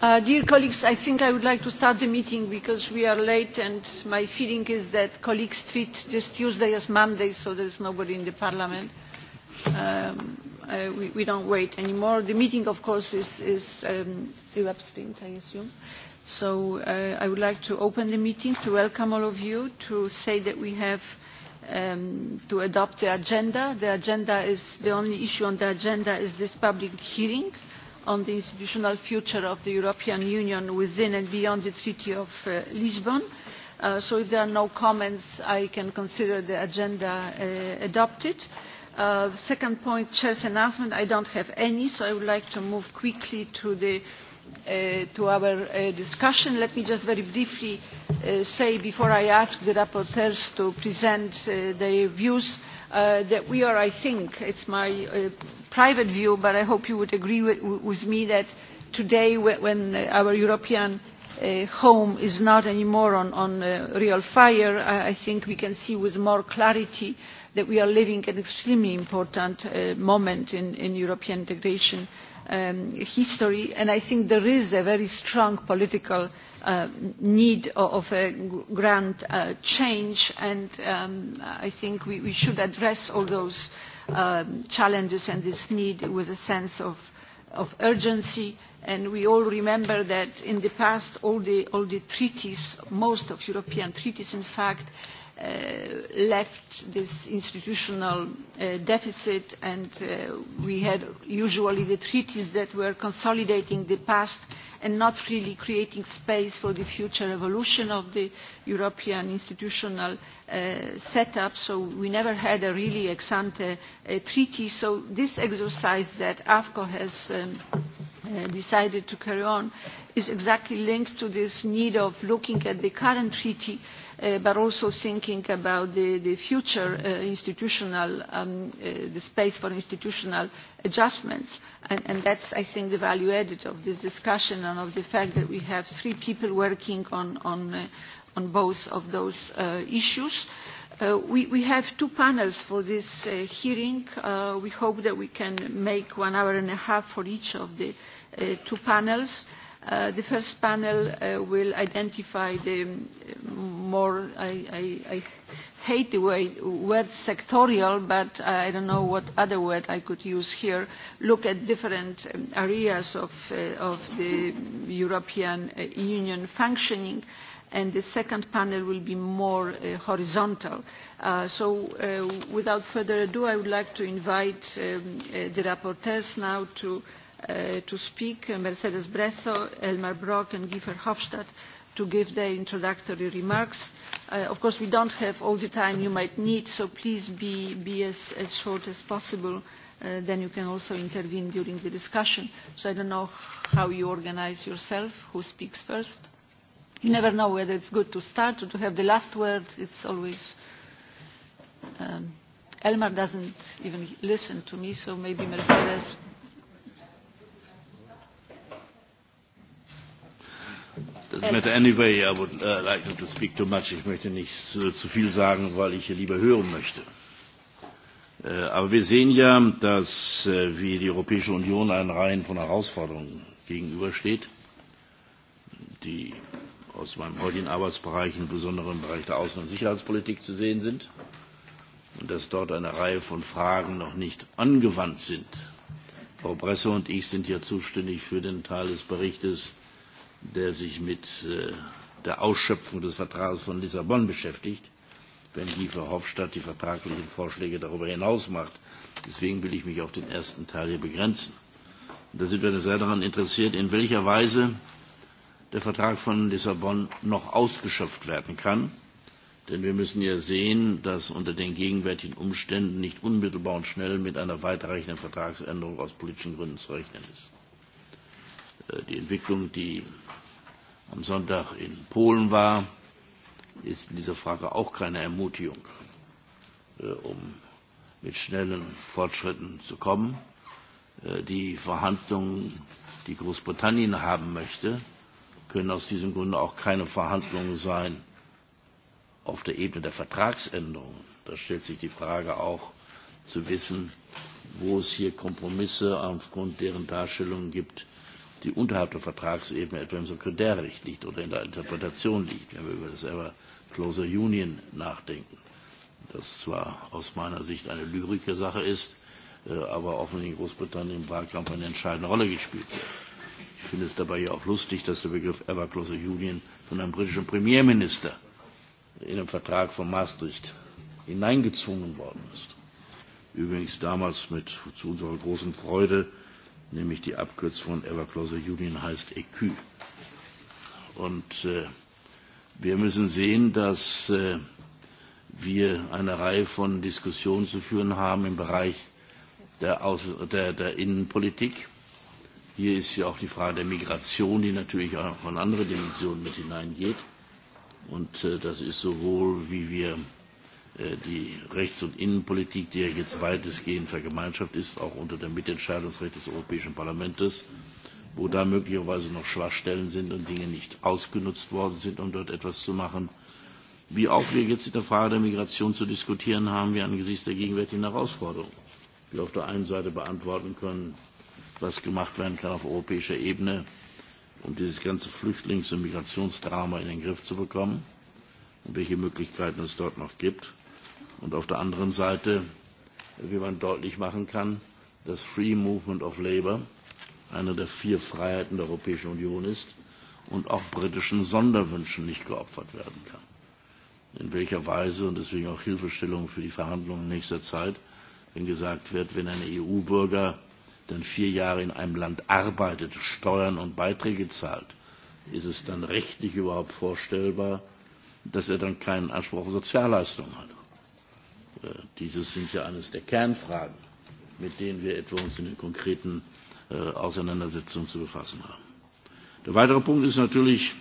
dear colleagues, I think I would like to start the meeting because we are late and my feeling is that colleagues treat this Tuesday as Monday so there is nobody in the Parliament. we, don't wait anymore. The meeting, of course, is, is um, abstained, I assume. So I would like to open the meeting, to welcome all of you, to say that we have to adopt the agenda. The agenda is, the only issue on the agenda is this public hearing on the institutional future of the European Union within and beyond the Treaty of Lisbon. so if there are no comments, I can consider the agenda adopted. second point, Chair's announcement. I don't have any, so I would like to move quickly to the uh, to our uh, discussion. Let me just very briefly uh, say before I ask the rapporteurs to present uh, their views uh, that we are, I think, it's my uh, private view, but I hope you would agree with, with me that today when our European uh, home is not anymore on, on uh, real fire, I, I think we can see with more clarity that we are living an extremely important uh, moment in, in European integration uh, history and i think there is a very strong political need of a grand change and i think we should address all those challenges and this need with a sense of urgency and we all remember that in the past all the treaties most of the european treaties in fact left this institutional deficit and we had usually the treaties that were consolidating the past and not really creating space for the future evolution of the European institutional uh, setup. So we never had a really ex ante uh, treaty. So this exercise that AFCO has um, uh, decided to carry on is exactly linked to this need of looking at the current treaty uh, but also thinking about the, the future uh, institutional, um, uh, the space for institutional adjustments. And, and that's, I think, the value added of this discussion and of the fact that we have three people working on, on, uh, on both of those uh, issues. Uh, we, we have two panels for this uh, hearing. Uh, we hope that we can make one hour and a half for each of the uh, two panels. Uh, the first panel will identify the more, I, I, I hate the word sectorial, but I don't know what other word I could use here, look at different areas of, the European Union functioning and the second panel will be more horizontal. so without further ado, I would like to invite the rapporteurs now to uh, to speak, Mercedes Bresso, Elmar Brok and guy Verhofstadt to give their introductory remarks. of course, we don't have all the time you might need, so please be, be as, as short as possible. then you can also intervene during the discussion. So I don't know how you organise yourself, who speaks first. You never know whether it's good to start or to have the last word. It's always... Um, Elmar not even listen to me, so maybe Mercedes matter anyway. I would uh, like not to speak too much. Ich möchte nicht uh, zu viel sagen, weil ich lieber hören möchte. Uh, aber wir sehen ja, dass uh, wie die Europäische Union einen Reihen von Herausforderungen gegenübersteht, die aus meinem heutigen Arbeitsbereich, insbesondere im Bereich der Außen- und Sicherheitspolitik zu sehen sind und dass dort eine Reihe von Fragen noch nicht angewandt sind. Frau Bresse und ich sind ja zuständig für den Teil des Berichtes, der sich mit der Ausschöpfung des Vertrages von Lissabon beschäftigt, wenn die Verhofstadt die vertraglichen Vorschläge darüber hinaus macht. Deswegen will ich mich auf den ersten Teil hier begrenzen. Da sind wir sehr daran interessiert, in welcher Weise der Vertrag von Lissabon noch ausgeschöpft werden kann. Denn wir müssen ja sehen, dass unter den gegenwärtigen Umständen nicht unmittelbar und schnell mit einer weitreichenden Vertragsänderung aus politischen Gründen zu rechnen ist die Entwicklung, die am Sonntag in Polen war, ist in dieser Frage auch keine Ermutigung, um mit schnellen Fortschritten zu kommen. Die Verhandlungen, die Großbritannien haben möchte, können aus diesem Grunde auch keine Verhandlungen sein auf der Ebene der Vertragsänderungen. Da stellt sich die Frage auch zu wissen, wo es hier Kompromisse aufgrund deren Darstellungen gibt, die unterhalb der Vertragsebene, etwa im Sekundärrecht liegt oder in der Interpretation liegt, wenn wir über das Ever Closer Union nachdenken. Das zwar aus meiner Sicht eine lyrische Sache ist, aber offensichtlich in Großbritannien im Wahlkampf eine entscheidende Rolle gespielt wird. Ich finde es dabei ja auch lustig, dass der Begriff Ever Closer Union von einem britischen Premierminister in den Vertrag von Maastricht hineingezwungen worden ist. Übrigens damals mit zu unserer großen Freude nämlich die Abkürzung von Evercloser Union heißt EQ. Und äh, wir müssen sehen, dass äh, wir eine Reihe von Diskussionen zu führen haben im Bereich der, Aus der, der Innenpolitik. Hier ist ja auch die Frage der Migration, die natürlich auch von anderen Dimensionen mit hineingeht. Und äh, das ist sowohl, wie wir die Rechts- und Innenpolitik, die ja jetzt weitestgehend vergemeinschaft ist, auch unter dem Mitentscheidungsrecht des Europäischen Parlaments, wo da möglicherweise noch Schwachstellen sind und Dinge nicht ausgenutzt worden sind, um dort etwas zu machen. Wie auch wir jetzt in der Frage der Migration zu diskutieren haben, wir angesichts der gegenwärtigen Herausforderungen, die wir auf der einen Seite beantworten können, was gemacht werden kann auf europäischer Ebene, um dieses ganze Flüchtlings- und Migrationsdrama in den Griff zu bekommen und welche Möglichkeiten es dort noch gibt und auf der anderen Seite, wie man deutlich machen kann, dass Free Movement of Labour eine der vier Freiheiten der Europäischen Union ist und auch britischen Sonderwünschen nicht geopfert werden kann. In welcher Weise und deswegen auch Hilfestellung für die Verhandlungen in nächster Zeit, wenn gesagt wird, wenn ein EU-Bürger dann vier Jahre in einem Land arbeitet, Steuern und Beiträge zahlt, ist es dann rechtlich überhaupt vorstellbar, dass er dann keinen Anspruch auf Sozialleistungen hat? Dieses sind ja eines der Kernfragen, mit denen wir etwa uns in den konkreten Auseinandersetzungen zu befassen haben. Der weitere Punkt ist natürlich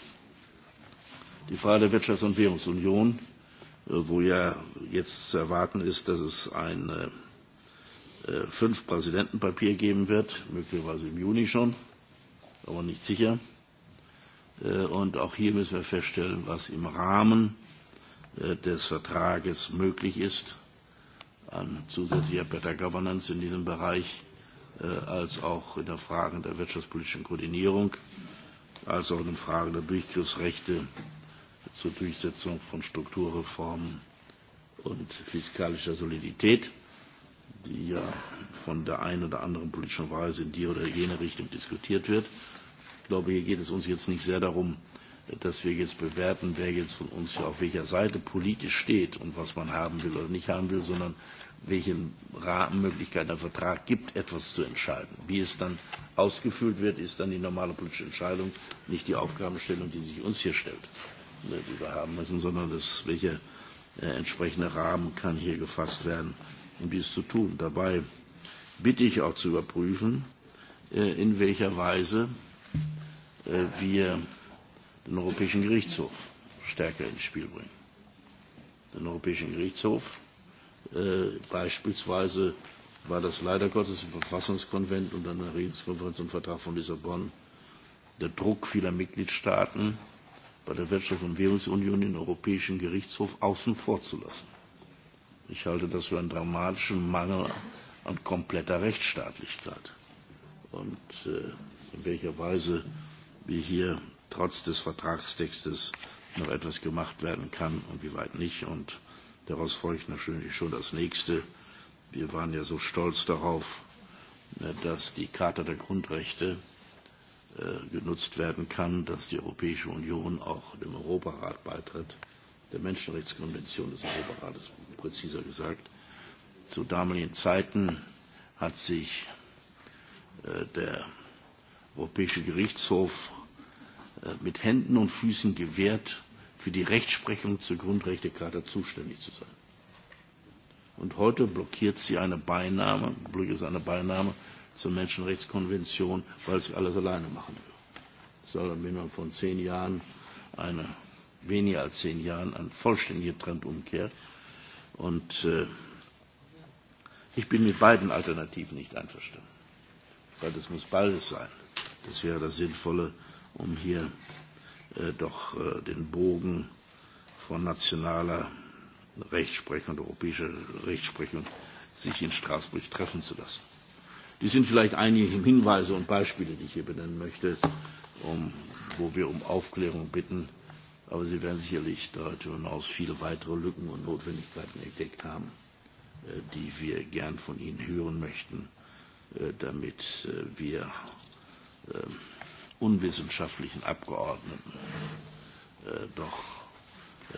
die Frage der Wirtschafts- und Währungsunion, wo ja jetzt zu erwarten ist, dass es ein fünf papier geben wird, möglicherweise im Juni schon, aber nicht sicher. Und auch hier müssen wir feststellen, was im Rahmen des Vertrages möglich ist an zusätzlicher Better Governance in diesem Bereich als auch in der Frage der wirtschaftspolitischen Koordinierung, als auch in Fragen der Durchgriffsrechte zur Durchsetzung von Strukturreformen und fiskalischer Solidität, die ja von der einen oder anderen politischen Weise in die oder jene Richtung diskutiert wird. Ich glaube, hier geht es uns jetzt nicht sehr darum, dass wir jetzt bewerten, wer jetzt von uns hier auf welcher Seite politisch steht und was man haben will oder nicht haben will, sondern welche Rahmenmöglichkeiten der Vertrag gibt, etwas zu entscheiden. Wie es dann ausgefüllt wird, ist dann die normale politische Entscheidung, nicht die Aufgabenstellung, die sich uns hier stellt, die wir haben müssen, sondern das, welcher entsprechende Rahmen kann hier gefasst werden, um dies zu tun. Dabei bitte ich auch zu überprüfen, in welcher Weise wir den Europäischen Gerichtshof stärker ins Spiel bringen. Den Europäischen Gerichtshof äh, beispielsweise war das leider Gottes im Verfassungskonvent und an der Regierungskonferenz und Vertrag von Lissabon der Druck vieler Mitgliedstaaten, bei der Wirtschafts- und Währungsunion den Europäischen Gerichtshof außen vor zu lassen. Ich halte das für einen dramatischen Mangel an kompletter Rechtsstaatlichkeit und äh, in welcher Weise wir hier trotz des Vertragstextes noch etwas gemacht werden kann und wie weit nicht. Und daraus folgt natürlich schon das nächste. Wir waren ja so stolz darauf, dass die Charta der Grundrechte genutzt werden kann, dass die Europäische Union auch dem Europarat beitritt, der Menschenrechtskonvention des Europarates, präziser gesagt. Zu damaligen Zeiten hat sich der Europäische Gerichtshof mit Händen und Füßen gewährt, für die Rechtsprechung zur Grundrechtecharta zuständig zu sein. Und heute blockiert sie eine Beinahme, blockiert sie eine Beinahme zur Menschenrechtskonvention, weil sie alles alleine machen will. Es soll dann binnen von zehn Jahren, eine, weniger als zehn Jahren, ein vollständiger Trend umkehrt. Und äh, ich bin mit beiden Alternativen nicht einverstanden. Weil das muss beides sein. Das wäre das Sinnvolle um hier äh, doch äh, den Bogen von nationaler Rechtsprechung und europäischer Rechtsprechung sich in Straßburg treffen zu lassen. Dies sind vielleicht einige Hinweise und Beispiele, die ich hier benennen möchte, um, wo wir um Aufklärung bitten. Aber Sie werden sicherlich darüber hinaus viele weitere Lücken und Notwendigkeiten entdeckt haben, die wir gern von Ihnen hören möchten, damit wir unwissenschaftlichen Abgeordneten äh, doch äh,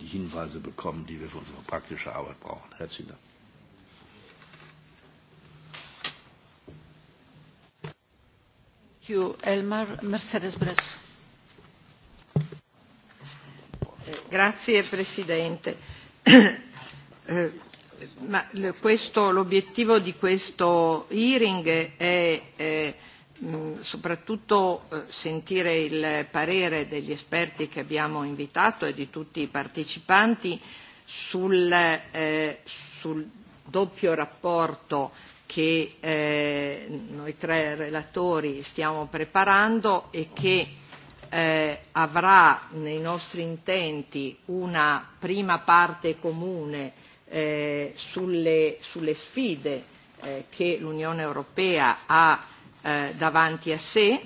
die Hinweise bekommen, die wir für unsere praktische Arbeit brauchen. Herzlichen Dank. Grazie Presidente, l'obiettivo di questo hearing è soprattutto sentire il parere degli esperti che abbiamo invitato e di tutti i partecipanti sul, eh, sul doppio rapporto che eh, noi tre relatori stiamo preparando e che eh, avrà nei nostri intenti una prima parte comune eh, sulle, sulle sfide eh, che l'Unione Europea ha eh, davanti a sé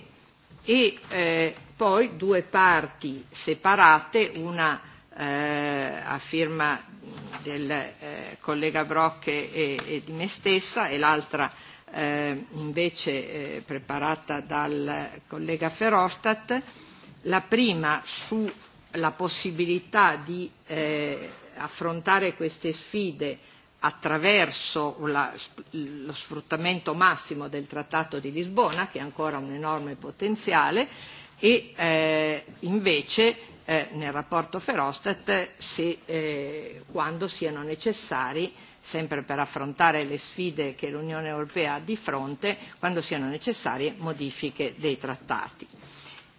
e eh, poi due parti separate, una eh, a firma del eh, collega Brocche e, e di me stessa e l'altra eh, invece eh, preparata dal collega Ferostat, la prima sulla possibilità di eh, affrontare queste sfide attraverso la, lo sfruttamento massimo del Trattato di Lisbona, che è ancora un enorme potenziale, e eh, invece eh, nel rapporto Ferostat se, eh, quando siano necessari sempre per affrontare le sfide che l'Unione Europea ha di fronte, quando siano necessarie modifiche dei trattati.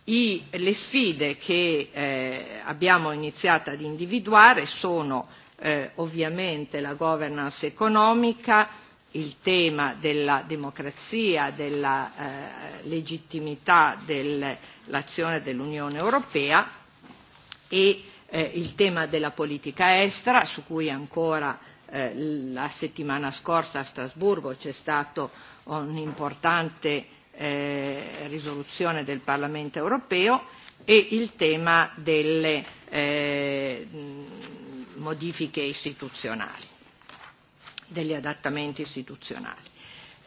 I, le sfide che eh, abbiamo iniziato ad individuare sono eh, ovviamente la governance economica, il tema della democrazia, della eh, legittimità dell'azione dell'Unione Europea e eh, il tema della politica estera, su cui ancora eh, la settimana scorsa a Strasburgo c'è stato un'importante eh, risoluzione del Parlamento europeo e il tema delle, eh, modifiche istituzionali, degli adattamenti istituzionali.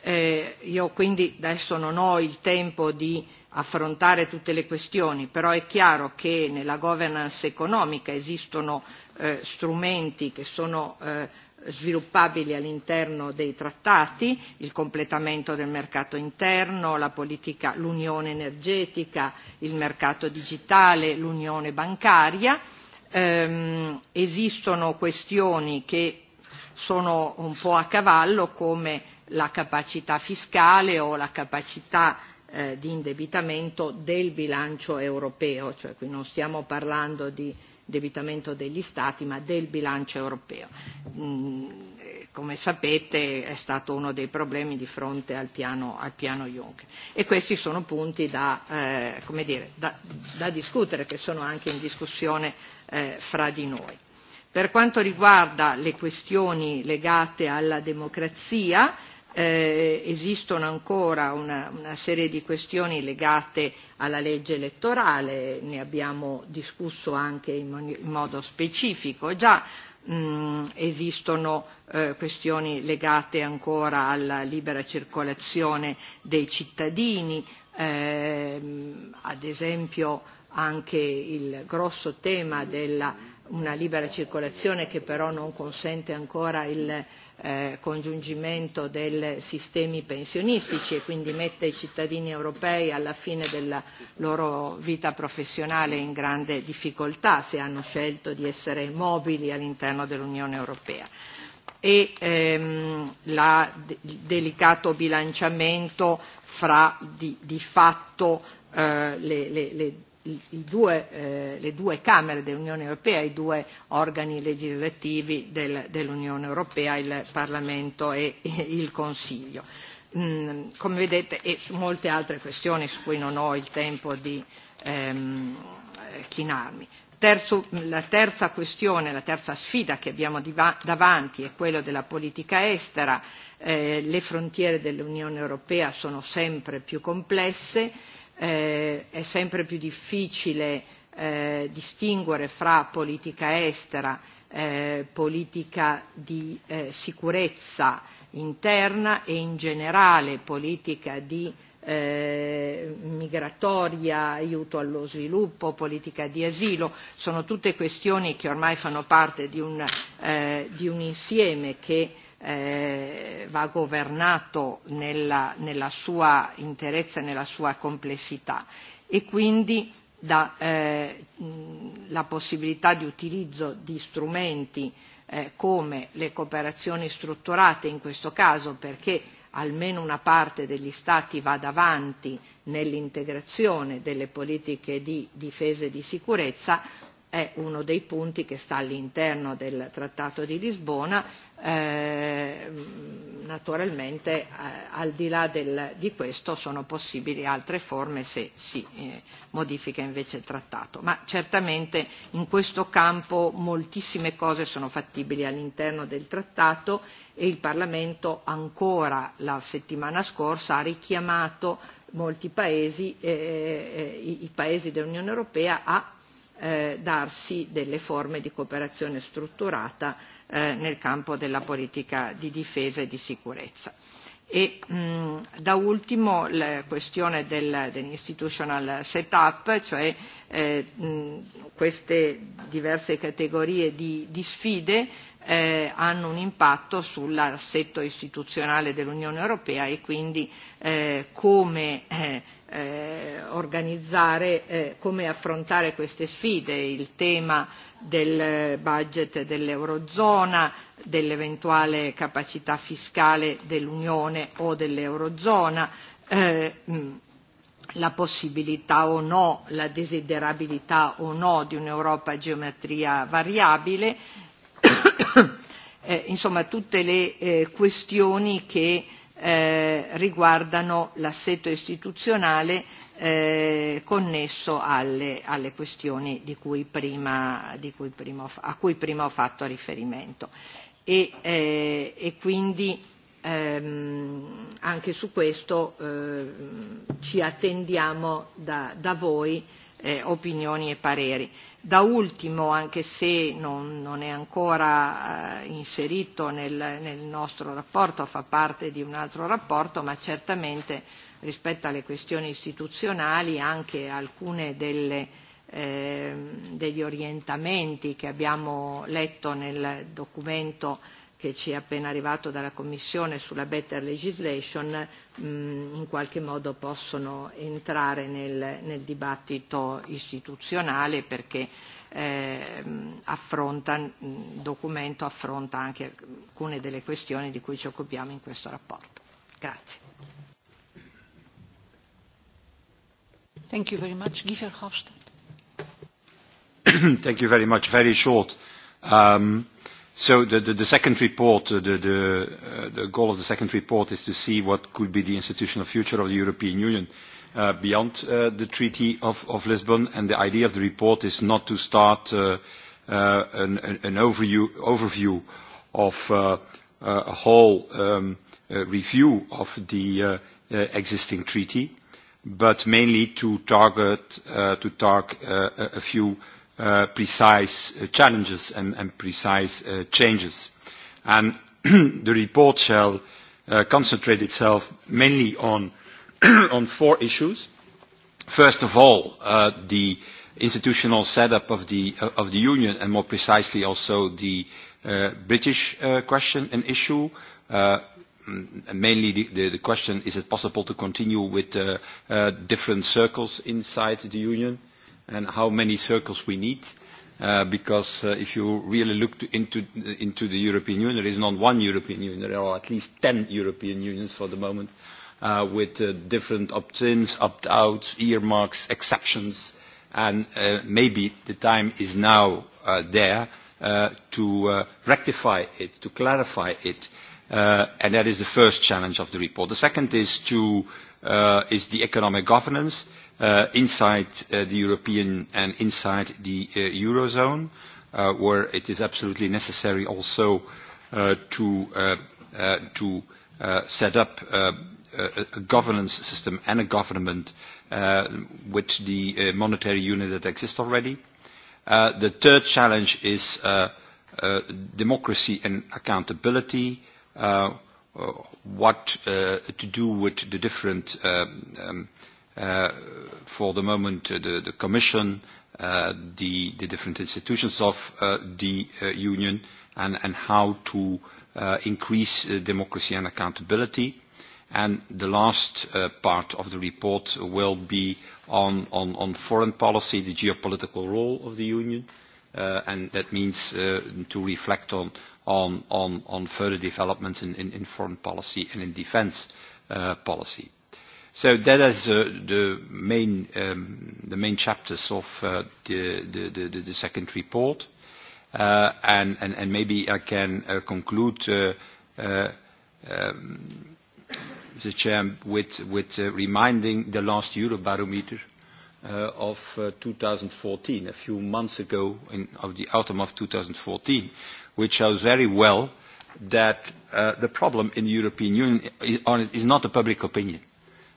Eh, io quindi adesso non ho il tempo di affrontare tutte le questioni, però è chiaro che nella governance economica esistono eh, strumenti che sono eh, sviluppabili all'interno dei trattati, il completamento del mercato interno, la politica, l'unione energetica, il mercato digitale, l'unione bancaria ehm, esistono questioni che sono un po' a cavallo come la capacità fiscale o la capacità eh, di indebitamento del bilancio europeo, cioè qui non stiamo parlando di indebitamento degli Stati ma del bilancio europeo come sapete è stato uno dei problemi di fronte al piano, al piano Juncker. E questi sono punti da, eh, come dire, da, da discutere, che sono anche in discussione eh, fra di noi. Per quanto riguarda le questioni legate alla democrazia, eh, esistono ancora una, una serie di questioni legate alla legge elettorale, ne abbiamo discusso anche in, in modo specifico già mh, esistono eh, questioni legate ancora alla libera circolazione dei cittadini, eh, ad esempio anche il grosso tema della una libera circolazione che però non consente ancora il eh, congiungimento dei sistemi pensionistici e quindi mette i cittadini europei alla fine della loro vita professionale in grande difficoltà se hanno scelto di essere mobili all'interno dell'Unione Europea e ehm, il delicato bilanciamento fra di, di fatto eh, le, le, le i due, eh, le due Camere dell'Unione Europea, i due organi legislativi del, dell'Unione Europea, il Parlamento e, e il Consiglio. Mm, come vedete, e su molte altre questioni su cui non ho il tempo di ehm, chinarmi. Terzo, la terza questione, la terza sfida che abbiamo davanti è quella della politica estera. Eh, le frontiere dell'Unione Europea sono sempre più complesse eh, è sempre più difficile eh, distinguere fra politica estera, eh, politica di eh, sicurezza interna e in generale politica di eh, migratoria, aiuto allo sviluppo, politica di asilo, sono tutte questioni che ormai fanno parte di un, eh, di un insieme che eh, va governato nella, nella sua interezza e nella sua complessità e quindi da, eh, la possibilità di utilizzo di strumenti eh, come le cooperazioni strutturate in questo caso perché almeno una parte degli Stati vada avanti nell'integrazione delle politiche di difesa e di sicurezza è uno dei punti che sta all'interno del Trattato di Lisbona, eh, naturalmente eh, al di là del, di questo sono possibili altre forme se si eh, modifica invece il Trattato, ma certamente in questo campo moltissime cose sono fattibili all'interno del Trattato e il Parlamento ancora la settimana scorsa ha richiamato molti paesi, eh, i, i paesi dell'Unione Europea a eh, darsi delle forme di cooperazione strutturata eh, nel campo della politica di difesa e di sicurezza. E mh, da ultimo la questione del, dell'institutional setup, cioè eh, queste diverse categorie di, di sfide eh, hanno un impatto sull'assetto istituzionale dell'Unione Europea e quindi eh, come eh, eh, organizzare, eh, come affrontare queste sfide, il tema del budget dell'Eurozona, dell'eventuale capacità fiscale dell'Unione o dell'Eurozona, eh, la possibilità o no, la desiderabilità o no di un'Europa a geometria variabile, eh, insomma tutte le eh, questioni che eh, riguardano l'assetto istituzionale eh, connesso alle, alle questioni di cui prima, di cui prima, a cui prima ho fatto riferimento. E, eh, e quindi ehm, anche su questo eh, ci attendiamo da, da voi eh, opinioni e pareri. Da ultimo, anche se non, non è ancora eh, inserito nel, nel nostro rapporto, fa parte di un altro rapporto, ma certamente rispetto alle questioni istituzionali anche alcune delle, eh, degli orientamenti che abbiamo letto nel documento eh, che ci è appena arrivato dalla Commissione sulla better legislation mh, in qualche modo possono entrare nel, nel dibattito istituzionale perché eh, affronta, il documento affronta anche alcune delle questioni di cui ci occupiamo in questo rapporto. Grazie. Thank you very much. Thank you very much. Very short. Um, So the, the, the second report, the, the, uh, the goal of the second report is to see what could be the institutional future of the European Union uh, beyond uh, the Treaty of, of Lisbon. And the idea of the report is not to start uh, uh, an, an overview, overview of uh, a whole um, uh, review of the uh, uh, existing treaty, but mainly to target, uh, to target uh, a few precise uh, challenges and, and precise uh, changes. And the report shall uh, concentrate itself mainly on, on four issues. First of all, uh, the institutional setup of the, uh, of the Union and more precisely also the uh, British uh, question and issue. Uh, mainly the, the, the question, is it possible to continue with uh, uh, different circles inside the Union? Uh, and how many circles we need. Uh, because uh, if you really look to, into, into the European Union, there is not one European Union, there are at least 10 European Unions for the moment, uh, with uh, different opt-ins, opt-outs, earmarks, exceptions, and uh, maybe the time is now uh, there uh, to uh, rectify it, to clarify it, uh, and that is the first challenge of the report. The second is, to, uh, is the economic governance. Uh, inside the European and inside the Eurozone, where it is absolutely necessary also to set up a governance system and a government with the monetary unit that exists already. The third challenge is democracy and accountability, what to do with the different for the moment the, the Commission, uh, the, the different institutions of uh, the uh, Union, and, and how to uh, increase uh, democracy and accountability. And the last uh, part of the report will be on, on, on foreign policy, the geopolitical role of the Union, uh, and that means uh, to reflect on, on, on, on further developments in, in, in foreign policy and in defense uh, policy. So that is uh, the main um, the main chapters of uh, the, the, the, the second report, uh, and, and and maybe I can uh, conclude, uh, uh, um, the Chair, with with uh, reminding the last Eurobarometer uh, of uh, 2014, a few months ago, in, of the autumn of 2014, which shows very well that uh, the problem in the European Union is, is not the public opinion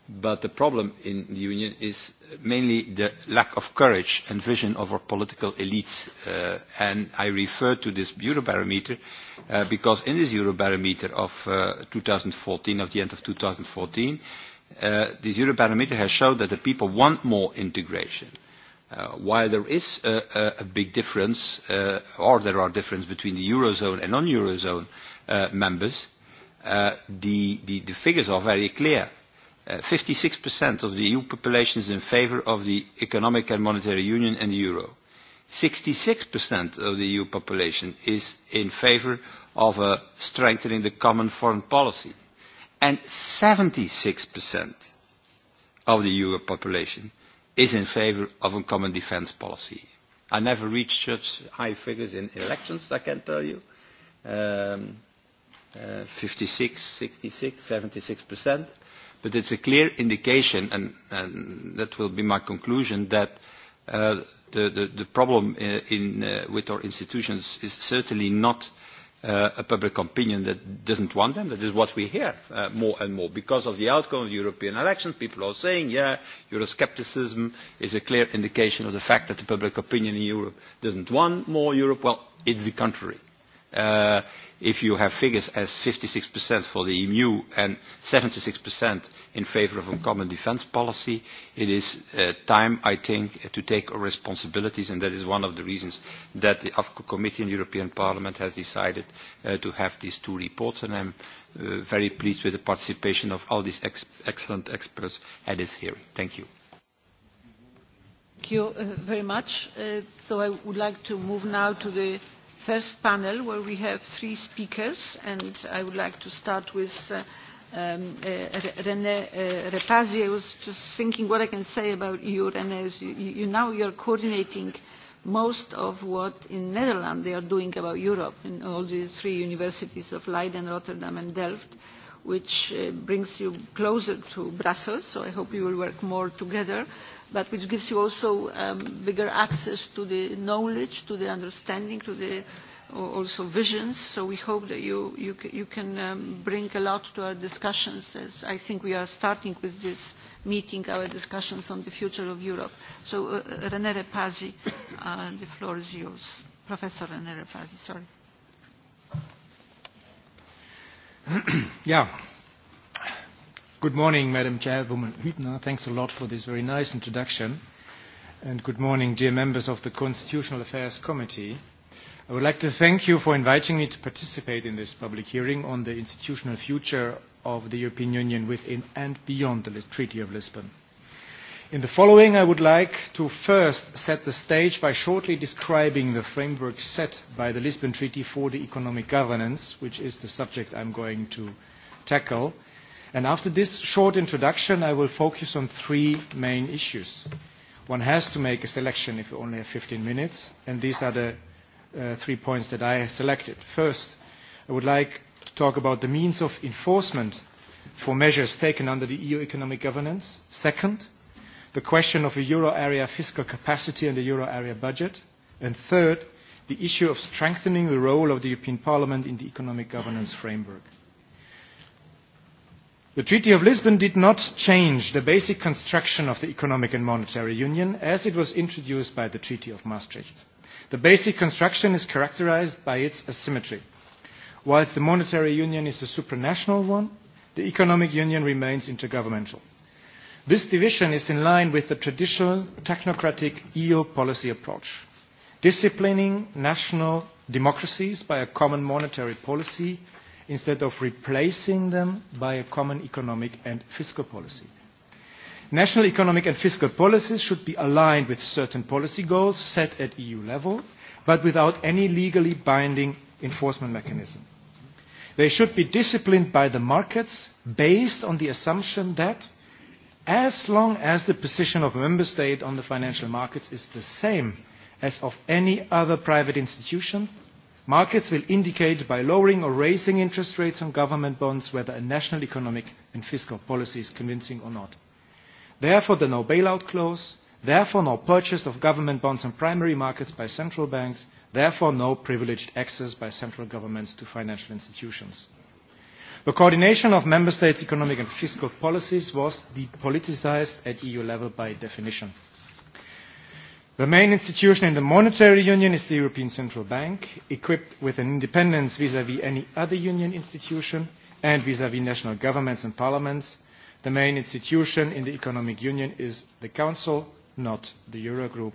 But the problem in the Union is mainly the lack of courage and vision of our political elites. Uh, and I refer to this Eurobarometer uh, because in this Eurobarometer of uh, 2014, of the end of 2014, uh, this Eurobarometer has shown that the people want more integration. Uh, while there is a, a, a big difference, uh, or there are differences between the Eurozone and non-Eurozone uh, members, uh, the, the, the figures are very clear Uh, 56% of the EU population is in favour of the Economic and Monetary Union and the Euro. 66% of the EU population is in favour of uh, strengthening the common foreign policy. And 76% of the EU population is in favour of a common defence policy. I never reached such high figures in elections, I can tell you. Um, uh, 56, 66, 76 percent but it's a clear indication, and, and that will be my conclusion, that uh, the, the, the problem uh, in, uh, with our institutions is certainly not uh, a public opinion that doesn't want them. That is what we hear uh, more and more. Because of the outcome of the European elections, people are saying, yeah, Euroscepticism is a clear indication of the fact that the public opinion in Europe doesn't want more Europe. Well, it's the contrary. Uh, if you have figures as 56% for the EMU and 76% in favor of a common defense policy, it is uh, time, I think, to take our responsibilities, and that is one of the reasons that the AFCO Committee in the European Parliament has decided uh, to have these two reports, and I'm uh, very pleased with the participation of all these ex excellent experts at this hearing. Thank you. Thank you very much. Uh, so I would like to move now to the first panel where we have three speakers and I would like to start with uh, um, uh, René uh, Repazi. I was just thinking what I can say about you, René. Is you, you now you're coordinating most of what in Netherlands they are doing about Europe in all the three universities of Leiden, Rotterdam and Delft. Uh, which brings you closer to Brussels, so I hope you will work more together, but which gives you also um, bigger access to the knowledge, to the understanding, to the also visions. So we hope that you, you, you can um, bring a lot to our discussions, as I think we are starting with this meeting, our discussions on the future of Europe. So uh, René Repazi, uh, the floor is yours. Professor René Repazi, sorry. Yeah. Good morning, Madam Chairwoman Hübner. Thanks a lot for this very nice introduction. And good morning, dear members of the Constitutional Affairs Committee. I would like to thank you for inviting me to participate in this public hearing on the institutional future of the European Union within and beyond the Treaty of Lisbon. In the following, I would like to first set the stage by shortly describing the framework set by the Lisbon Treaty for the economic governance, which is the subject I'm going to tackle. And after this short introduction, I will focus on three main issues. One has to make a selection if you only have 15 minutes, and these are the uh, three points that I selected. First, I would like to talk about the means of enforcement for measures taken under the EU economic governance. Second, the question of a euro area fiscal capacity and the euro area budget. And third, the issue of strengthening the role of the European Parliament in the economic governance framework. The Treaty of Lisbon did not change the basic construction of the Economic and Monetary Union as it was introduced by the Treaty of Maastricht. The basic construction is characterized by its asymmetry. Whilst the monetary union is a supranational one, the economic union remains intergovernmental. This division is in line with the traditional technocratic EU policy approach, disciplining national democracies by a common monetary policy instead of replacing them by a common economic and fiscal policy. National economic and fiscal policies should be aligned with certain policy goals set at EU level, but without any legally binding enforcement mechanism. They should be disciplined by the markets based on the assumption that as long as the position of a member state on the financial markets is the same as of any other private institutions, markets will indicate by lowering or raising interest rates on government bonds whether a national economic and fiscal policy is convincing or not. Therefore, the no bailout clause, therefore no purchase of government bonds on primary markets by central banks, therefore no privileged access by central governments to financial institutions. The coordination of member states' economic and fiscal policies was depoliticised at EU level by definition. The main institution in the monetary union is the European Central Bank, equipped with an independence vis vis -vis any other union institution and vis vis -vis national governments and parliaments. The main institution in the economic union is the Council, not the Eurogroup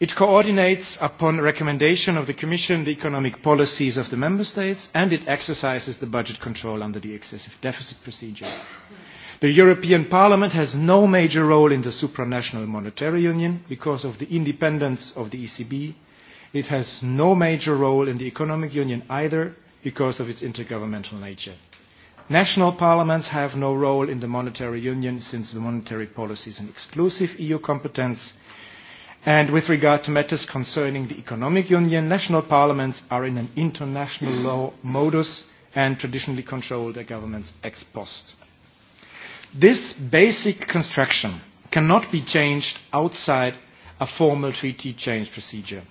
It coordinates, upon recommendation of the Commission, the economic policies of the Member States, and it exercises the budget control under the excessive deficit procedure. The European Parliament has no major role in the supranational monetary union because of the independence of the ECB. It has no major role in the economic union either because of its intergovernmental nature. National parliaments have no role in the monetary union since the monetary policy is an exclusive EU competence And with regard to matters concerning the economic union, national parliaments are in an international law modus and traditionally control their governments ex post. This basic construction cannot be changed outside a formal treaty change procedure.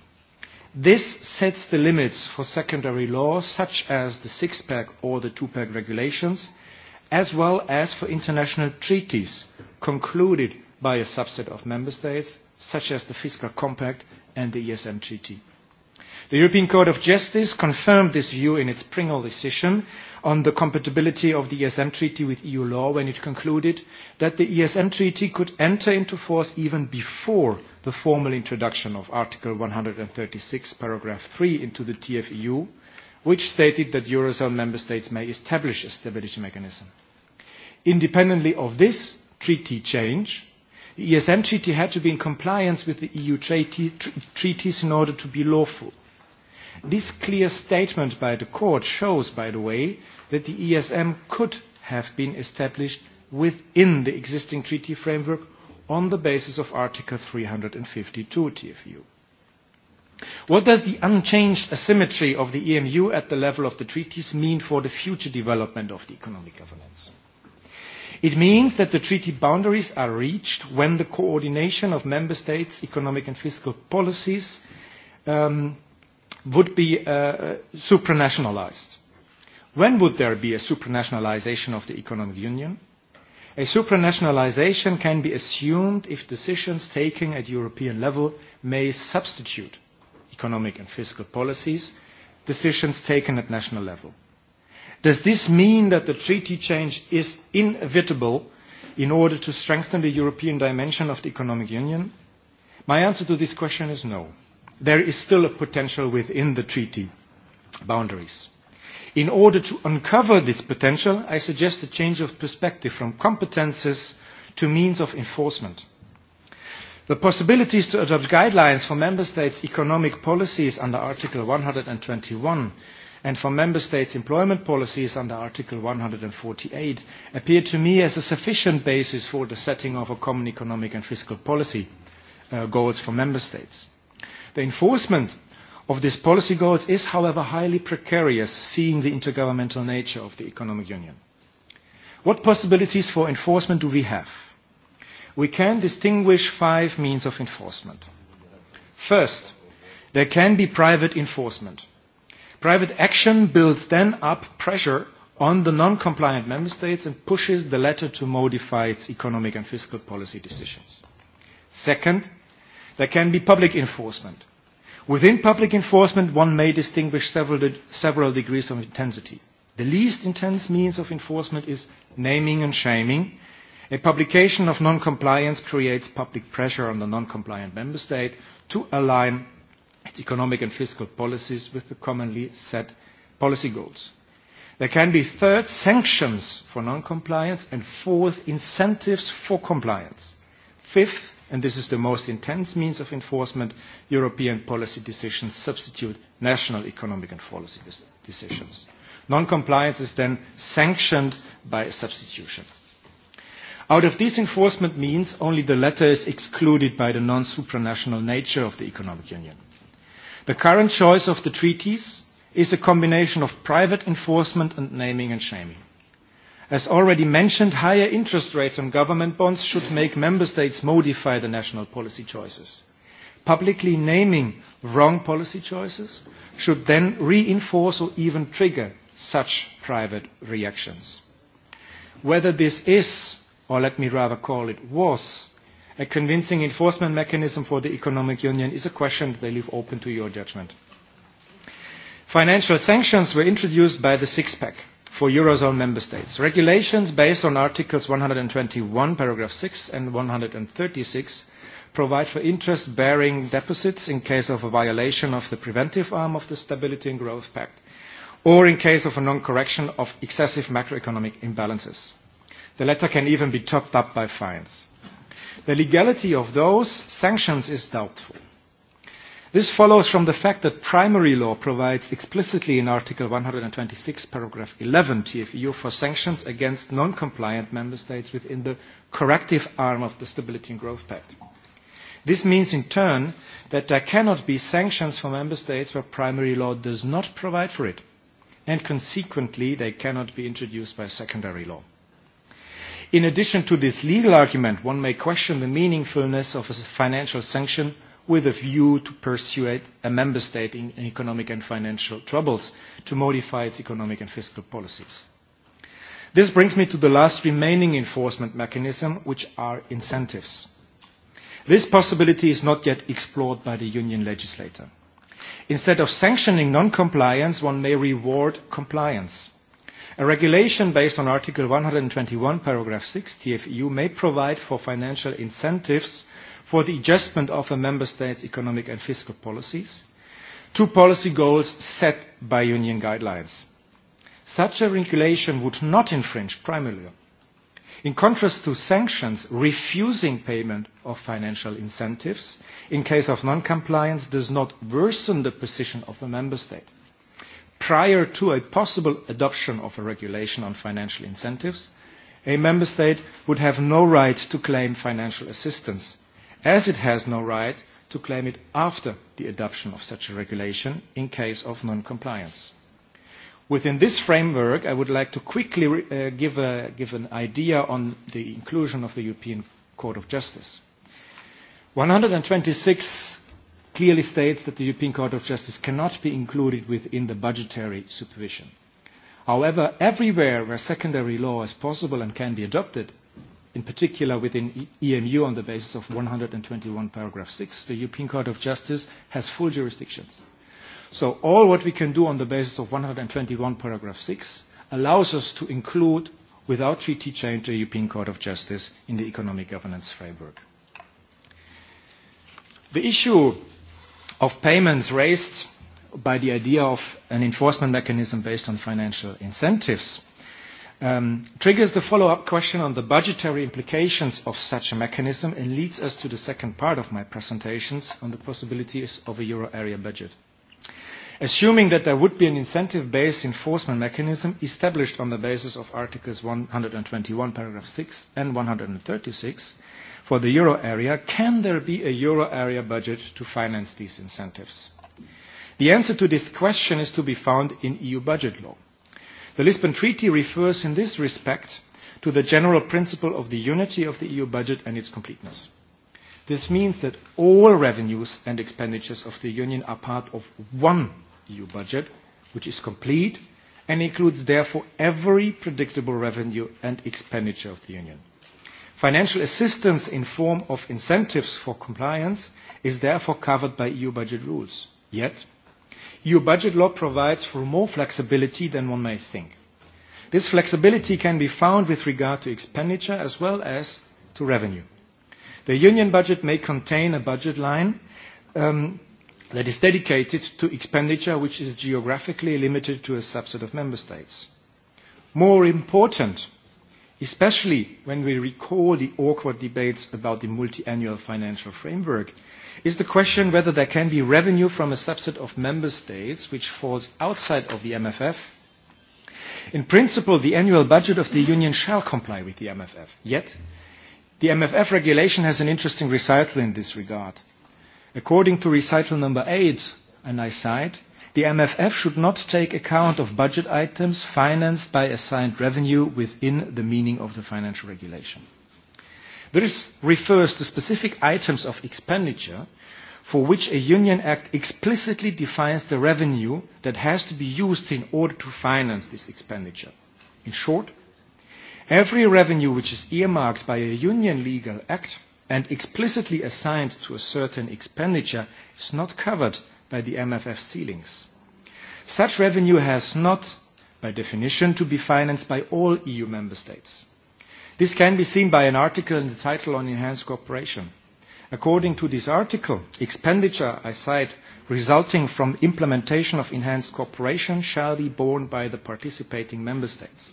This sets the limits for secondary laws such as the six-pack or the two-pack regulations, as well as for international treaties concluded by a subset of member states, such as the Fiscal Compact and the ESM Treaty. The European Court of Justice confirmed this view in its Pringle decision on the compatibility of the ESM Treaty with EU law when it concluded that the ESM Treaty could enter into force even before the formal introduction of Article 136, paragraph 3 into the TFEU, which stated that Eurozone member states may establish a stability mechanism. Independently of this treaty change, The ESM treaty had to be in compliance with the EU treaty, treaties in order to be lawful. This clear statement by the court shows, by the way, that the ESM could have been established within the existing treaty framework on the basis of Article 352 TFU. What does the unchanged asymmetry of the EMU at the level of the treaties mean for the future development of the economic governance? It means that the treaty boundaries are reached when the coordination of member states' economic and fiscal policies um, would be uh, supranationalized. When would there be a supranationalization of the economic union? A supranationalization can be assumed if decisions taken at European level may substitute economic and fiscal policies, decisions taken at national level. Does this mean that the treaty change is inevitable in order to strengthen the European dimension of the economic union? My answer to this question is no. There is still a potential within the treaty boundaries. In order to uncover this potential, I suggest a change of perspective from competences to means of enforcement. The possibilities to adopt guidelines for Member States' economic policies under Article 121 and for member states' employment policies under Article 148 appear to me as a sufficient basis for the setting of a common economic and fiscal policy uh, goals for member states. The enforcement of these policy goals is, however, highly precarious, seeing the intergovernmental nature of the economic union. What possibilities for enforcement do we have? We can distinguish five means of enforcement. First, there can be private enforcement. Private action builds then up pressure on the non-compliant member states and pushes the latter to modify its economic and fiscal policy decisions. Second, there can be public enforcement. Within public enforcement, one may distinguish several, de several degrees of intensity. The least intense means of enforcement is naming and shaming. A publication of non-compliance creates public pressure on the non-compliant member state to align its economic and fiscal policies with the commonly set policy goals. There can be third sanctions for non-compliance and fourth incentives for compliance. Fifth, and this is the most intense means of enforcement, European policy decisions substitute national economic and policy decisions. Non-compliance is then sanctioned by a substitution. Out of these enforcement means, only the latter is excluded by the non-supranational nature of the economic union. The current choice of the treaties is a combination of private enforcement and naming and shaming. As already mentioned, higher interest rates on government bonds should make member states modify the national policy choices. Publicly naming wrong policy choices should then reinforce or even trigger such private reactions. Whether this is, or let me rather call it was, A convincing enforcement mechanism for the economic union is a question that they leave open to your judgment. Financial sanctions were introduced by the six-pack for Eurozone member states. Regulations based on Articles 121, paragraph 6 and 136 provide for interest-bearing deposits in case of a violation of the preventive arm of the Stability and Growth Pact or in case of a non-correction of excessive macroeconomic imbalances. The latter can even be topped up by fines. The legality of those sanctions is doubtful. This follows from the fact that primary law provides explicitly in Article 126, paragraph 11 TFEU for sanctions against non-compliant member states within the corrective arm of the Stability and Growth Pact. This means in turn that there cannot be sanctions for member states where primary law does not provide for it, and consequently they cannot be introduced by secondary law. In addition to this legal argument, one may question the meaningfulness of a financial sanction with a view to persuade a member state in economic and financial troubles to modify its economic and fiscal policies. This brings me to the last remaining enforcement mechanism, which are incentives. This possibility is not yet explored by the union legislator. Instead of sanctioning non-compliance, one may reward compliance. A regulation based on Article 121, paragraph 6 TFEU may provide for financial incentives for the adjustment of a member state's economic and fiscal policies to policy goals set by union guidelines. Such a regulation would not infringe primarily. In contrast to sanctions, refusing payment of financial incentives in case of non-compliance does not worsen the position of a member state prior to a possible adoption of a regulation on financial incentives, a member state would have no right to claim financial assistance, as it has no right to claim it after the adoption of such a regulation in case of non-compliance. Within this framework, I would like to quickly uh, give, a, give an idea on the inclusion of the European Court of Justice. 126 clearly states that the European Court of Justice cannot be included within the budgetary supervision. However, everywhere where secondary law is possible and can be adopted, in particular within EMU on the basis of 121 paragraph 6, the European Court of Justice has full jurisdictions. So all what we can do on the basis of 121 paragraph 6 allows us to include, without treaty change, the European Court of Justice in the economic governance framework. The issue of payments raised by the idea of an enforcement mechanism based on financial incentives um, triggers the follow-up question on the budgetary implications of such a mechanism and leads us to the second part of my presentations on the possibilities of a euro area budget. Assuming that there would be an incentive-based enforcement mechanism established on the basis of Articles 121, paragraph 6 and 136, for the euro area, can there be a euro area budget to finance these incentives? The answer to this question is to be found in EU budget law. The Lisbon Treaty refers in this respect to the general principle of the unity of the EU budget and its completeness. This means that all revenues and expenditures of the Union are part of one EU budget, which is complete and includes therefore every predictable revenue and expenditure of the Union. Financial assistance in form of incentives for compliance is therefore covered by EU budget rules. Yet, EU budget law provides for more flexibility than one may think. This flexibility can be found with regard to expenditure as well as to revenue. The union budget may contain a budget line um, that is dedicated to expenditure which is geographically limited to a subset of member states. More important especially when we recall the awkward debates about the multiannual financial framework, is the question whether there can be revenue from a subset of member states which falls outside of the MFF. In principle, the annual budget of the Union shall comply with the MFF. Yet, the MFF regulation has an interesting recital in this regard. According to recital number 8, and I cite, The MFF should not take account of budget items financed by assigned revenue within the meaning of the financial regulation. This refers to specific items of expenditure for which a Union Act explicitly defines the revenue that has to be used in order to finance this expenditure. In short, every revenue which is earmarked by a Union legal act and explicitly assigned to a certain expenditure is not covered by the MFF ceilings. Such revenue has not, by definition, to be financed by all EU member states. This can be seen by an article in the title on enhanced cooperation. According to this article, expenditure I cite, resulting from implementation of enhanced cooperation shall be borne by the participating member states.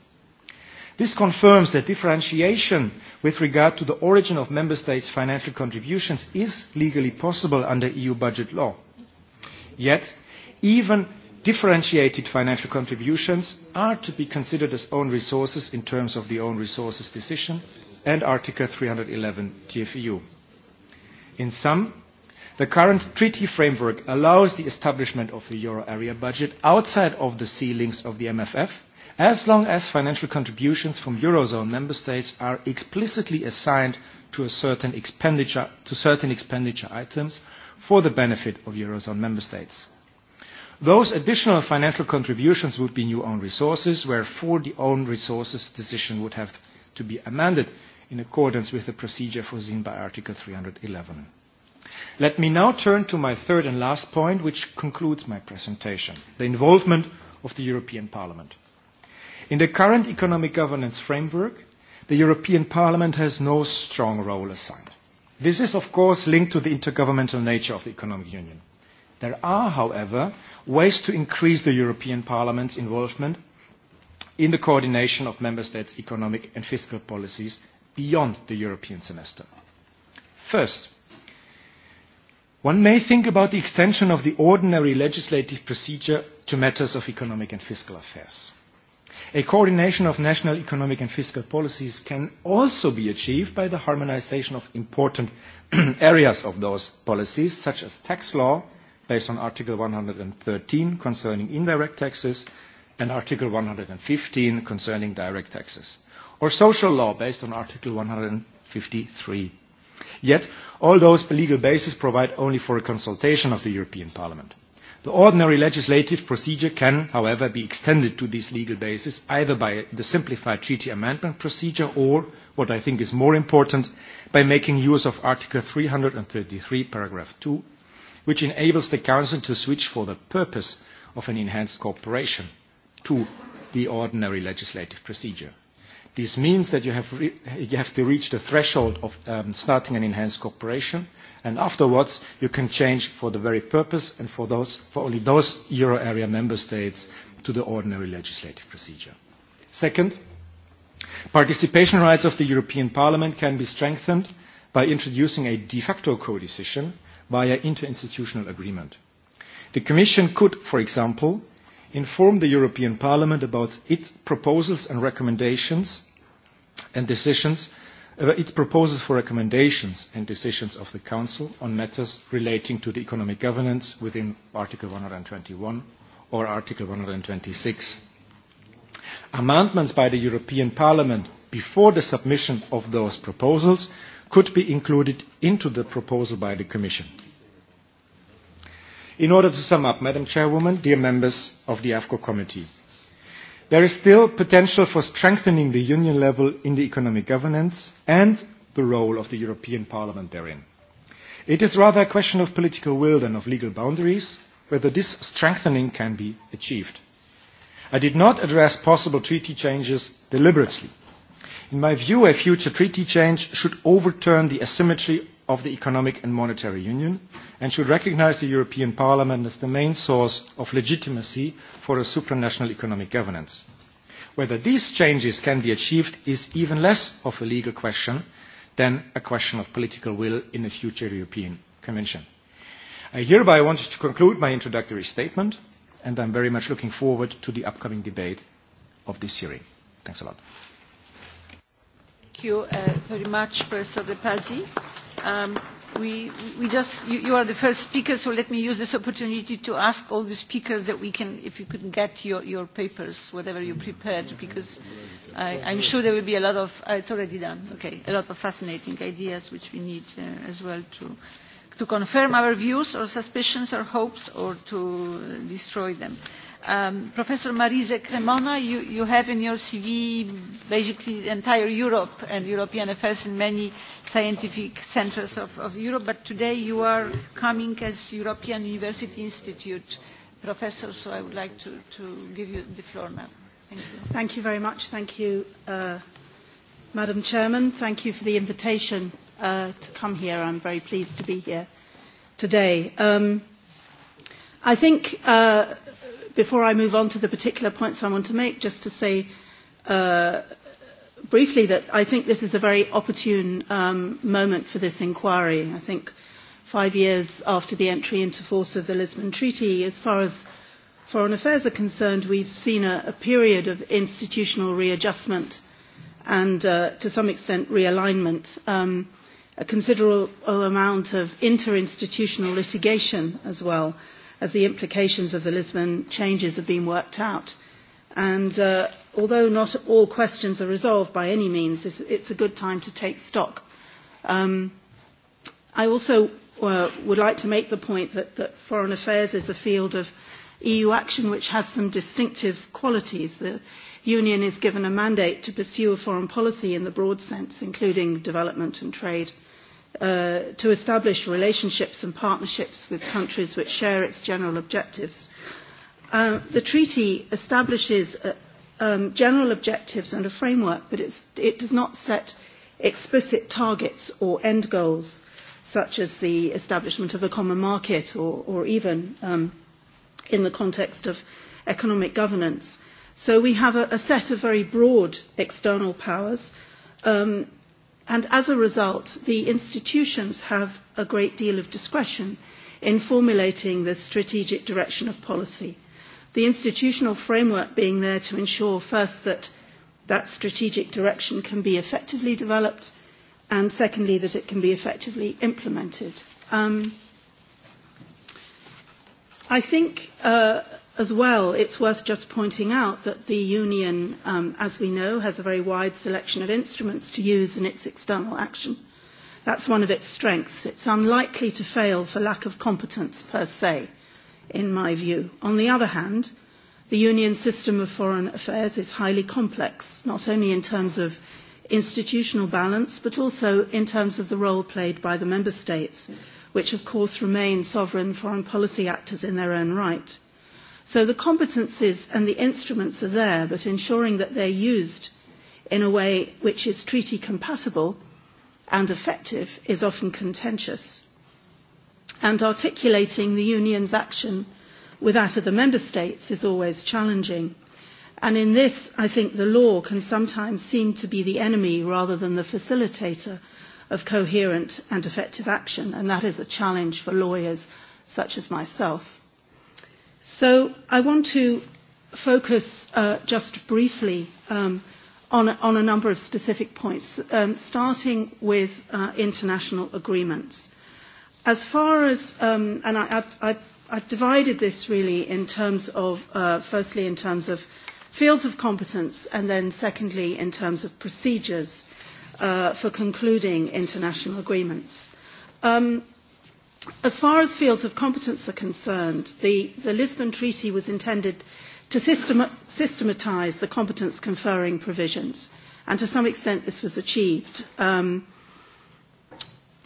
This confirms that differentiation with regard to the origin of member states' financial contributions is legally possible under EU budget law Yet, even differentiated financial contributions are to be considered as own resources in terms of the own resources decision and Article 311 TFEU. In sum, the current treaty framework allows the establishment of the euro area budget outside of the ceilings of the MFF as long as financial contributions from eurozone member states are explicitly assigned to a certain expenditure to certain expenditure items for the benefit of Eurozone member states. Those additional financial contributions would be new own resources, where for the own resources decision would have to be amended in accordance with the procedure foreseen by Article 311. Let me now turn to my third and last point, which concludes my presentation, the involvement of the European Parliament. In the current economic governance framework, the European Parliament has no strong role assigned. This is, of course, linked to the intergovernmental nature of the economic union. There are, however, ways to increase the European Parliament's involvement in the coordination of member states' economic and fiscal policies beyond the European semester. First, one may think about the extension of the ordinary legislative procedure to matters of economic and fiscal affairs. A coordination of national economic and fiscal policies can also be achieved by the harmonization of important areas of those policies, such as tax law, based on Article 113 concerning indirect taxes, and Article 115 concerning direct taxes, or social law based on Article 153. Yet, all those legal bases provide only for a consultation of the European Parliament. The ordinary legislative procedure can, however, be extended to this legal basis either by the simplified treaty amendment procedure or, what I think is more important, by making use of Article 333, paragraph 2, which enables the Council to switch for the purpose of an enhanced cooperation to the ordinary legislative procedure. This means that you have, re you have to reach the threshold of um, starting an enhanced cooperation and afterwards you can change for the very purpose and for, those, for only those euro area member states to the ordinary legislative procedure. Second, participation rights of the European Parliament can be strengthened by introducing a de facto codecision via interinstitutional agreement. The Commission could, for example, inform the European Parliament about its proposals and recommendations and decisions its proposals for recommendations and decisions of the Council on matters relating to the economic governance within Article 121 or Article 126. Amendments by the European Parliament before the submission of those proposals could be included into the proposal by the Commission. In order to sum up, Madam Chairwoman, dear members of the AFCO Committee, There is still potential for strengthening the union level in the economic governance and the role of the European Parliament therein. It is rather a question of political will than of legal boundaries whether this strengthening can be achieved. I did not address possible treaty changes deliberately. In my view, a future treaty change should overturn the asymmetry of the Economic and Monetary Union and should recognize the European Parliament as the main source of legitimacy for a supranational economic governance. Whether these changes can be achieved is even less of a legal question than a question of political will in the future European Convention. I hereby want to conclude my introductory statement, and I'm very much looking forward to the upcoming debate of this hearing. Thanks a lot. Thank you uh, very much, Professor De Pazzi Um, we, we just, you, you are the first speaker, so let me use this opportunity to ask all the speakers that we can, if you could get your, your papers, whatever you prepared, because I, I'm sure there will be a lot of, uh, it's already done, okay, a lot of fascinating ideas which we need uh, as well to, to confirm our views or suspicions or hopes or to destroy them. Uh, Um, Professor Marise Cremona, you, you have in your CV basically entire Europe and European affairs in many scientific centres of, of Europe, but today you are coming as European University Institute professor, so I would like to, to give you the floor now. Thank you. Thank you very much. Thank you, uh, Madam Chairman. Thank you for the invitation uh, to come here. I'm very pleased to be here today. Um, I think uh, Before I move on to the particular points I want to make, just to say uh, briefly that I think this is a very opportune um, moment for this inquiry. I think five years after the entry into force of the Lisbon Treaty, as far as foreign affairs are concerned, we've seen a, a period of institutional readjustment and, uh, to some extent, realignment. Um, a considerable amount of interinstitutional litigation as well as the implications of the Lisbon changes have been worked out. And uh, although not all questions are resolved by any means, it's, it's a good time to take stock. Um, I also uh, would like to make the point that, that foreign affairs is a field of EU action which has some distinctive qualities. The Union is given a mandate to pursue a foreign policy in the broad sense, including development and trade. Uh, uh, to establish relationships and partnerships with countries which share its general objectives. Uh, the treaty establishes uh, um, general objectives and a framework, but it's, it does not set explicit targets or end goals, such as the establishment of the common market or, or even um, in the context of economic governance. So we have a, a set of very broad external powers um, And as a result, the institutions have a great deal of discretion in formulating the strategic direction of policy. The institutional framework being there to ensure, first, that that strategic direction can be effectively developed, and secondly, that it can be effectively implemented. Um, I think uh, As well, it's worth just pointing out that the Union, um, as we know, has a very wide selection of instruments to use in its external action. That's one of its strengths. It's unlikely to fail for lack of competence per se, in my view. On the other hand, the Union system of foreign affairs is highly complex, not only in terms of institutional balance, but also in terms of the role played by the Member States, which of course remain sovereign foreign policy actors in their own right. So the competences and the instruments are there, but ensuring that they're used in a way which is treaty compatible and effective is often contentious. And articulating the Union's action with that of the Member States is always challenging. And in this, I think the law can sometimes seem to be the enemy rather than the facilitator of coherent and effective action, and that is a challenge for lawyers such as myself. So I want to focus uh, just briefly um, on, on a number of specific points, um, starting with uh, international agreements. As far as, um, and I, I've, I've, I've divided this really in terms of, uh, firstly, in terms of fields of competence, and then secondly, in terms of procedures uh, for concluding international agreements. Um, As far as fields of competence are concerned, the, the Lisbon Treaty was intended to system, systematise the competence conferring provisions, and to some extent this was achieved. Um,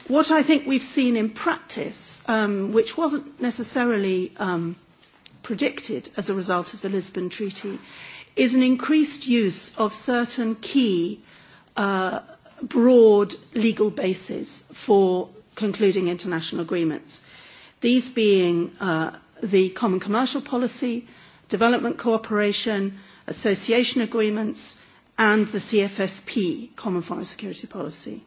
what I think we've seen in practice, um, which wasn't necessarily um, predicted as a result of the Lisbon Treaty, is an increased use of certain key uh, broad legal bases for concluding international agreements. These being uh, the common commercial policy, development cooperation, association agreements, and the CFSP, Common Foreign Security Policy.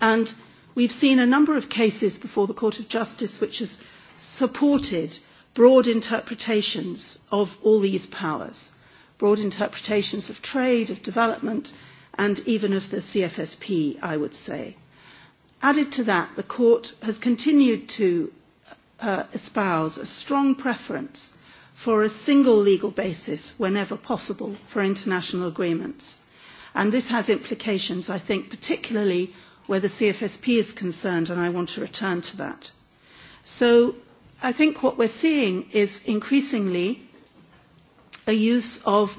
And we've seen a number of cases before the Court of Justice which has supported broad interpretations of all these powers, broad interpretations of trade, of development, and even of the CFSP, I would say. Added to that, the Court has continued to uh, espouse a strong preference for a single legal basis whenever possible for international agreements. And this has implications, I think, particularly where the CFSP is concerned, and I want to return to that. So I think what we're seeing is increasingly a use of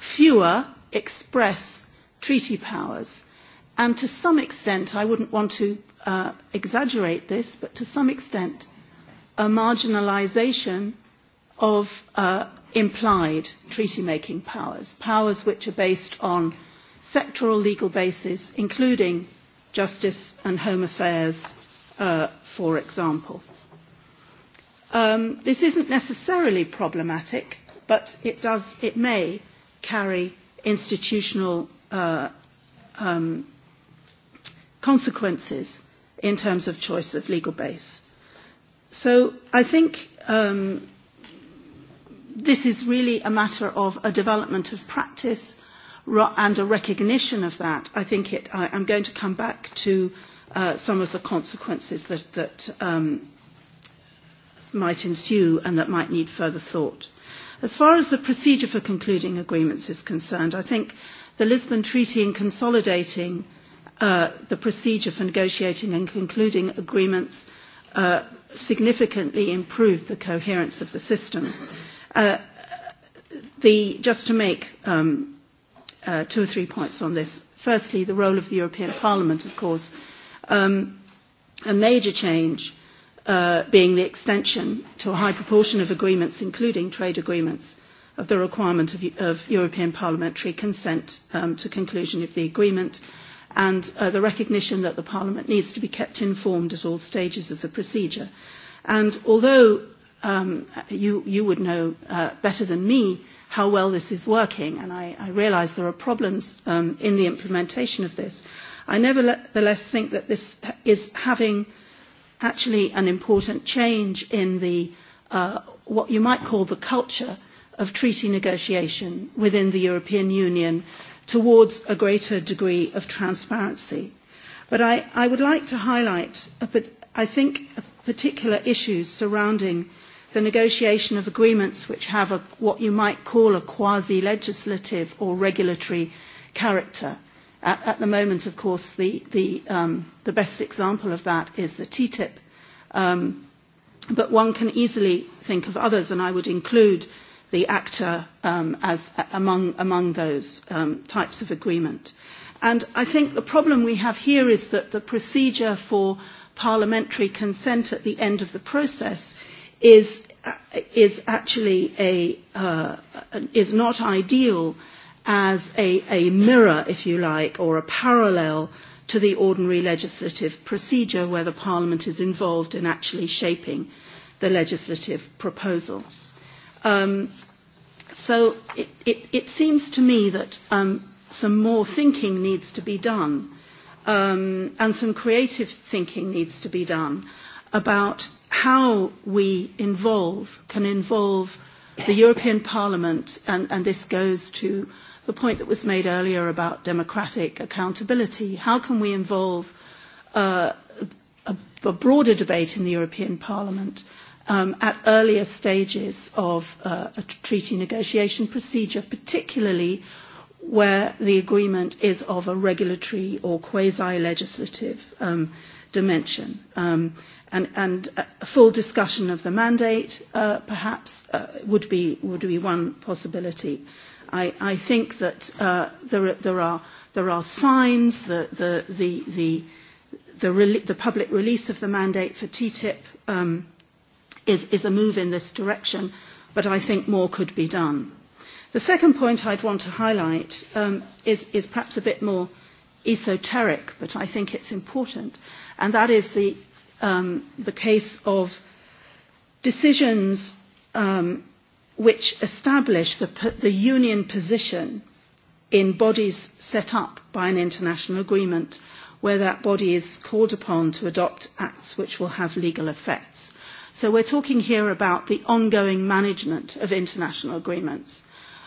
fewer express treaty powers And to some extent, I wouldn't want to uh, exaggerate this, but to some extent, a marginalisation of uh, implied treaty making powers, powers which are based on sectoral legal bases, including justice and home affairs, uh, for example. Um, this isn't necessarily problematic, but it, does, it may carry institutional uh, um, consequences in terms of choice of legal base. So I think um, this is really a matter of a development of practice and a recognition of that. I think it, I, I'm going to come back to uh, some of the consequences that, that um, might ensue and that might need further thought. As far as the procedure for concluding agreements is concerned, I think the Lisbon Treaty in consolidating uh, the procedure for negotiating and concluding agreements uh, significantly improved the coherence of the system. Uh, the, just to make um, uh, two or three points on this. Firstly, the role of the European Parliament, of course. Um, a major change uh, being the extension to a high proportion of agreements, including trade agreements, of the requirement of, of European parliamentary consent um, to conclusion of the agreement, uh, and uh, the recognition that the Parliament needs to be kept informed at all stages of the procedure. And although um, you, you would know uh, better than me how well this is working, and I, I realise there are problems um, in the implementation of this, I nevertheless think that this is having actually an important change in the uh, what you might call the culture of treaty negotiation within the European Union towards a greater degree of transparency. But I, I would like to highlight, a, I think, a particular issues surrounding the negotiation of agreements which have a, what you might call a quasi-legislative or regulatory character. At, at the moment, of course, the, the, um, the best example of that is the TTIP. Um, but one can easily think of others, and I would include the ACTA um, as among, among those um, types of agreement. And I think the problem we have here is that the procedure for parliamentary consent at the end of the process is, is actually a, uh, is not ideal as a, a mirror, if you like, or a parallel to the ordinary legislative procedure where the Parliament is involved in actually shaping the legislative proposal. Um, so it, it, it seems to me that um, some more thinking needs to be done um, and some creative thinking needs to be done about how we involve, can involve the European Parliament, and, and this goes to the point that was made earlier about democratic accountability. How can we involve uh, a, a broader debate in the European Parliament? Uh, um, at earlier stages of uh, a treaty negotiation procedure, particularly where the agreement is of a regulatory or quasi-legislative um, dimension. Um, and, and a full discussion of the mandate uh, perhaps uh, would, be, would be one possibility. I, I think that uh, there, there, are, there are signs that the, the, the, the, the, the public release of the mandate for TTIP um, – is, is a move in this direction, but I think more could be done. The second point I'd want to highlight um, is, is perhaps a bit more esoteric, but I think it's important, and that is the, um, the case of decisions um, which establish the, the union position in bodies set up by an international agreement where that body is called upon to adopt acts which will have legal effects. So we're talking here about the ongoing management of international agreements,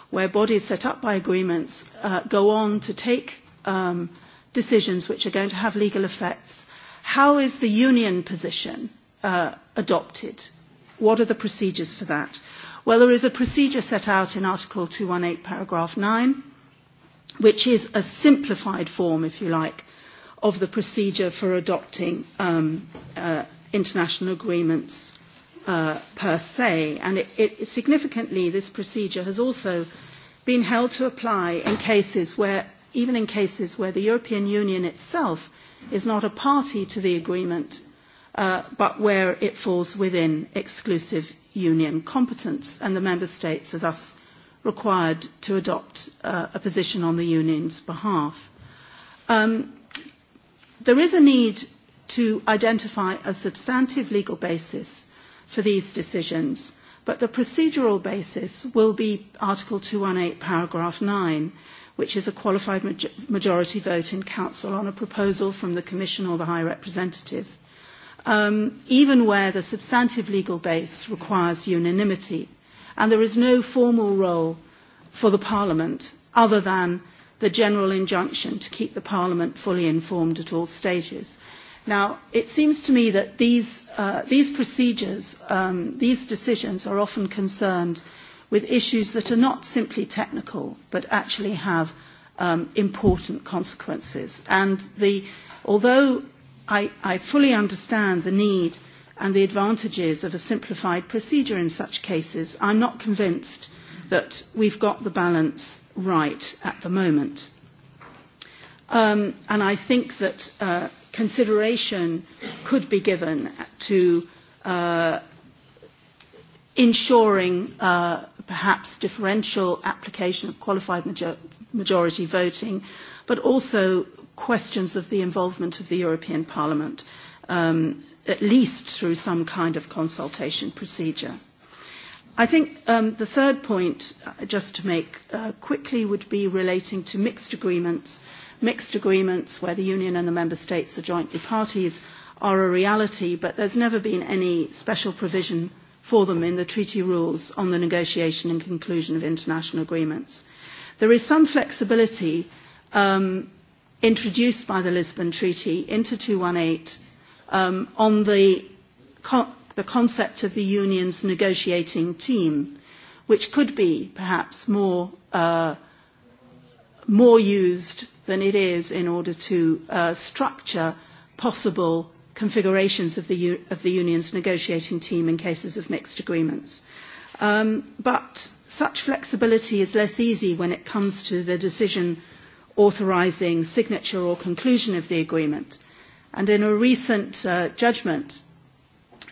where bodies set up by agreements uh, go on to take um, decisions which are going to have legal effects. How is the union position uh, adopted? What are the procedures for that? Well, there is a procedure set out in Article 218, paragraph 9, which is a simplified form, if you like, of the procedure for adopting um, uh, international agreements uh, per se. And it, it, significantly, this procedure has also been held to apply in cases where, even in cases where the European Union itself is not a party to the agreement, uh, but where it falls within exclusive union competence, and the member states are thus required to adopt uh, a position on the union's behalf. Um, there is a need to identify a substantive legal basis for these decisions, but the procedural basis will be Article 218, paragraph 9, which is a qualified majority vote in Council on a proposal from the Commission or the High Representative, um, even where the substantive legal base requires unanimity. And there is no formal role for the Parliament other than the general injunction to keep the Parliament fully informed at all stages. Now, it seems to me that these, uh, these procedures, um, these decisions are often concerned with issues that are not simply technical, but actually have um, important consequences. And the, although I, I fully understand the need and the advantages of a simplified procedure in such cases, I'm not convinced that we've got the balance right at the moment. Um, and I think that uh, consideration could be given to uh, ensuring uh, perhaps differential application of qualified major- majority voting, but also questions of the involvement of the European Parliament, um, at least through some kind of consultation procedure. I think um, the third point, just to make uh, quickly, would be relating to mixed agreements mixed agreements where the Union and the Member States are jointly parties are a reality, but there's never been any special provision for them in the treaty rules on the negotiation and conclusion of international agreements. There is some flexibility um, introduced by the Lisbon Treaty into 218 um, on the, co- the concept of the Union's negotiating team, which could be perhaps more uh, more used than it is in order to uh, structure possible configurations of the, of the union's negotiating team in cases of mixed agreements. Um, but such flexibility is less easy when it comes to the decision authorising signature or conclusion of the agreement. And in a recent uh, judgment,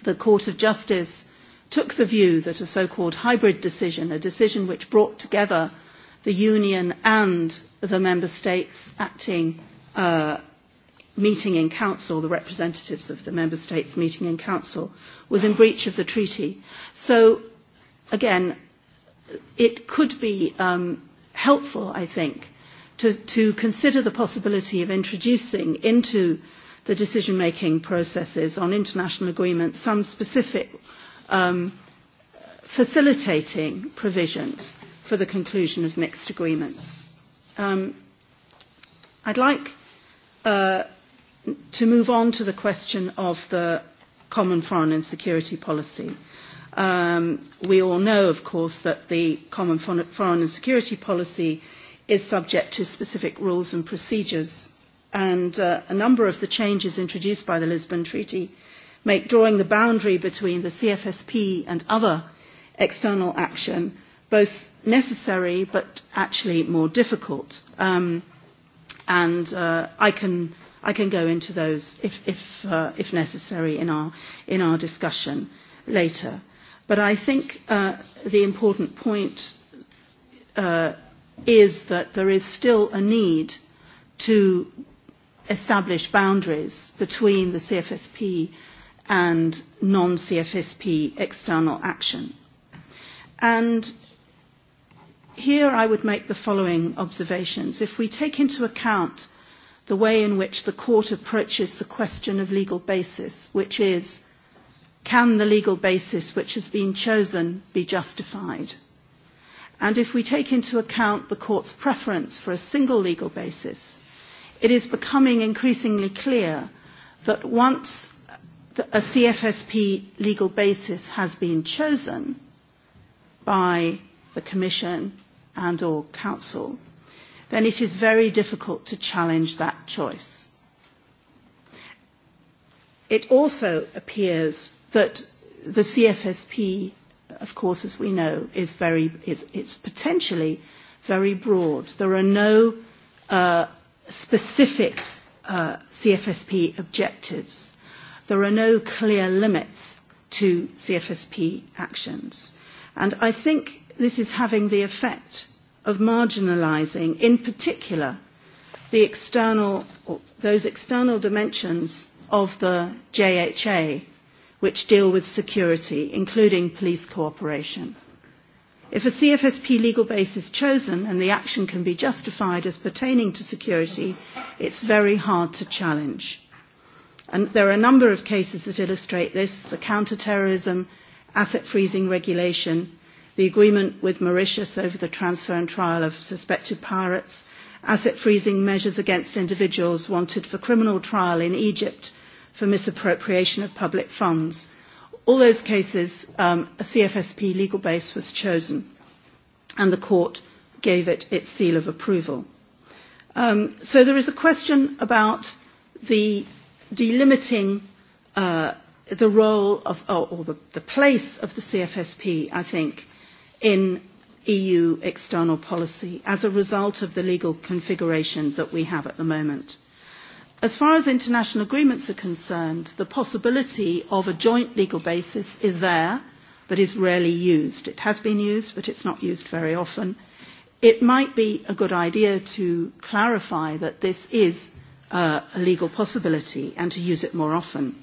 the Court of Justice took the view that a so-called hybrid decision, a decision which brought together the Union and the Member States acting, uh, meeting in Council, the representatives of the Member States meeting in Council, was in breach of the treaty. So, again, it could be um, helpful, I think, to, to consider the possibility of introducing into the decision making processes on international agreements some specific um, facilitating provisions for the conclusion of mixed agreements. Um, I'd like uh, to move on to the question of the common foreign and security policy. Um, we all know, of course, that the common foreign and security policy is subject to specific rules and procedures. And uh, a number of the changes introduced by the Lisbon Treaty make drawing the boundary between the CFSP and other external action both necessary but actually more difficult. Um, and uh, I can I can go into those if if, uh, if necessary in our in our discussion later. But I think uh, the important point uh, is that there is still a need to establish boundaries between the CFSP and non-CFSP external action. And here I would make the following observations. If we take into account the way in which the court approaches the question of legal basis, which is, can the legal basis which has been chosen be justified? And if we take into account the court's preference for a single legal basis, it is becoming increasingly clear that once a CFSP legal basis has been chosen by the Commission and or council, then it is very difficult to challenge that choice. It also appears that the CFSP, of course, as we know, is very, is, it's potentially very broad. There are no uh, specific uh, CFSP objectives. There are no clear limits to CFSP actions. And I think this is having the effect of marginalising, in particular, the external, those external dimensions of the JHA which deal with security, including police cooperation. If a CFSP legal base is chosen and the action can be justified as pertaining to security, it's very hard to challenge. And there are a number of cases that illustrate this, the counterterrorism, asset freezing regulation, the agreement with Mauritius over the transfer and trial of suspected pirates, asset freezing measures against individuals wanted for criminal trial in Egypt for misappropriation of public funds. All those cases, um, a CFSP legal base was chosen, and the court gave it its seal of approval. Um, so there is a question about the delimiting uh, the role of, or, or the, the place of the CFSP, I think, in EU external policy as a result of the legal configuration that we have at the moment. As far as international agreements are concerned, the possibility of a joint legal basis is there, but is rarely used. It has been used, but it's not used very often. It might be a good idea to clarify that this is uh, a legal possibility and to use it more often.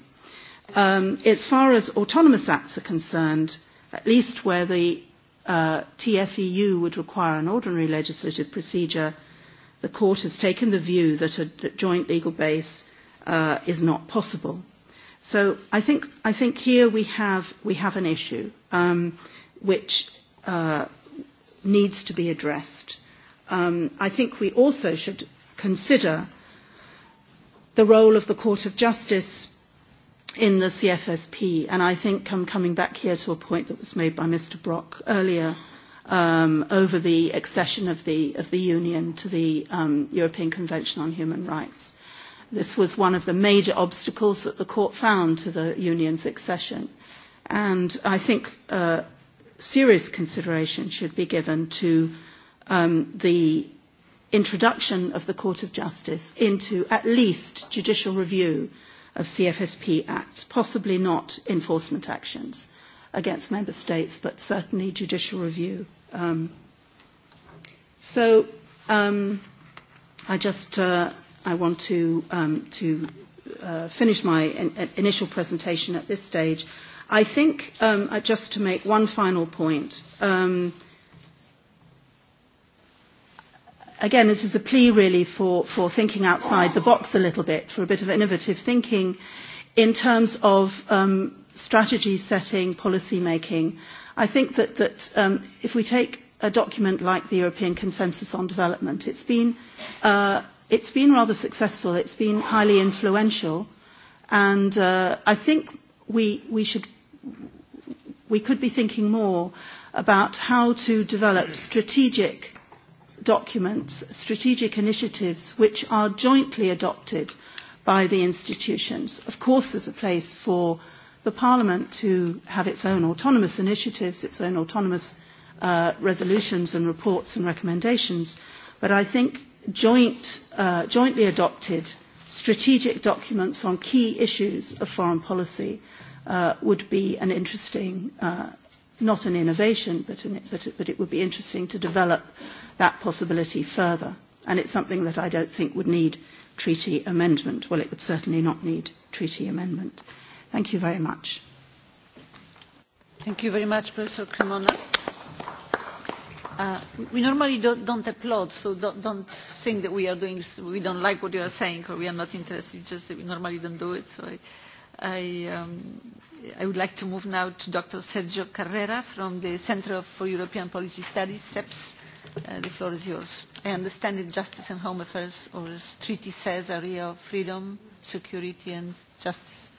Um, as far as autonomous acts are concerned, at least where the uh, TFEU would require an ordinary legislative procedure, the court has taken the view that a joint legal base uh, is not possible. So I think, I think here we have, we have an issue um, which uh, needs to be addressed. Um, I think we also should consider the role of the Court of Justice in the CFSP. And I think I'm coming back here to a point that was made by Mr. Brock earlier um, over the accession of the, of the Union to the um, European Convention on Human Rights. This was one of the major obstacles that the court found to the Union's accession. And I think uh, serious consideration should be given to um, the introduction of the Court of Justice into at least judicial review of CFSP acts, possibly not enforcement actions against member states, but certainly judicial review. Um, so um, I just uh, I want to um, to uh, finish my in- initial presentation at this stage. I think um, just to make one final point. Um, again, this is a plea really for, for thinking outside the box a little bit, for a bit of innovative thinking in terms of um, strategy setting, policy making. I think that, that um, if we take a document like the European Consensus on Development, it's been, uh, it's been rather successful, it's been highly influential, and uh, I think we, we, should, we could be thinking more about how to develop strategic documents, strategic initiatives which are jointly adopted by the institutions. Of course, there's a place for the Parliament to have its own autonomous initiatives, its own autonomous uh, resolutions and reports and recommendations, but I think joint, uh, jointly adopted strategic documents on key issues of foreign policy uh, would be an interesting uh, not an innovation, but, an, but, but it would be interesting to develop that possibility further. And it's something that I don't think would need treaty amendment. Well, it would certainly not need treaty amendment. Thank you very much. Thank you very much, Professor Cremona. Uh, we normally don't, don't applaud, so don't, don't think that we are doing, we don't like what you are saying or we are not interested, just that we normally don't do it. So I, I, um, I would like to move now to Dr. Sergio Carrera from the Center for European Policy Studies, CEPS. Uh, the floor is yours. I understand that justice and home affairs, or as treaty says, area of freedom, security and justice.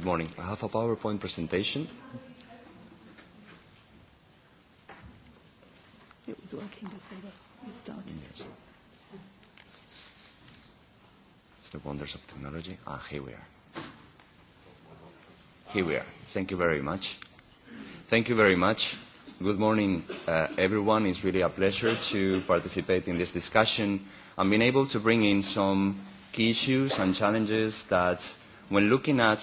Good morning. I have a PowerPoint presentation. It was working before we started. Yes. It's the wonders of technology. Ah, here we are. Here we are. Thank you very much. Thank you very much. Good morning, uh, everyone. It's really a pleasure to participate in this discussion and being able to bring in some key issues and challenges that when looking at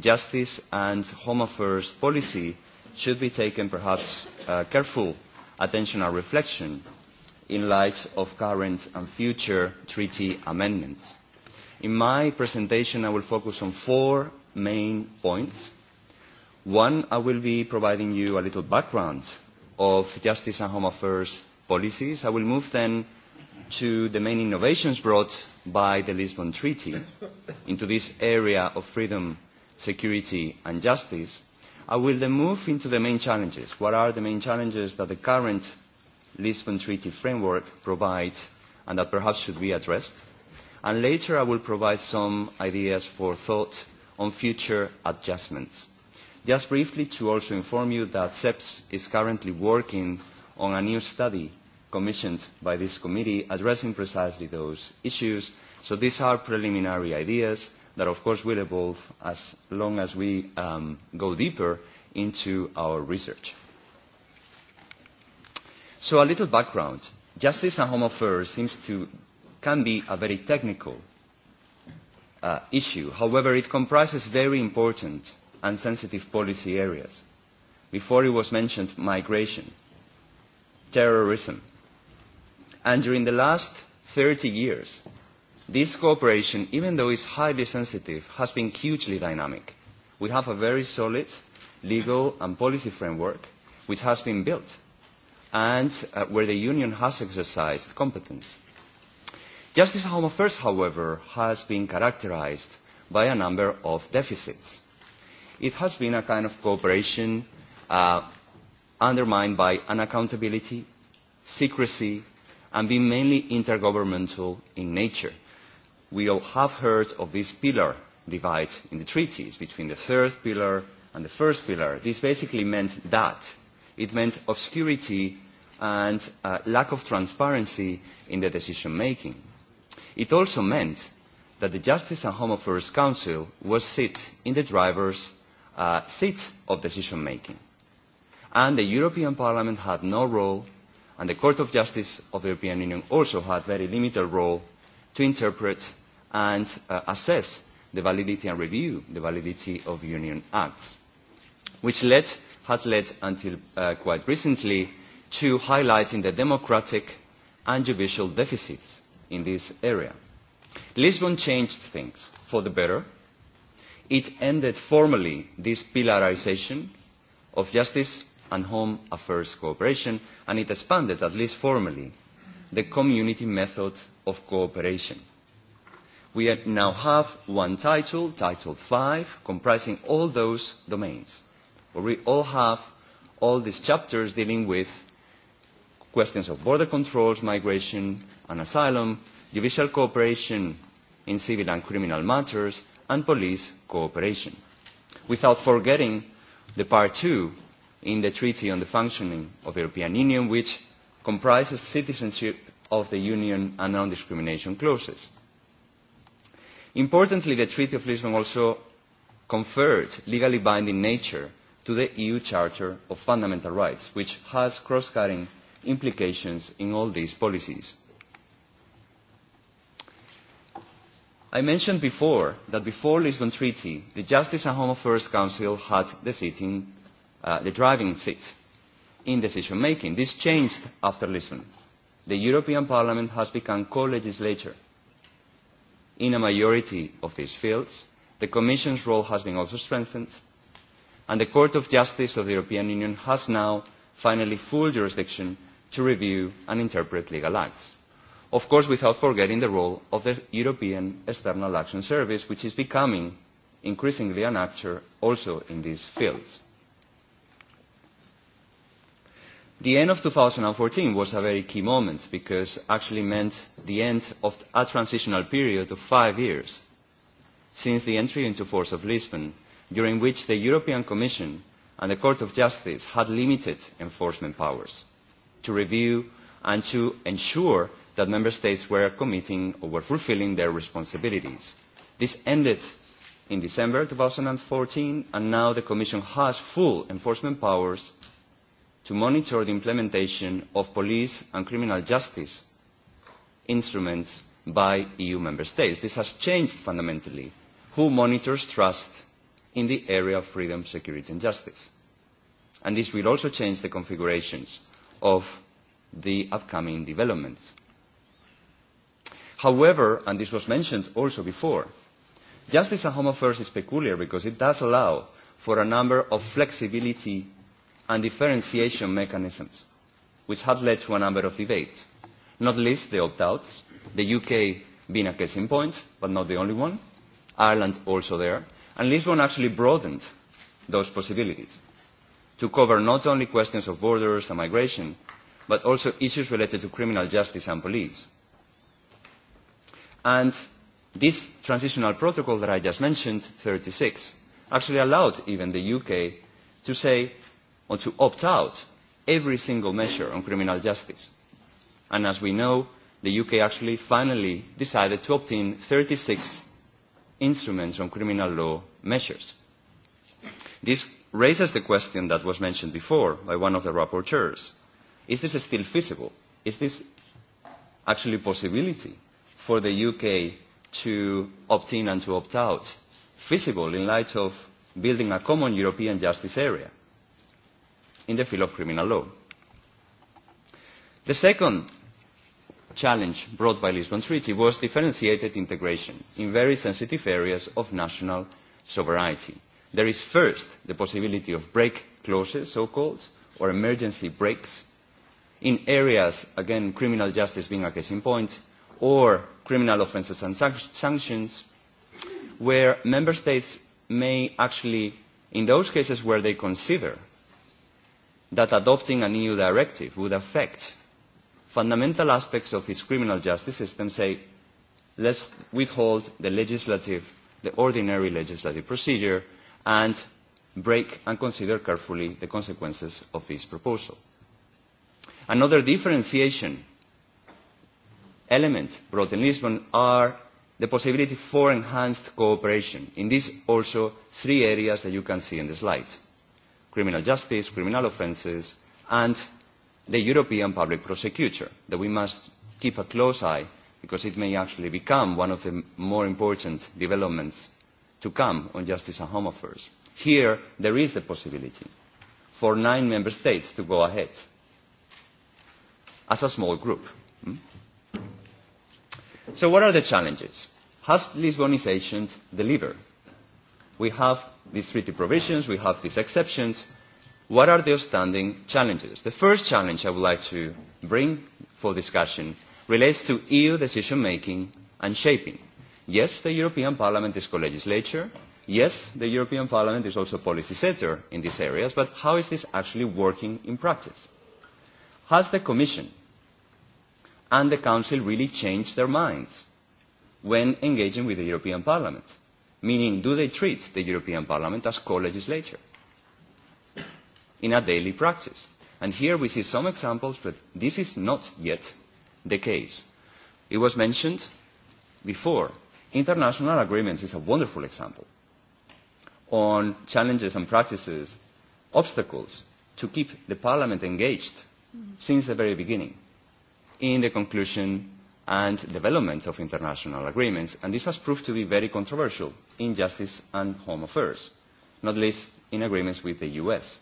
justice and home affairs policy should be taken perhaps uh, careful attention and reflection in light of current and future treaty amendments. In my presentation, I will focus on four main points. One, I will be providing you a little background of justice and home affairs policies. I will move then to the main innovations brought by the Lisbon Treaty into this area of freedom security and justice, I will then move into the main challenges. What are the main challenges that the current Lisbon Treaty framework provides and that perhaps should be addressed? And later I will provide some ideas for thought on future adjustments. Just briefly to also inform you that CEPS is currently working on a new study commissioned by this committee addressing precisely those issues. So these are preliminary ideas that of course will evolve as long as we um, go deeper into our research. So a little background. Justice and Home Affairs seems to can be a very technical uh, issue. However, it comprises very important and sensitive policy areas. Before it was mentioned migration, terrorism. And during the last 30 years, This cooperation, even though it's highly sensitive, has been hugely dynamic. We have a very solid legal and policy framework which has been built and uh, where the Union has exercised competence. Justice Home Affairs, however, has been characterized by a number of deficits. It has been a kind of cooperation uh, undermined by unaccountability, secrecy, and being mainly intergovernmental in nature we all have heard of this pillar divide in the treaties between the third pillar and the first pillar. This basically meant that. It meant obscurity and uh, lack of transparency in the decision making. It also meant that the Justice and Home Affairs Council was sit in the driver's uh, seat of decision making. And the European Parliament had no role, and the Court of Justice of the European Union also had very limited role to interpret and uh, assess the validity and review the validity of union acts, which led, has led until uh, quite recently to highlighting the democratic and judicial deficits in this area. Lisbon changed things for the better. It ended formally this pillarization of justice and home affairs cooperation, and it expanded, at least formally, the community method of cooperation. We now have one title, Title 5, comprising all those domains, where we all have all these chapters dealing with questions of border controls, migration and asylum, judicial cooperation in civil and criminal matters, and police cooperation, without forgetting the Part 2 in the Treaty on the Functioning of the European Union, which comprises citizenship of the Union and non-discrimination clauses. Importantly, the Treaty of Lisbon also confers legally binding nature to the EU Charter of Fundamental Rights, which has cross-cutting implications in all these policies. I mentioned before that before the Lisbon Treaty, the Justice and Home Affairs Council had the, sitting, uh, the driving seat in decision making. This changed after Lisbon. The European Parliament has become co legislature. In a majority of these fields, the Commission's role has been also strengthened, and the Court of Justice of the European Union has now finally full jurisdiction to review and interpret legal acts. Of course, without forgetting the role of the European External Action Service, which is becoming increasingly an actor also in these fields. The end of 2014 was a very key moment because actually meant the end of a transitional period of five years since the entry into force of Lisbon, during which the European Commission and the Court of Justice had limited enforcement powers to review and to ensure that member states were committing or were fulfilling their responsibilities. This ended in December 2014 and now the Commission has full enforcement powers to monitor the implementation of police and criminal justice instruments by EU member states. This has changed fundamentally who monitors trust in the area of freedom, security and justice. And this will also change the configurations of the upcoming developments. However, and this was mentioned also before, justice and home affairs is peculiar because it does allow for a number of flexibility and differentiation mechanisms, which had led to a number of debates, not least the opt-outs, the UK being a case in point, but not the only one, Ireland also there, and Lisbon actually broadened those possibilities to cover not only questions of borders and migration, but also issues related to criminal justice and police. And this transitional protocol that I just mentioned, 36, actually allowed even the UK to say or to opt out every single measure on criminal justice. And as we know, the UK actually finally decided to opt in 36 instruments on criminal law measures. This raises the question that was mentioned before by one of the rapporteurs. Is this still feasible? Is this actually a possibility for the UK to opt in and to opt out feasible in light of building a common European justice area? in the field of criminal law. The second challenge brought by the Lisbon Treaty was differentiated integration in very sensitive areas of national sovereignty. There is first the possibility of break clauses, so-called, or emergency breaks in areas, again, criminal justice being a case in point, or criminal offences and sanctions, where member states may actually, in those cases where they consider that adopting an EU directive would affect fundamental aspects of his criminal justice system, say, let's withhold the legislative, the ordinary legislative procedure, and break and consider carefully the consequences of his proposal. Another differentiation element brought in Lisbon are the possibility for enhanced cooperation. In these also three areas that you can see in the slide criminal justice, criminal offences, and the European public prosecutor, that we must keep a close eye because it may actually become one of the more important developments to come on justice and home affairs. Here, there is the possibility for nine member states to go ahead as a small group. So what are the challenges? Has Lisbonization delivered? We have these treaty provisions, we have these exceptions. What are the outstanding challenges? The first challenge I would like to bring for discussion relates to EU decision making and shaping. Yes, the European Parliament is co-legislature. Yes, the European Parliament is also policy setter in these areas, but how is this actually working in practice? Has the Commission and the Council really changed their minds when engaging with the European Parliament? Meaning, do they treat the European Parliament as co-legislature in a daily practice? And here we see some examples, but this is not yet the case. It was mentioned before. International agreements is a wonderful example on challenges and practices, obstacles to keep the Parliament engaged since the very beginning in the conclusion and development of international agreements, and this has proved to be very controversial in justice and home affairs, not least in agreements with the US.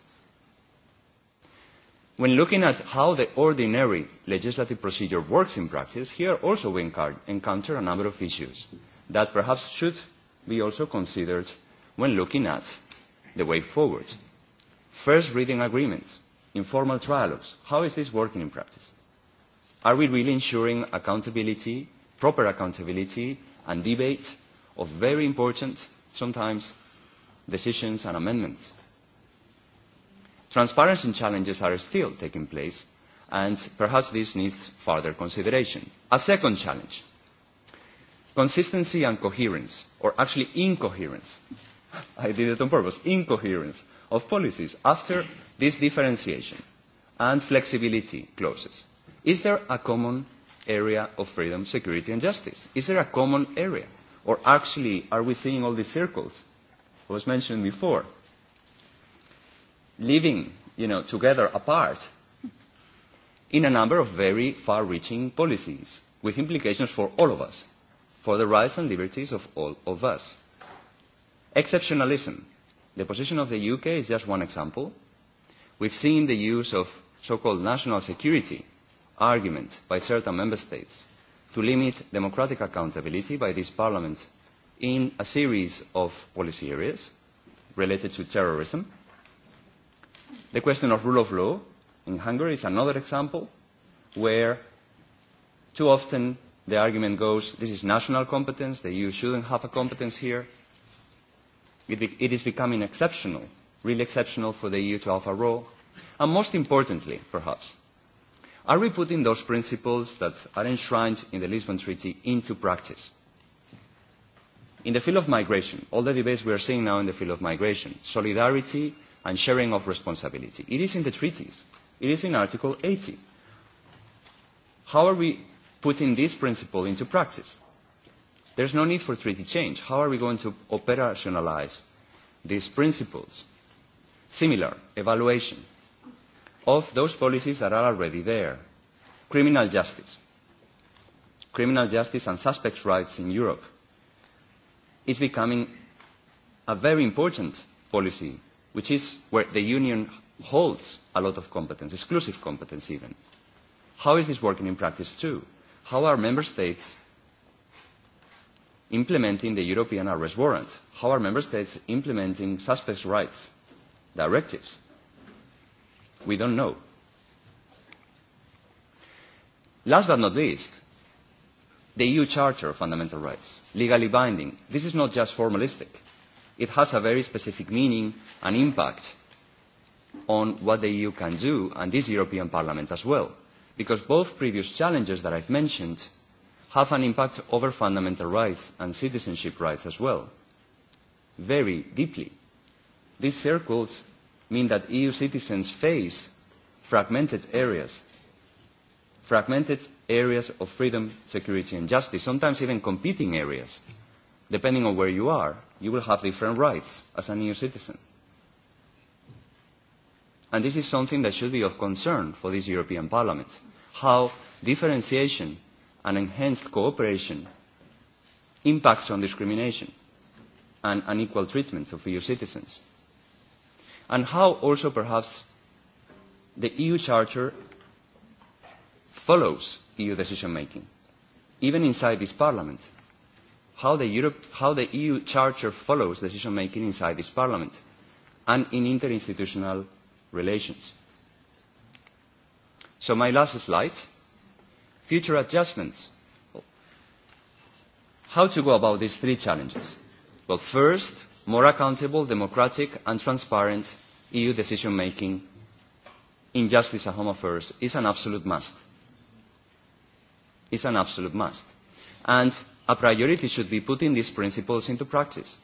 When looking at how the ordinary legislative procedure works in practice, here also we encounter a number of issues that perhaps should be also considered when looking at the way forward. First reading agreements, informal trialogues, how is this working in practice? Are we really ensuring accountability, proper accountability and debate of very important, sometimes, decisions and amendments? Transparency challenges are still taking place and perhaps this needs further consideration. A second challenge, consistency and coherence, or actually incoherence. I did it on purpose, incoherence of policies after this differentiation and flexibility clauses. Is there a common area of freedom, security, and justice? Is there a common area? Or actually, are we seeing all these circles? I was mentioned before. Living, you know, together apart in a number of very far-reaching policies with implications for all of us, for the rights and liberties of all of us. Exceptionalism. The position of the UK is just one example. We've seen the use of so-called national security argument by certain member states to limit democratic accountability by this parliament in a series of policy areas related to terrorism. The question of rule of law in Hungary is another example where too often the argument goes, this is national competence, the EU shouldn't have a competence here. It, be, it is becoming exceptional, really exceptional for the EU to have a role. And most importantly, perhaps, are we putting those principles that are enshrined in the Lisbon Treaty into practice? In the field of migration, all the debates we are seeing now in the field of migration, solidarity and sharing of responsibility, it is in the treaties. It is in Article 80. How are we putting this principle into practice? There's no need for treaty change. How are we going to operationalize these principles? Similar, evaluation of those policies that are already there. Criminal justice. Criminal justice and suspects' rights in Europe is becoming a very important policy, which is where the Union holds a lot of competence, exclusive competence even. How is this working in practice too? How are member states implementing the European arrest warrant? How are member states implementing suspects' rights directives? We don't know. Last but not least, the EU Charter of Fundamental Rights, legally binding. This is not just formalistic. It has a very specific meaning and impact on what the EU can do and this European Parliament as well. Because both previous challenges that I've mentioned have an impact over fundamental rights and citizenship rights as well, very deeply. These circles mean that EU citizens face fragmented areas, fragmented areas of freedom, security and justice, sometimes even competing areas. Depending on where you are, you will have different rights as an EU citizen. And this is something that should be of concern for this European Parliament, how differentiation and enhanced cooperation impacts on discrimination and unequal treatment of EU citizens and how also perhaps the EU Charter follows EU decision making, even inside this Parliament. How the, Europe, how the EU Charter follows decision making inside this Parliament and in interinstitutional relations. So my last slide, future adjustments. How to go about these three challenges? Well, first, more accountable, democratic and transparent EU decision-making in justice and home affairs is an absolute must. It's an absolute must. And a priority should be putting these principles into practice.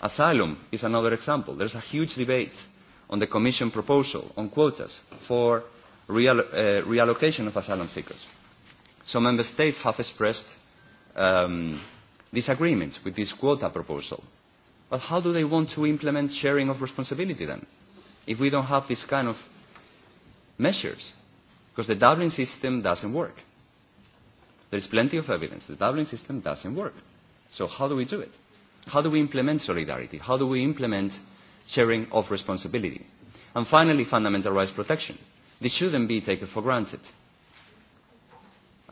Asylum is another example. There's a huge debate on the Commission proposal on quotas for real, uh, reallocation of asylum seekers. Some member states have expressed um, disagreements with this quota proposal. But how do they want to implement sharing of responsibility then, if we don't have this kind of measures? Because the Dublin system doesn't work. There is plenty of evidence. The Dublin system doesn't work. So how do we do it? How do we implement solidarity? How do we implement sharing of responsibility? And finally, fundamental rights protection. This shouldn't be taken for granted.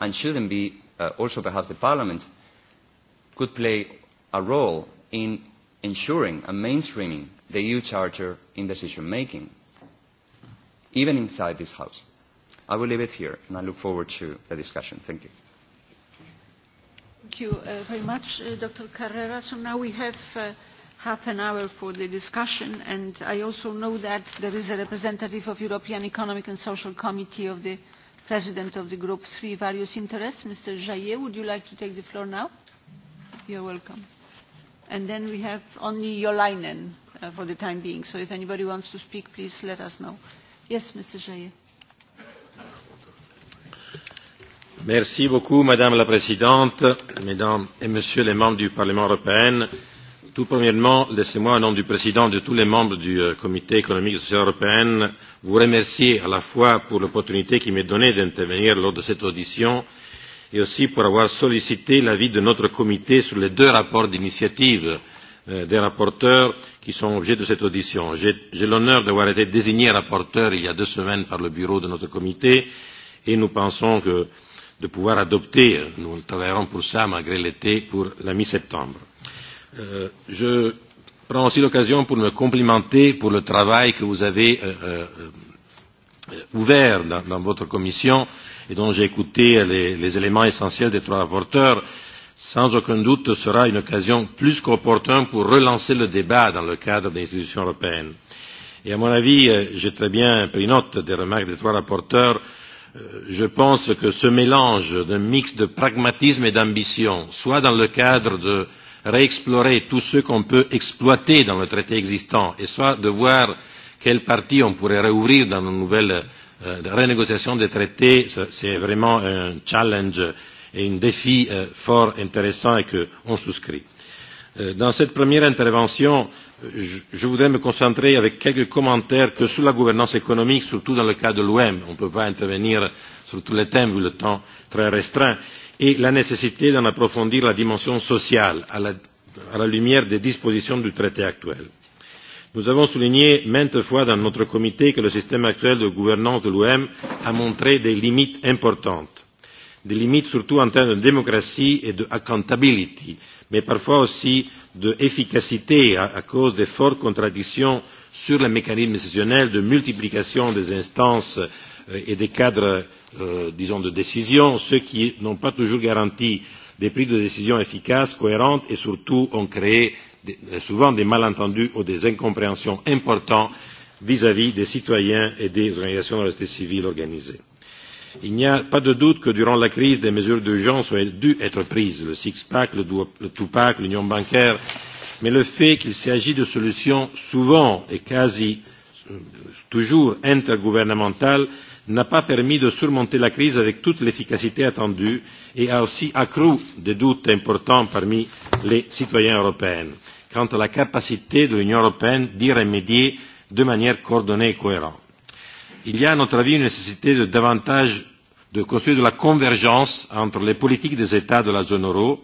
And shouldn't be, uh, also perhaps the Parliament could play a role in ensuring and mainstreaming the EU Charter in decision making, even inside this House. I will leave it here, and I look forward to the discussion. Thank you. Thank you uh, very much, uh, Dr. Carrera. So now we have uh, half an hour for the discussion, and I also know that there is a representative of European Economic and Social Committee of the President of the Group Three Various Interests, Mr. Jaillet. Would you like to take the floor now? You're welcome. And then we have only Jolainen uh, for the time being. So if anybody wants to speak, please let us know. Yes, Mr. Jaye. Merci beaucoup, Madame la Présidente, Mesdames et Messieurs les membres du Parlement européen. Tout premièrement, laissez-moi, au nom du Président et de tous les membres du Comité économique et social européen, vous remercier à la fois pour l'opportunité qui m'est donnée d'intervenir lors de cette audition euh, et aussi pour avoir sollicité l'avis de notre comité sur les deux rapports d'initiative des rapporteurs qui sont l'objet de cette audition. J'ai l'honneur d'avoir été désigné rapporteur il y a deux semaines par le bureau de notre comité et nous pensons que de pouvoir adopter, nous travaillerons pour ça malgré l'été, pour la mi-septembre. Euh, je prends aussi l'occasion pour me complimenter pour le travail que vous avez euh, euh, ouvert dans, dans votre commission euh, et dont j'ai écouté les, les éléments essentiels des trois rapporteurs, sans aucun doute sera une occasion plus qu'opportune pour relancer le débat dans le cadre des institutions européennes. Et à mon avis, j'ai très bien pris note des remarques des trois rapporteurs. Je pense que ce mélange d'un mix de pragmatisme et d'ambition, soit dans le cadre de réexplorer tout ce qu'on peut exploiter dans le traité existant, et soit de voir quelle partie on pourrait réouvrir dans nos nouvelles de renégociation des traités, c'est vraiment un challenge et un défi fort intéressant et qu'on souscrit. Dans cette première intervention, je voudrais me concentrer avec quelques commentaires que sur la gouvernance économique, surtout dans le cas de l'OM. On ne peut pas intervenir sur tous les thèmes vu le temps très restreint et la nécessité d'en approfondir la dimension sociale à la, à la lumière des dispositions du traité actuel Nous avons souligné maintes fois dans notre comité que le système actuel de gouvernance de l'OM a montré des limites importantes, des limites surtout en termes de démocratie et de accountability, mais parfois aussi d'efficacité à, à cause des fortes contradictions sur les mécanismes décisionnels de multiplication des instances et des cadres, euh, disons, de décision, ceux qui n'ont pas toujours garanti des prises de décision efficaces, cohérentes et surtout ont créé souvent des malentendus ou des incompréhensions importants vis à vis des citoyens et des organisations de la société civile organisées. Il n'y a pas de doute que durant la crise, des mesures d'urgence ont dû être prises, le six-pack, le two-pack, l'union bancaire, mais le fait qu'il s'agit de solutions souvent et quasi toujours intergouvernementales n'a pas permis de surmonter la crise avec toute l'efficacité attendue et a aussi accru des doutes importants parmi les citoyens européens quant à la capacité de l'Union européenne d'y remédier de manière coordonnée et cohérente. Il y a, à notre avis, une nécessité de davantage de construire de la convergence entre les politiques des États de la zone euro.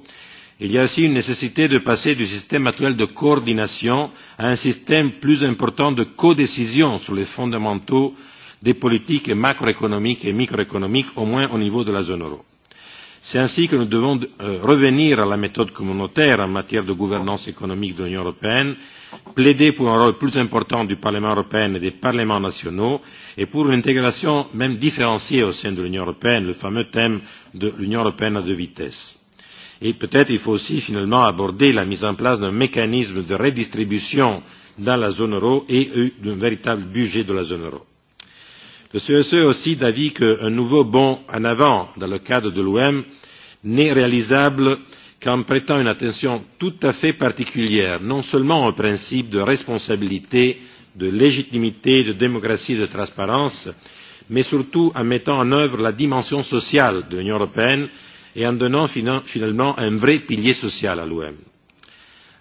Il y a aussi une nécessité de passer du système actuel de coordination à un système plus important de codécision sur les fondamentaux des politiques macroéconomiques et microéconomiques, au moins au niveau de la zone euro. C'est ainsi que nous devons revenir à la méthode communautaire en matière de gouvernance économique de l'Union européenne, plaider pour un rôle plus important du Parlement européen et des parlements nationaux et pour une intégration même différenciée au sein de l'Union européenne, le fameux thème de l'Union européenne à deux vitesses. Et peut-être il faut aussi finalement aborder la mise en place d'un mécanisme de redistribution dans la zone euro et d'un véritable budget de la zone euro. Le CESE est aussi d'avis qu'un nouveau bond en avant dans le cadre de l'OM n'est réalisable qu'en prêtant une attention tout à fait particulière non seulement aux principes de responsabilité, de légitimité, de démocratie et de transparence, mais surtout en mettant en œuvre la dimension sociale de l'Union européenne et en donnant finalement un vrai pilier social à l'OM.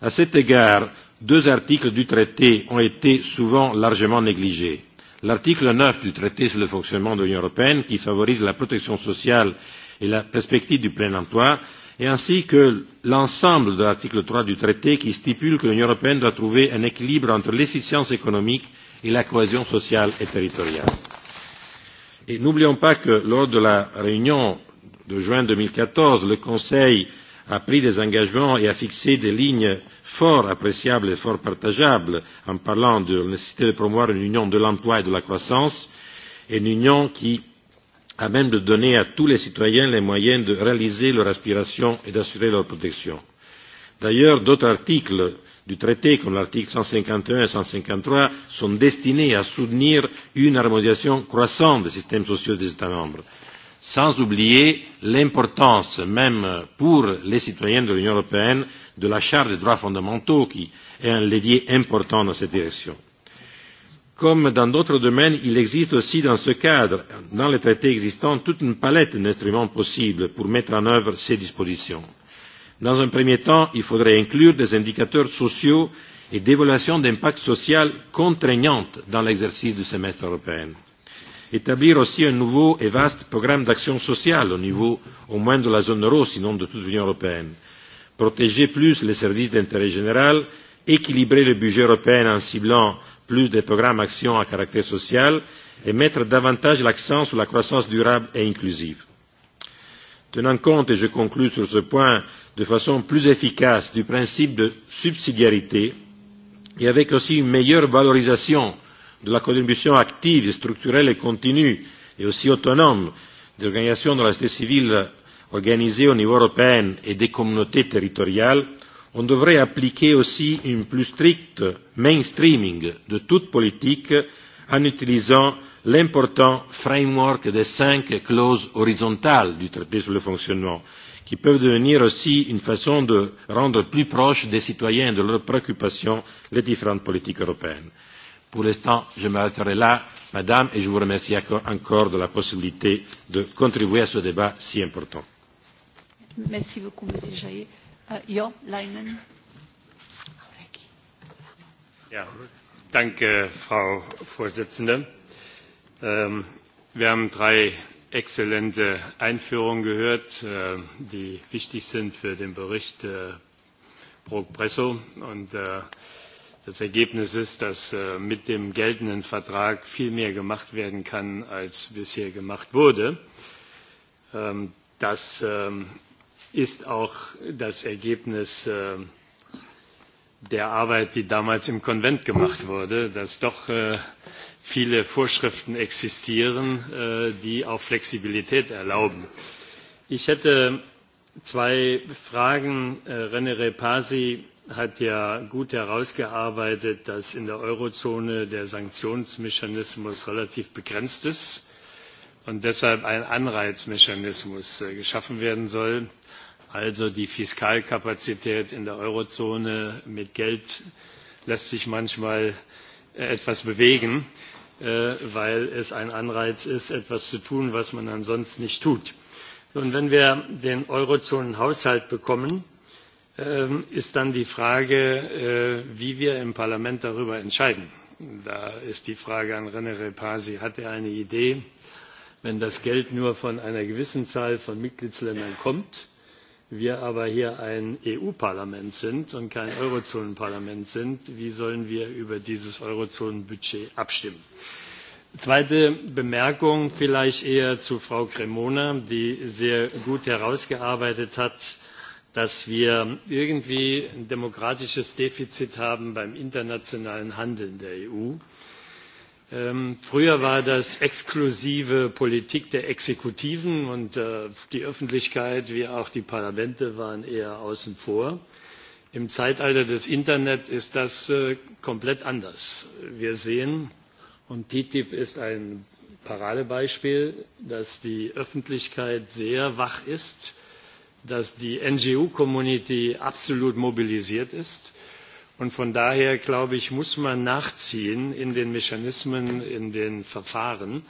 À cet égard, deux articles du traité ont été souvent largement négligés. L'article neuf du traité sur le fonctionnement de l'Union européenne, qui favorise la protection sociale et la perspective du plein emploi, et ainsi que l'ensemble de l'article trois du traité qui stipule que l'Union européenne doit trouver un équilibre entre l'efficience économique et la cohésion sociale et territoriale. n'oublions pas que lors de la réunion de juin deux mille quatorze, le Conseil a pris des engagements et a fixé des lignes fort appréciables et fort partageables en parlant de la nécessité de promouvoir une union de l'emploi et de la croissance, et une union qui à même de donner à tous les citoyens les moyens de réaliser leur aspiration et d'assurer leur protection. D'ailleurs, d'autres articles du traité, comme l'article cent cinquante et un et cent cinquante trois, sont destinés à soutenir une harmonisation croissante des systèmes sociaux des États membres, sans oublier l'importance, même pour les citoyens de l'Union européenne, de la Charte des droits fondamentaux, qui est un levier important dans cette direction Comme dans d'autres domaines, il existe aussi dans ce cadre, dans les traités existants, toute une palette d'instruments possibles pour mettre en œuvre ces dispositions. Dans un premier temps, il faudrait inclure des indicateurs sociaux et d'évaluation d'impact social contraignantes dans l'exercice du semestre européen. Établir aussi un nouveau et vaste programme d'action sociale au niveau au moins de la zone euro, sinon de toute l'Union européenne. Protéger plus les services d'intérêt général, équilibrer le budget européen en ciblant plus des programmes actions à caractère social et mettre davantage l'accent sur la croissance durable et inclusive. Tenant compte, et je conclue sur ce point, de façon plus efficace du principe de subsidiarité et avec aussi une meilleure valorisation de la contribution active, structurelle et continue et aussi autonome des organisations de la société civile organisées au niveau européen et des communautés territoriales, on devrait appliquer aussi un plus strict mainstreaming de toute politique en utilisant l'important framework des cinq clauses horizontales du traité sur le fonctionnement qui peuvent devenir aussi une façon de rendre plus proches des citoyens et de leurs préoccupations les différentes politiques européennes. Pour l'instant, je m'arrêterai là, Madame, et je vous remercie encore de la possibilité de contribuer à ce débat si important. Merci beaucoup, Monsieur Jaillet danke, Frau Präsidentin. wir haben drei exzellente Einführungen gehört, die wichtig sind für den Bericht Brok-Bresso. das Ergebnis ist, dass mit dem geltenden Vertrag viel mehr gemacht werden kann, als bisher gemacht wurde. Ähm, das ist auch das Ergebnis der Arbeit, die damals im Konvent gemacht wurde, dass doch viele Vorschriften existieren, die auch Flexibilität erlauben. Ich hätte zwei Fragen. René Repasi hat ja gut herausgearbeitet, dass in der Eurozone der Sanktionsmechanismus relativ begrenzt ist und deshalb ein Anreizmechanismus geschaffen werden soll Also die Fiskalkapazität in der Eurozone mit Geld lässt sich manchmal etwas bewegen, weil es ein Anreiz ist, etwas zu tun, was man ansonsten nicht tut. wenn wir den Eurozonenhaushalt bekommen, ist dann die Frage, wie wir im Parlament darüber entscheiden. Da ist die Frage an René Repasi, hat er eine Idee, wenn das Geld nur von einer gewissen Zahl von Mitgliedstaaten kommt, wir aber hier ein eu parlament sind und kein eurozonen parlament sind wie sollen wir über dieses eurozonen budget abstimmen? zweite bemerkung vielleicht eher zu frau cremona die sehr gut herausgearbeitet hat dass wir irgendwie ein demokratisches defizit haben beim internationalen handeln der eu früher war das exklusive politik der exekutiven und die öffentlichkeit wie auch die parlamente waren eher außen vor. im zeitalter des internets ist das komplett anders. wir sehen und ttip ist ein paradebeispiel dass die öffentlichkeit sehr wach ist dass die ngo community absolut mobilisiert ist Und von daher, glaube ich, muss man nachziehen in den Mechanismen, in den Verfahren.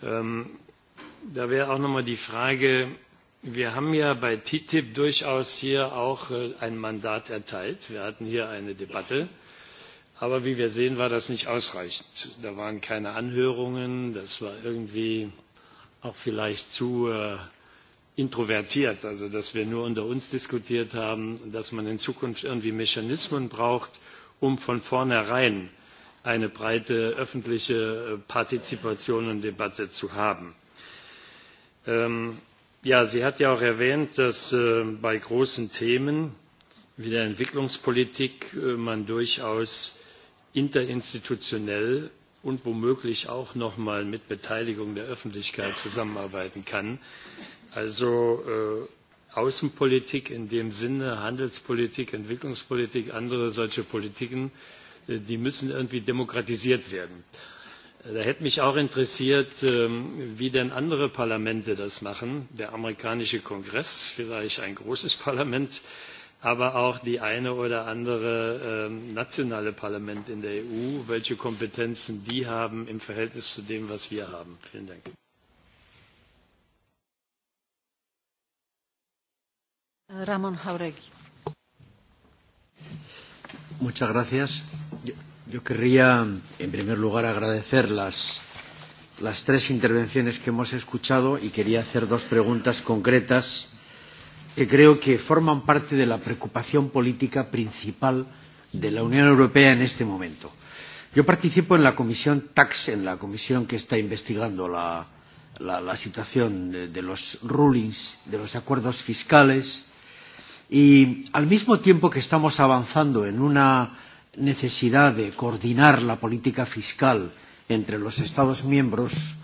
da wäre auch nochmal die Frage, wir haben ja bei TTIP durchaus hier auch ein Mandat erteilt. Wir hatten hier eine Debatte. Aber wie wir sehen, war das nicht ausreichend. Da waren keine Anhörungen. Das war irgendwie auch vielleicht zu introvertiert, also dass wir nur unter uns diskutiert haben, dass man in Zukunft irgendwie Mechanismen braucht, um von vornherein eine breite öffentliche Partizipation und Debatte zu haben. sie hat ja auch erwähnt, dass man bei großen Themen wie der Entwicklungspolitik man durchaus interinstitutionell und womöglich auch noch mal mit Beteiligung der Öffentlichkeit zusammenarbeiten kann. Also Außenpolitik in dem Sinne, Handelspolitik, Entwicklungspolitik, andere solche Politiken, die müssen irgendwie demokratisiert werden. Da hätte mich auch interessiert, wie denn andere Parlamente das machen. Der amerikanische Kongress, vielleicht ein großes Parlament, aber auch die eine oder andere nationale Parlament in der EU, welche Kompetenzen die haben im Verhältnis zu dem, was wir haben. Vielen Dank. Рамон Хауреги. Muchas gracias. Yo, yo querría, en primer lugar, agradecer las, las tres intervenciones que hemos escuchado y quería hacer dos preguntas concretas que creo que forman parte de la preocupación política principal de la Unión Europea en este momento. Yo participo en la comisión TAX, en la comisión que está investigando la, la, la situación de, de los rulings, de los acuerdos fiscales Y al mismo tiempo que estamos avanzando en una necesidad de coordinar la política fiscal entre los Estados miembros,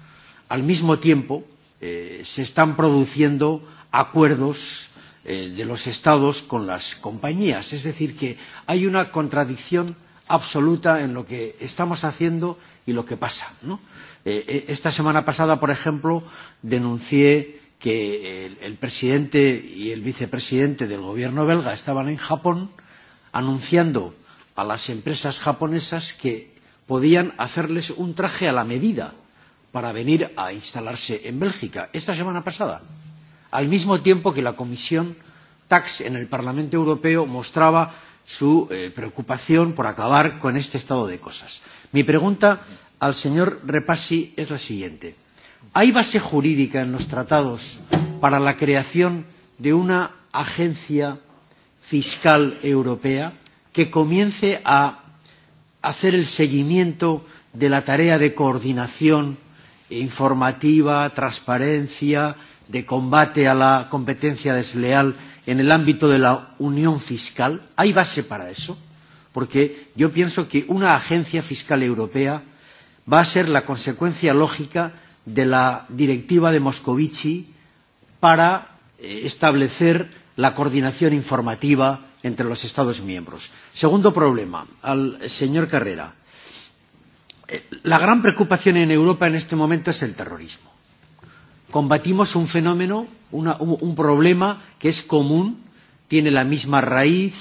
al mismo tiempo eh, se están produciendo acuerdos eh, de los Estados con las compañías. Es decir, que hay una contradicción absoluta en lo que estamos haciendo y lo que pasa. ¿no? Eh, esta semana pasada, por ejemplo, denuncié que el, el presidente y el vicepresidente del gobierno belga estaban en Japón anunciando a las empresas japonesas que podían hacerles un traje a la medida para venir a instalarse en Bélgica esta semana pasada, al mismo tiempo que la Comisión Tax en el Parlamento Europeo mostraba su eh, preocupación por acabar con este estado de cosas. Mi pregunta al señor Repassi es la siguiente. ¿Hay base jurídica en los tratados para la creación de una agencia fiscal europea que comience a hacer el seguimiento de la tarea de coordinación informativa, transparencia, de combate a la competencia desleal en el ámbito de la unión fiscal? ¿Hay base para eso? Porque yo pienso que una agencia fiscal europea va a ser la consecuencia lógica de la directiva de Moscovici para establecer la coordinación informativa entre los Estados miembros. Segundo problema, al señor Carrera. La gran preocupación en Europa en este momento es el terrorismo. Combatimos un fenómeno, una, un problema que es común, tiene la misma raíz,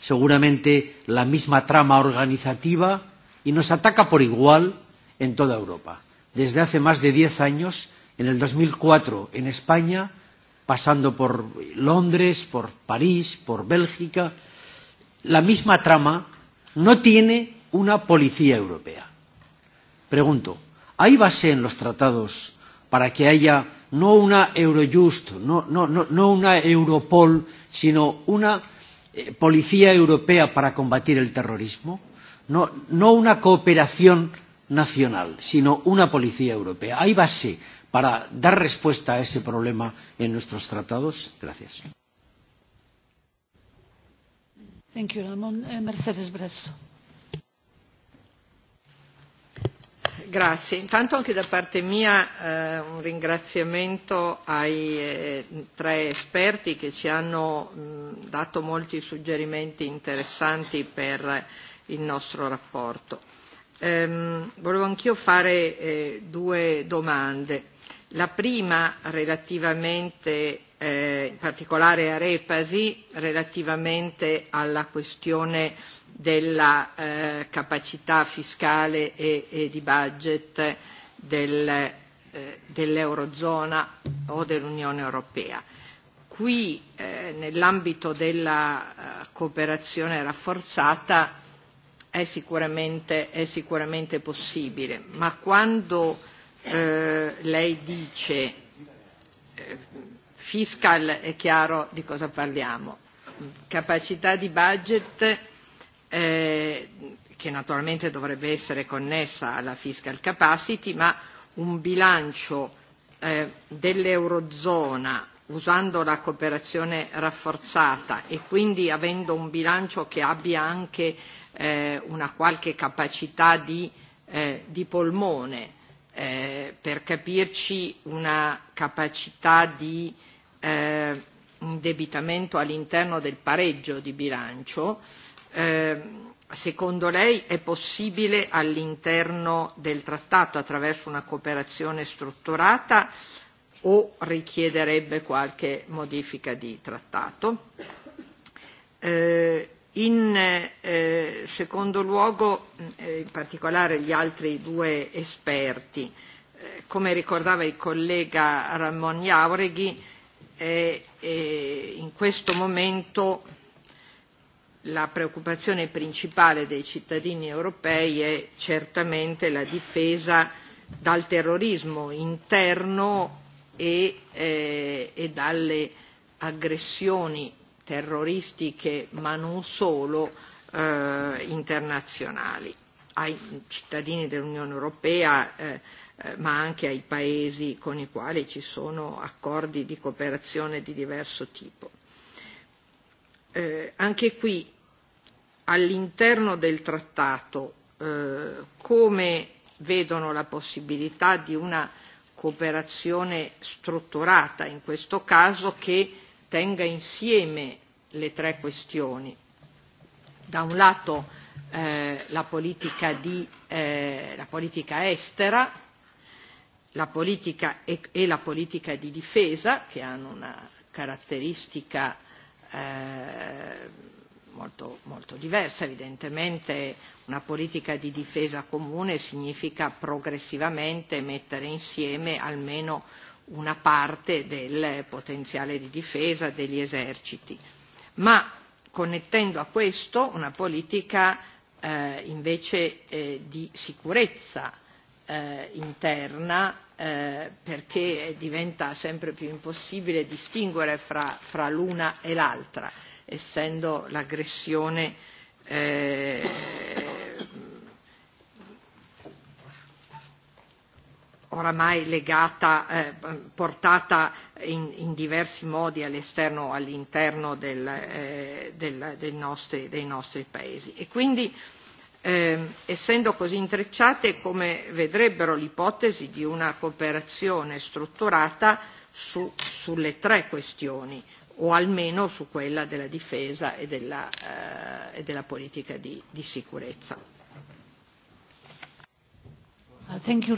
seguramente la misma trama organizativa y nos ataca por igual en toda Europa desde hace más de diez años, en el 2004 en España, pasando por Londres, por París, por Bélgica, la misma trama no tiene una policía europea. Pregunto, ¿hay base en los tratados para que haya no una Eurojust, no, no, no, no una Europol, sino una eh, policía europea para combatir el terrorismo? No, no una cooperación nacional, sino una policía europea. ¿Hay base para dar respuesta a ese problema en nuestros tratados? Gracias. Thank you, Mercedes Bresso. Grazie. Intanto anche da parte mia eh, un ringraziamento ai eh, tre esperti che ci hanno mh, dato molti suggerimenti interessanti per il nostro rapporto ehm, volevo anch'io fare eh, due domande. La prima relativamente, eh, in particolare a Repasi, relativamente alla questione della eh, capacità fiscale e, e di budget del, eh, dell'Eurozona o dell'Unione Europea. Qui eh, nell'ambito della eh, cooperazione rafforzata è sicuramente, è sicuramente possibile, ma quando eh, lei dice eh, fiscal è chiaro di cosa parliamo, capacità di budget eh, che naturalmente dovrebbe essere connessa alla fiscal capacity, ma un bilancio eh, dell'Eurozona usando la cooperazione rafforzata e quindi avendo un bilancio che abbia anche eh, una qualche capacità di, eh, di polmone, eh, per capirci una capacità di eh, indebitamento all'interno del pareggio di bilancio, eh, secondo lei è possibile all'interno del trattato attraverso una cooperazione strutturata o richiederebbe qualche modifica di trattato? Eh, In eh, secondo luogo, eh, in particolare gli altri due esperti, eh, come ricordava il collega Ramon Iaureghi, eh, eh, in questo momento la preoccupazione principale dei cittadini europei è certamente la difesa dal terrorismo interno e, eh, e dalle aggressioni terroristiche ma non solo eh, internazionali ai cittadini dell'Unione Europea eh, ma anche ai paesi con i quali ci sono accordi di cooperazione di diverso tipo. Eh, anche qui all'interno del trattato eh, come vedono la possibilità di una cooperazione strutturata in questo caso che tenga insieme le tre questioni. Da un lato eh, la, politica di, eh, la politica estera la politica e, e la politica di difesa, che hanno una caratteristica eh, molto, molto diversa. Evidentemente una politica di difesa comune significa progressivamente mettere insieme almeno una parte del potenziale di difesa degli eserciti, ma connettendo a questo una politica eh, invece eh, di sicurezza eh, interna eh, perché diventa sempre più impossibile distinguere fra, fra l'una e l'altra, essendo l'aggressione eh, oramai legata, eh, portata in, in diversi modi all'esterno o all'interno del, eh, del, nostri, dei nostri paesi. E quindi, eh, essendo così intrecciate, come vedrebbero l'ipotesi di una cooperazione strutturata su, sulle tre questioni, o almeno su quella della difesa e della, eh, e della politica di, di sicurezza Thank you,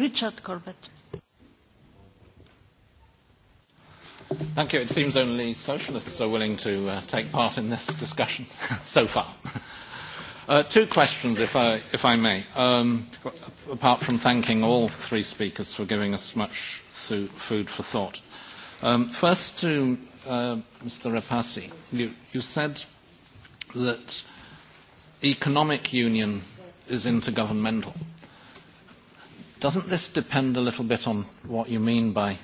It seems only socialists are willing to take part in this discussion so far. two questions, if I, may, apart from thanking all three speakers for giving us much food for thought. first to Mr. Rapasi. you said that economic union is intergovernmental Doesn't this depend a little bit on what you mean by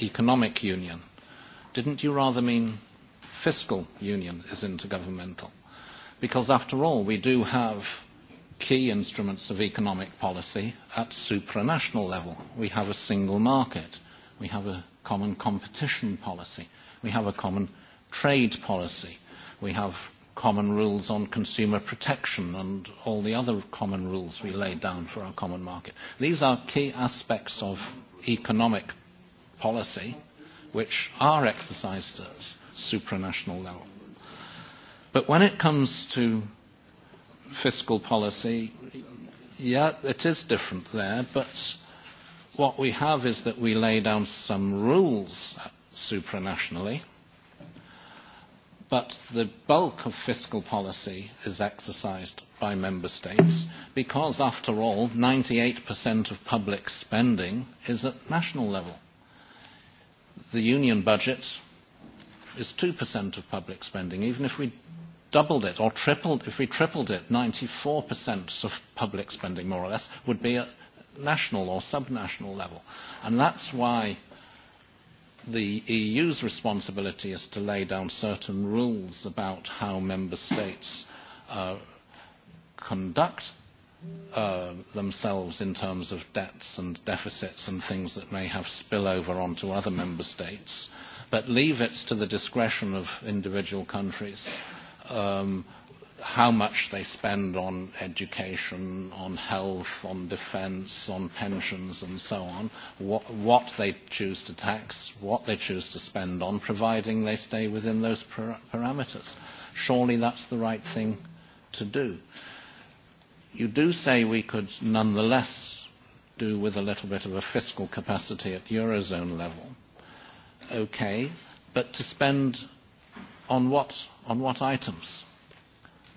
economic union? Didn't you rather mean fiscal union is intergovernmental? Because after all, we do have key instruments of economic policy at supranational level. We have a single market. We have a common competition policy. We have a common trade policy. We have common rules on consumer protection and all the other common rules we laid down for our common market. These are key aspects of economic policy which are exercised at supranational level. But when it comes to fiscal policy, yeah, it is different there, but what we have is that we lay down some rules supranationally but the bulk of fiscal policy is exercised by member states because, after all, 98% of public spending is at national level. The union budget is 2% of public spending. Even if we doubled it or tripled, if we tripled it, 94% of public spending, more or less, would be at national or subnational level. And that's why the EU's responsibility is to lay down certain rules about how member states uh, conduct uh, themselves in terms of debts and deficits and things that may have spillover onto other member states, but leave it to the discretion of individual countries um, how much they spend on education, on health, on defence, on pensions and so on, what, what they choose to tax, what they choose to spend on, providing they stay within those par parameters. Surely that's the right thing to do. You do say we could nonetheless do with a little bit of a fiscal capacity at Eurozone level. Okay, but to spend on what, on what items?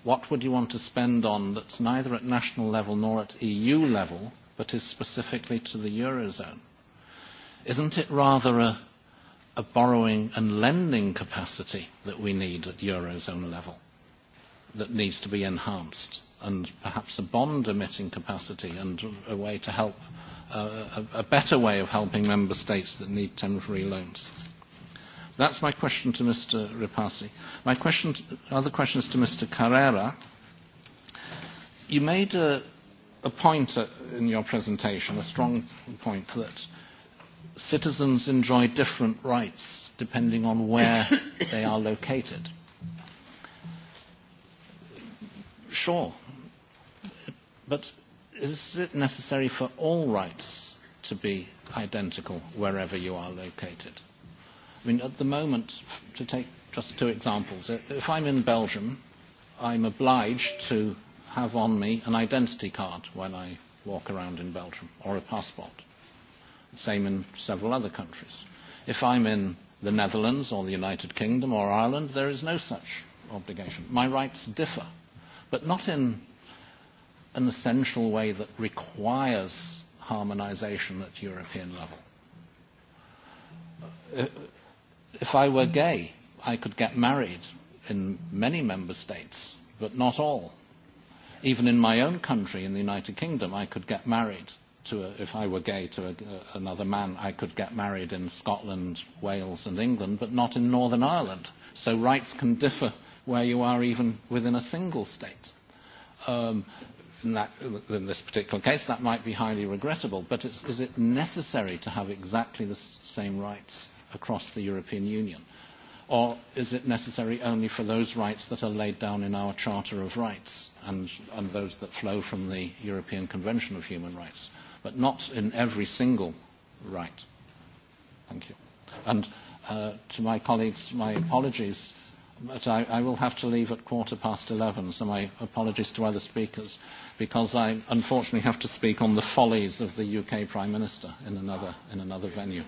What would you want to spend on that's neither at national level nor at EU level, but is specifically to the Eurozone? Isn't it rather a, a borrowing and lending capacity that we need at Eurozone level that needs to be enhanced? and perhaps a bond emitting capacity and a way to help, uh, a, a better way of helping member states that need temporary loans. That's my question to Mr. Ripasi. My question, other question is to Mr. Carrera. You made a, a point in your presentation, a strong point, that citizens enjoy different rights depending on where they are located. Sure, but is it necessary for all rights to be identical wherever you are located? I mean, at the moment, to take just two examples, if I'm in Belgium, I'm obliged to have on me an identity card when I walk around in Belgium, or a passport. Same in several other countries. If I'm in the Netherlands or the United Kingdom or Ireland, there is no such obligation. My rights differ, but not in an essential way that requires harmonisation at European level. If I were gay, I could get married in many member states, but not all. Even in my own country, in the United Kingdom, I could get married to a, if I were gay to a, another man, I could get married in Scotland, Wales, and England, but not in Northern Ireland. So rights can differ where you are, even within a single state. Um, in, that, in this particular case, that might be highly regrettable, but it's, is it necessary to have exactly the same rights across the European Union? Or is it necessary only for those rights that are laid down in our Charter of Rights and, and those that flow from the European Convention of Human Rights, but not in every single right? Thank you. And uh, to my colleagues, my apologies but I, I will have to leave at quarter past 11, so my apologies to other speakers, because I unfortunately have to speak on the follies of the UK Prime Minister in another, in another venue.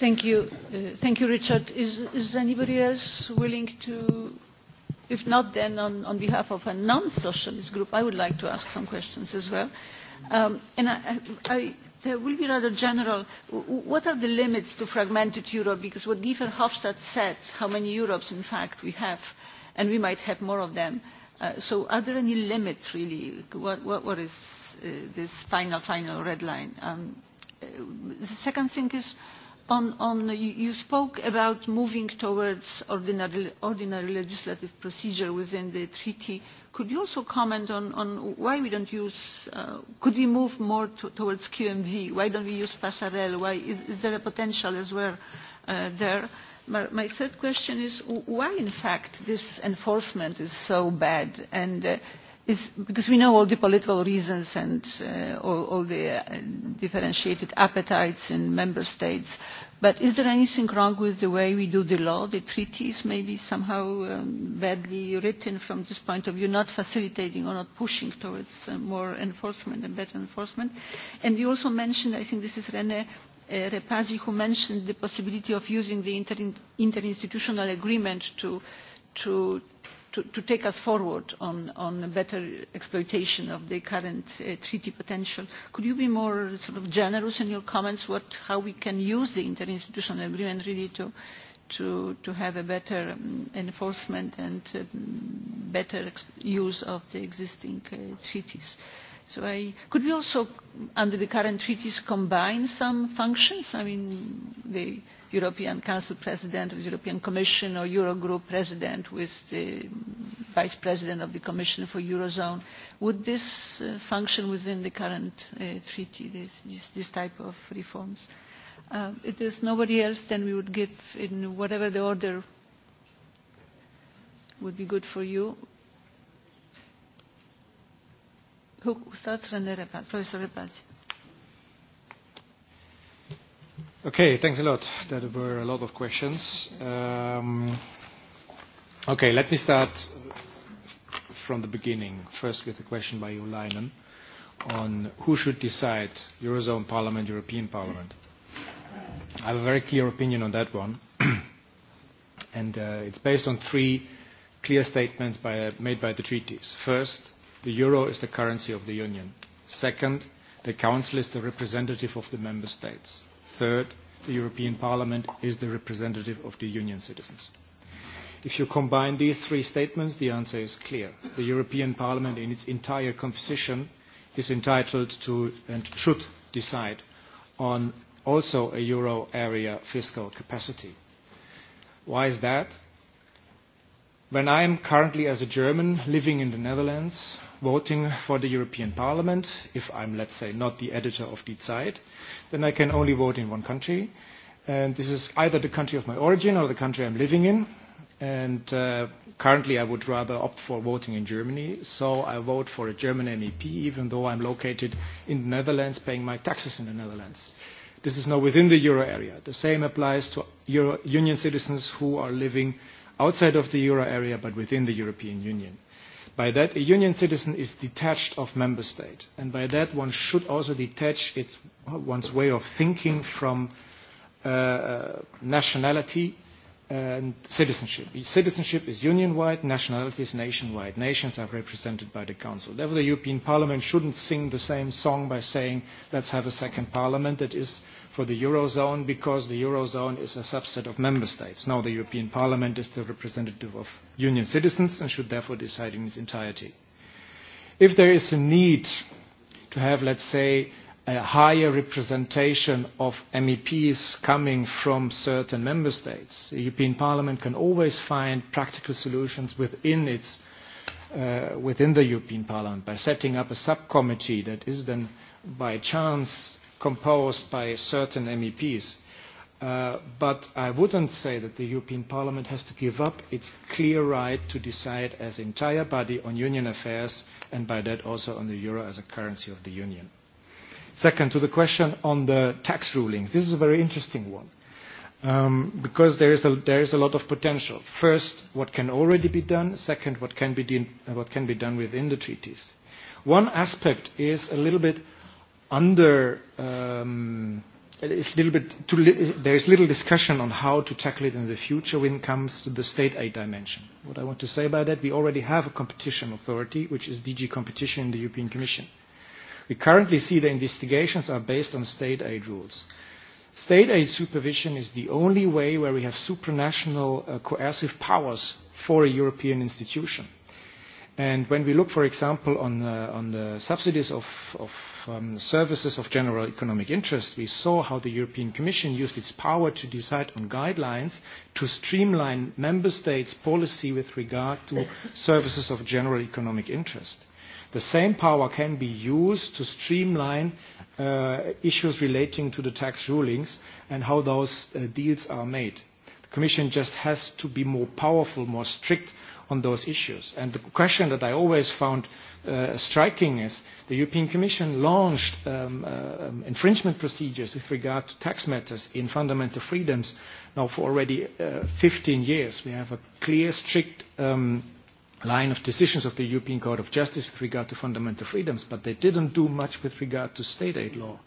Thank you. Uh, thank you, Richard. Is, is anybody else willing to, if not, then on, on behalf of a non-socialist group, I would like to ask some questions as well. Um, and I, I, uh, will be rather general. What are the limits to fragmented Europe? Because what Giefer Verhofstadt said, how many Europes in fact we have, and we might have more of them. Uh, so are there any limits really? What, what, what is uh, this final, final red line? Um, the second thing is, on you spoke about moving towards ordinary legislative procedure within the treaty. Could you also comment on on why we don't use, uh could we move more towards QMV? Why don't we use Passarelle? Why is is there a potential as well there? My third question is why, in fact, this enforcement is so bad? And is because we know all the political reasons and uh, all, all the uh, differentiated appetites in member states, but is there anything wrong with the way we do the law? The treaties maybe somehow um, badly written from this point of view, not facilitating or not pushing towards uh, more enforcement and better enforcement. And you also mentioned, I think this is Rene, Repazi who mentioned the possibility of using the inter interinstitutional agreement to, to, to, take us forward on, on a better exploitation of the current uh, treaty potential. Could you be more sort of generous in your comments on how we can use the interinstitutional agreement really to, to, to have a better enforcement and better use of the existing treaties? So I, could we also, under the current treaties, combine some functions? I mean, the European Council President with the European Commission or Eurogroup President with the Vice President of the Commission for Eurozone. Would this uh, function within the current uh, treaty, this, this, this type of reforms? Um, if there's nobody else, then we would give in whatever the order would be good for you. Repas? Professor Repas. Okay, thanks a lot. There were a lot of questions. Um, okay, let me start from the beginning. First with a question by Ulainen on who should decide, Eurozone Parliament, European Parliament. I have a very clear opinion on that one. and uh, it's based on three clear statements by, made by the treaties. First, The euro is the currency of the Union. Second, the Council is the representative of the Member States. Third, the European Parliament is the representative of the Union citizens. If you combine these three statements, the answer is clear. The European Parliament in its entire composition is entitled to and should decide on also a euro area fiscal capacity. Why is that? When I am currently as a German living in the Netherlands, voting for the European Parliament, if I'm, let's say, not the editor of Die Zeit, then I can only vote in one country. And this is either the country of my origin or the country I'm living in. And uh, currently I would rather opt for voting in Germany, so I vote for a German MEP, even though I'm located in the Netherlands, paying my taxes in the Netherlands. This is now within the euro area. The same applies to euro union citizens who are living outside of the euro area but within the European Union. By that, a union citizen is detached of member state, and by that one should also detach its, one's way of thinking from uh, nationality and citizenship. Citizenship is union-wide, nationality is nationwide. Nations are represented by the Council. Therefore, the European Parliament shouldn't sing the same song by saying, let's have a second Parliament that is for the Eurozone because the Eurozone is a subset of member states. No, the European Parliament is the representative of union citizens and should therefore decide in its entirety. If there is a need to have, let's say, a higher representation of MEPs coming from certain member states. The European Parliament can always find practical solutions within its uh, within the European Parliament by setting up a subcommittee that is then by chance composed by certain MEPs. Uh, but I wouldn't say that the European Parliament has to give up its clear right to decide as entire body on union affairs and by that also on the euro as a currency of the union. Second, to the question on the tax rulings. This is a very interesting one um, because there is, a, there is a lot of potential. First, what can already be done. Second, what can be, de- what can be done within the treaties. One aspect is a little bit under. Um, it's little bit too li- there is little discussion on how to tackle it in the future when it comes to the state aid dimension. What I want to say about that, we already have a competition authority, which is DG Competition in the European Commission. We currently see the investigations are based on state aid rules. State aid supervision is the only way where we have supranational uh, coercive powers for a European institution. And when we look, for example, on, uh, on the subsidies of, of um, services of general economic interest, we saw how the European Commission used its power to decide on guidelines to streamline member states' policy with regard to services of general economic interest The same power can be used to streamline uh, issues relating to the tax rulings and how those uh, deals are made. The Commission just has to be more powerful, more strict on those issues. And the question that I always found uh, striking is the European Commission launched um, uh, infringement procedures with regard to tax matters in fundamental freedoms now for already uh, 15 years. We have a clear, strict um, line of decisions of the European Court of Justice with regard to fundamental freedoms, but they didn't do much with regard to state aid law.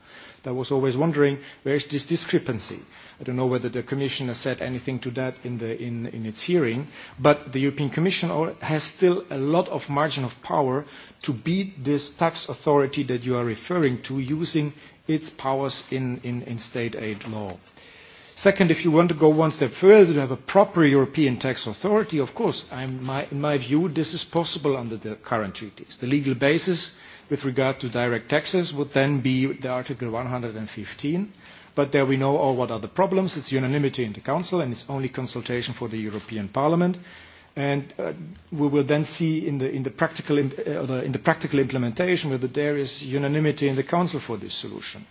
I was always wondering where is this discrepancy. I don't know whether the Commission has said anything to that in, the, in, in its hearing, but the European Commission has still a lot of margin of power to beat this tax authority that you are referring to using its powers in, in, in state aid law. Second, if you want to go one step further to have a proper European tax authority, of course, I'm, my, in my view, this is possible under the current treaties. The legal basis with regard to direct taxes would then be the Article 115, but there we know all what are the problems. It's unanimity in the Council and it's only consultation for the European Parliament. And uh, we will then see in the, in, the practical, uh, in the practical implementation whether there is unanimity in the Council for this solution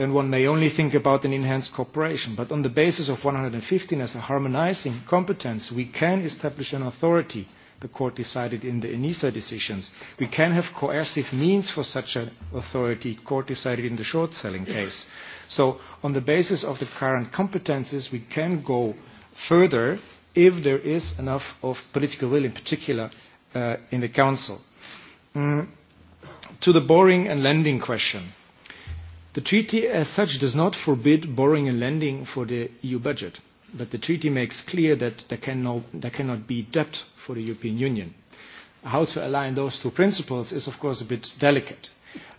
then one may only think about an enhanced cooperation. But on the basis of 115 as a harmonizing competence, we can establish an authority, the court decided in the ENISA decisions. We can have coercive means for such an authority, court decided in the short-selling case. So on the basis of the current competences, we can go further if there is enough of political will, in particular, uh, in the Council. Mm. To the borrowing and lending question The treaty as such does not forbid borrowing and lending for the EU budget, but the treaty makes clear that there, cannot there cannot be debt for the European Union. How to align those two principles is, of course, a bit delicate.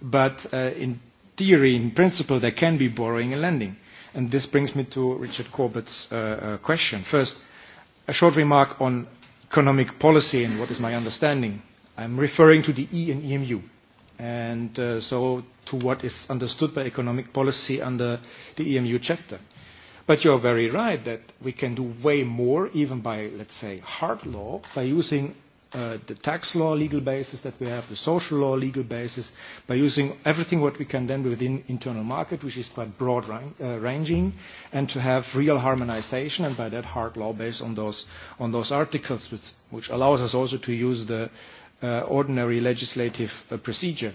But uh, in theory, in principle, there can be borrowing and lending. And this brings me to Richard Corbett's uh, uh, question. First, a short remark on economic policy and what is my understanding. I'm referring to the E and EMU and uh, so to what is understood by economic policy under the EMU chapter. But you're very right that we can do way more, even by, let's say, hard law, by using uh, the tax law legal basis that we have, the social law legal basis, by using everything what we can then within internal market, which is quite broad rang, uh, ranging, and to have real harmonization, and by that hard law based on those, on those articles, which, which allows us also to use the, uh, ordinary legislative uh, procedure.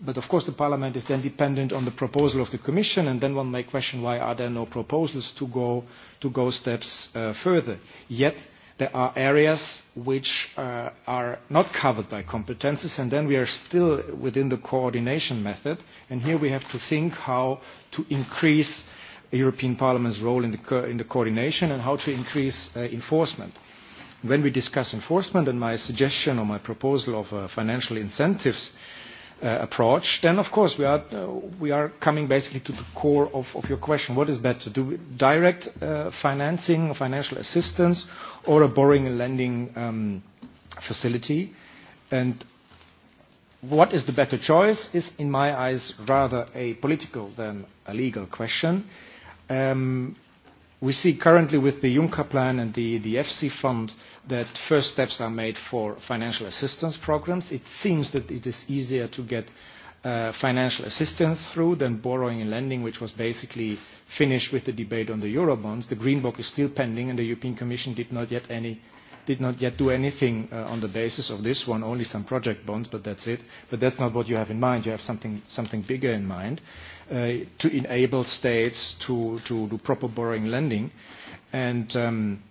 But of course the Parliament is then dependent on the proposal of the Commission and then one may question why are there no proposals to go, to go steps uh, further. Yet there are areas which uh, are not covered by competences and then we are still within the coordination method and here we have to think how to increase European Parliament's role in the, co in the coordination and how to increase uh, enforcement When we discuss enforcement and my suggestion or my proposal of a financial incentives, uh, approach, then of course we are, uh, we are coming basically to the core of, of your question. What is better, do direct uh, financing, financial assistance, or a borrowing and lending um, facility? And what is the better choice is, in my eyes, rather a political than a legal question. Um, we see currently with the Juncker plan and the, the FC fund uh, that first steps are made for financial assistance programs. It seems that it is easier to get uh, financial assistance through than borrowing and lending, which was basically finished with the debate on the Eurobonds. The Green Book is still pending, and the European Commission did not yet, any, did not yet do anything uh, on the basis of this one, only some project bonds, but that's it. But that's not what you have in mind. You have something, something bigger in mind uh, to enable states to, to do proper borrowing and lending. And... Um,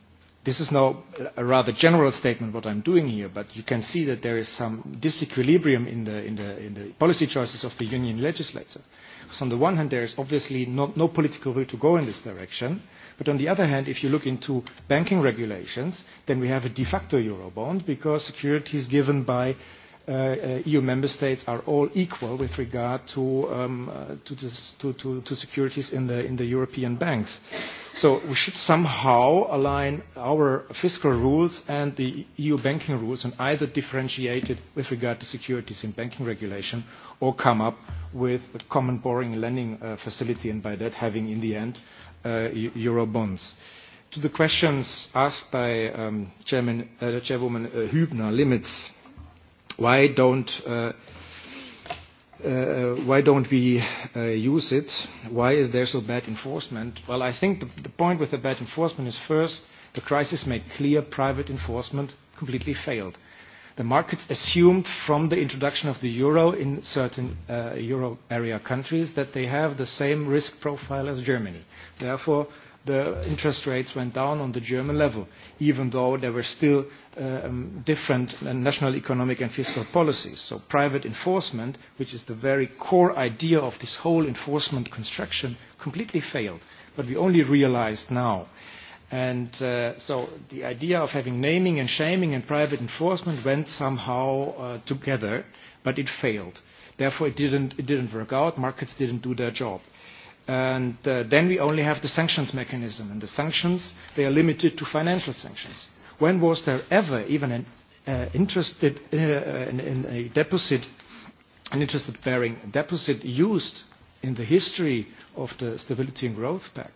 This is now a rather general statement what I'm doing here, but you can see that there is some disequilibrium in the, in the, in the policy choices of the union legislator. Because on the one hand, there is obviously not, no political will to go in this direction, but on the other hand, if you look into banking regulations, then we have a de facto eurobond because security is given by EU member states are all equal with regard to, um, to, to, to, to securities in the, in the European banks. So we should somehow align our fiscal rules and the EU banking rules and either differentiate it with regard to securities in banking regulation or come up with a common borrowing and lending uh, facility and by that having in the end uh, euro bonds. To the questions asked by um, Chairman, uh, Chairwoman uh, Hübner, limits why don't uh, uh, why don't we uh, use it? Why is there so bad enforcement? Well, I think the, the point with the bad enforcement is first, the crisis made clear private enforcement completely failed. The markets assumed from the introduction of the euro in certain uh, euro area countries that they have the same risk profile as Germany. Therefore, the interest rates went down on the German level, even though there were still um, different national economic and fiscal policies. So private enforcement, which is the very core idea of this whole enforcement construction, completely failed. But we only realized now. And uh, so the idea of having naming and shaming and private enforcement went somehow uh, together, but it failed. Therefore, it didn't, it didn't work out. Markets didn't do their job. And uh, then we only have the sanctions mechanism. And the sanctions, they are limited to financial sanctions. When was there ever even an uh, interested uh, in, in a deposit, an interested bearing deposit used in the history of the Stability and Growth Pact?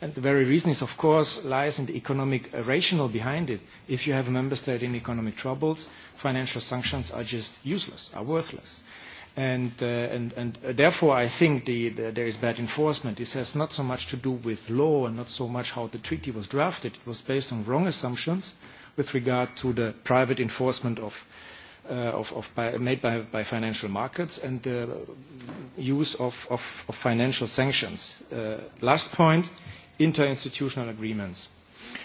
And the very reason is, of course, lies in the economic rationale behind it. If you have a member state in economic troubles, financial sanctions are just useless, are worthless. Uh, And, uh, and, and therefore, I think the, the, there is bad enforcement. This has not so much to do with law and not so much how the treaty was drafted. It was based on wrong assumptions with regard to the private enforcement of, uh, of, of by, made by, by financial markets and the use of, of, of financial sanctions. Uh, last point, interinstitutional agreements.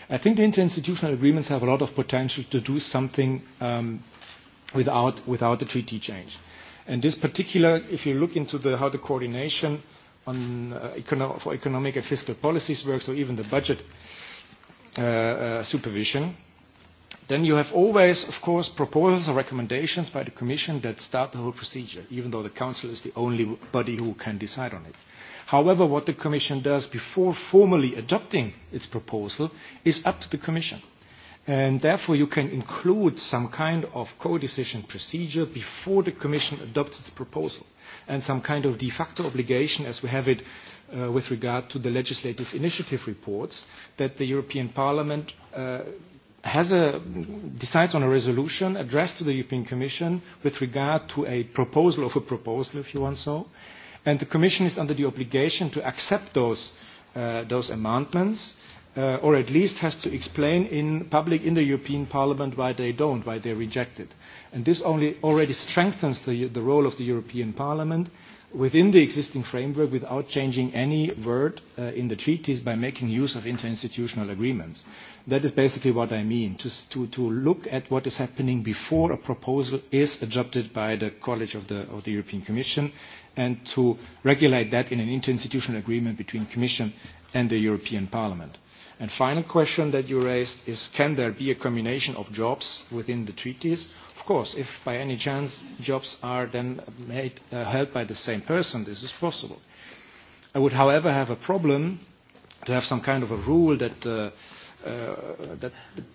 I think the interinstitutional agreements have a lot of potential to do something um, without, without the treaty change. Uh, And this particular, if you look into the, how the coordination on, uh, econo- for economic and fiscal policies works, or even the budget uh, uh, supervision, then you have always, of course, proposals or recommendations by the Commission that start the whole procedure, even though the Council is the only body who can decide on it. However, what the Commission does before formally adopting its proposal is up to the Commission. And therefore, you can include some kind of co-decision procedure before the Commission adopts its proposal and some kind of de facto obligation, as we have it uh, with regard to the legislative initiative reports, that the European Parliament uh, has a, decides on a resolution addressed to the European Commission with regard to a proposal of a proposal, if you want so. And the Commission is under the obligation to accept those, uh, those amendments uh, or at least has to explain in public in the European Parliament why they don't, why they reject it. And this only already strengthens the, the role of the European Parliament within the existing framework without changing any word uh, in the treaties by making use of interinstitutional agreements. That is basically what I mean, to, to, to look at what is happening before a proposal is adopted by the College of the, of the European Commission and to regulate that in an interinstitutional agreement between Commission and the European Parliament. And final question that you raised is, can there be a combination of jobs within the treaties? Of course, if by any chance jobs are then made, uh, held by the same person, this is possible. I would, however, have a problem to have some kind of a rule that uh, uh, that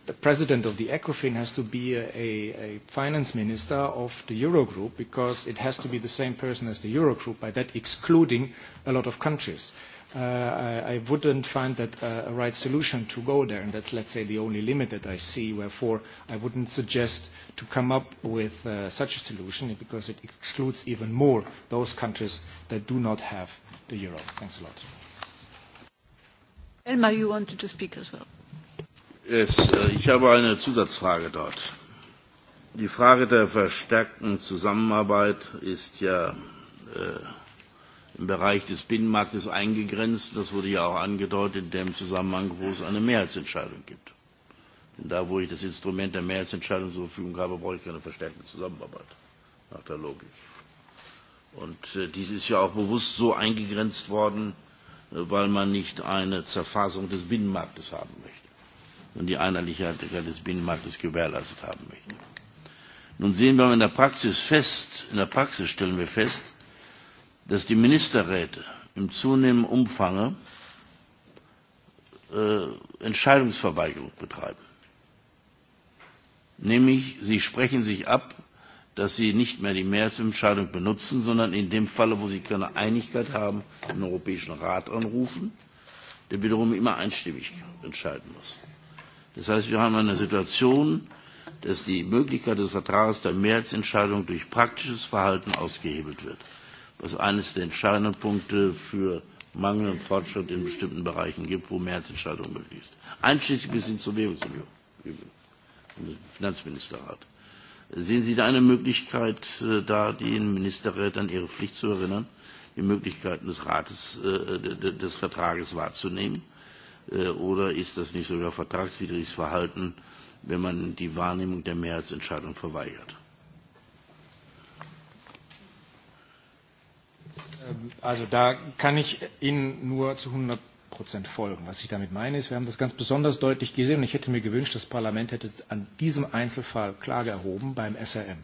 the president of the ECOFIN has to be a, a, a finance minister of the Eurogroup because it has to be the same person as the Eurogroup, by that excluding a lot of countries. Uh, uh, I, I wouldn't find that uh, a right solution to go there, and that's, let's say, the only limit that I see. Wherefore, I wouldn't suggest to come up with uh, such a solution because it excludes even more those countries that do not have the euro. Thanks a lot. Elmar, you wanted to speak as well. Yes, ich habe eine Zusatzfrage dort. Die Frage der verstärkten Zusammenarbeit ist ja äh, im Bereich des Binnenmarktes eingegrenzt. Das wurde ja auch angedeutet in dem Zusammenhang, wo es eine Mehrheitsentscheidung gibt. Denn da, wo ich das Instrument der Mehrheitsentscheidung zur Verfügung habe, brauche ich keine verstärkte Zusammenarbeit, nach der Logik. Und äh, dies ist ja auch bewusst so eingegrenzt worden, äh, weil man nicht eine Zerfassung des Binnenmarktes haben möchte und die Einheitlichkeit des Binnenmarktes gewährleistet haben möchte. Nun sehen wir in der Praxis fest, in der Praxis stellen wir fest, dass die Ministerräte im zunehmenden Umfang äh, Entscheidungsverweigerung betreiben. Nämlich, sie sprechen sich ab, dass sie nicht mehr die Mehrheitsentscheidung benutzen, sondern in dem Falle, wo sie keine Einigkeit haben, den Europäischen Rat anrufen, der wiederum immer einstimmig entscheiden muss. Das heißt, wir haben eine Situation, dass die Möglichkeit des Vertrages der Mehrheitsentscheidung durch praktisches Verhalten ausgehebelt wird was eines der entscheidenden Punkte für Mangel und Fortschritt in bestimmten Bereichen gibt, wo Mehrheitsentscheidungen möglich ist. Einschließlich bis hin zur Währungsunion und Finanzministerrat. Sehen Sie da eine Möglichkeit, da die Ministerrat an ihre Pflicht zu erinnern, die Möglichkeiten des Rates, des Vertrages wahrzunehmen? Oder ist das nicht sogar vertragswidriges Verhalten, wenn man die Wahrnehmung der Mehrheitsentscheidung verweigert? also da kann ich Ihnen nur zu 100 Prozent folgen. Was ich damit meine, ist, wir haben das ganz besonders deutlich gesehen und ich hätte mir gewünscht, das Parlament hätte an diesem Einzelfall Klage erhoben beim SRM.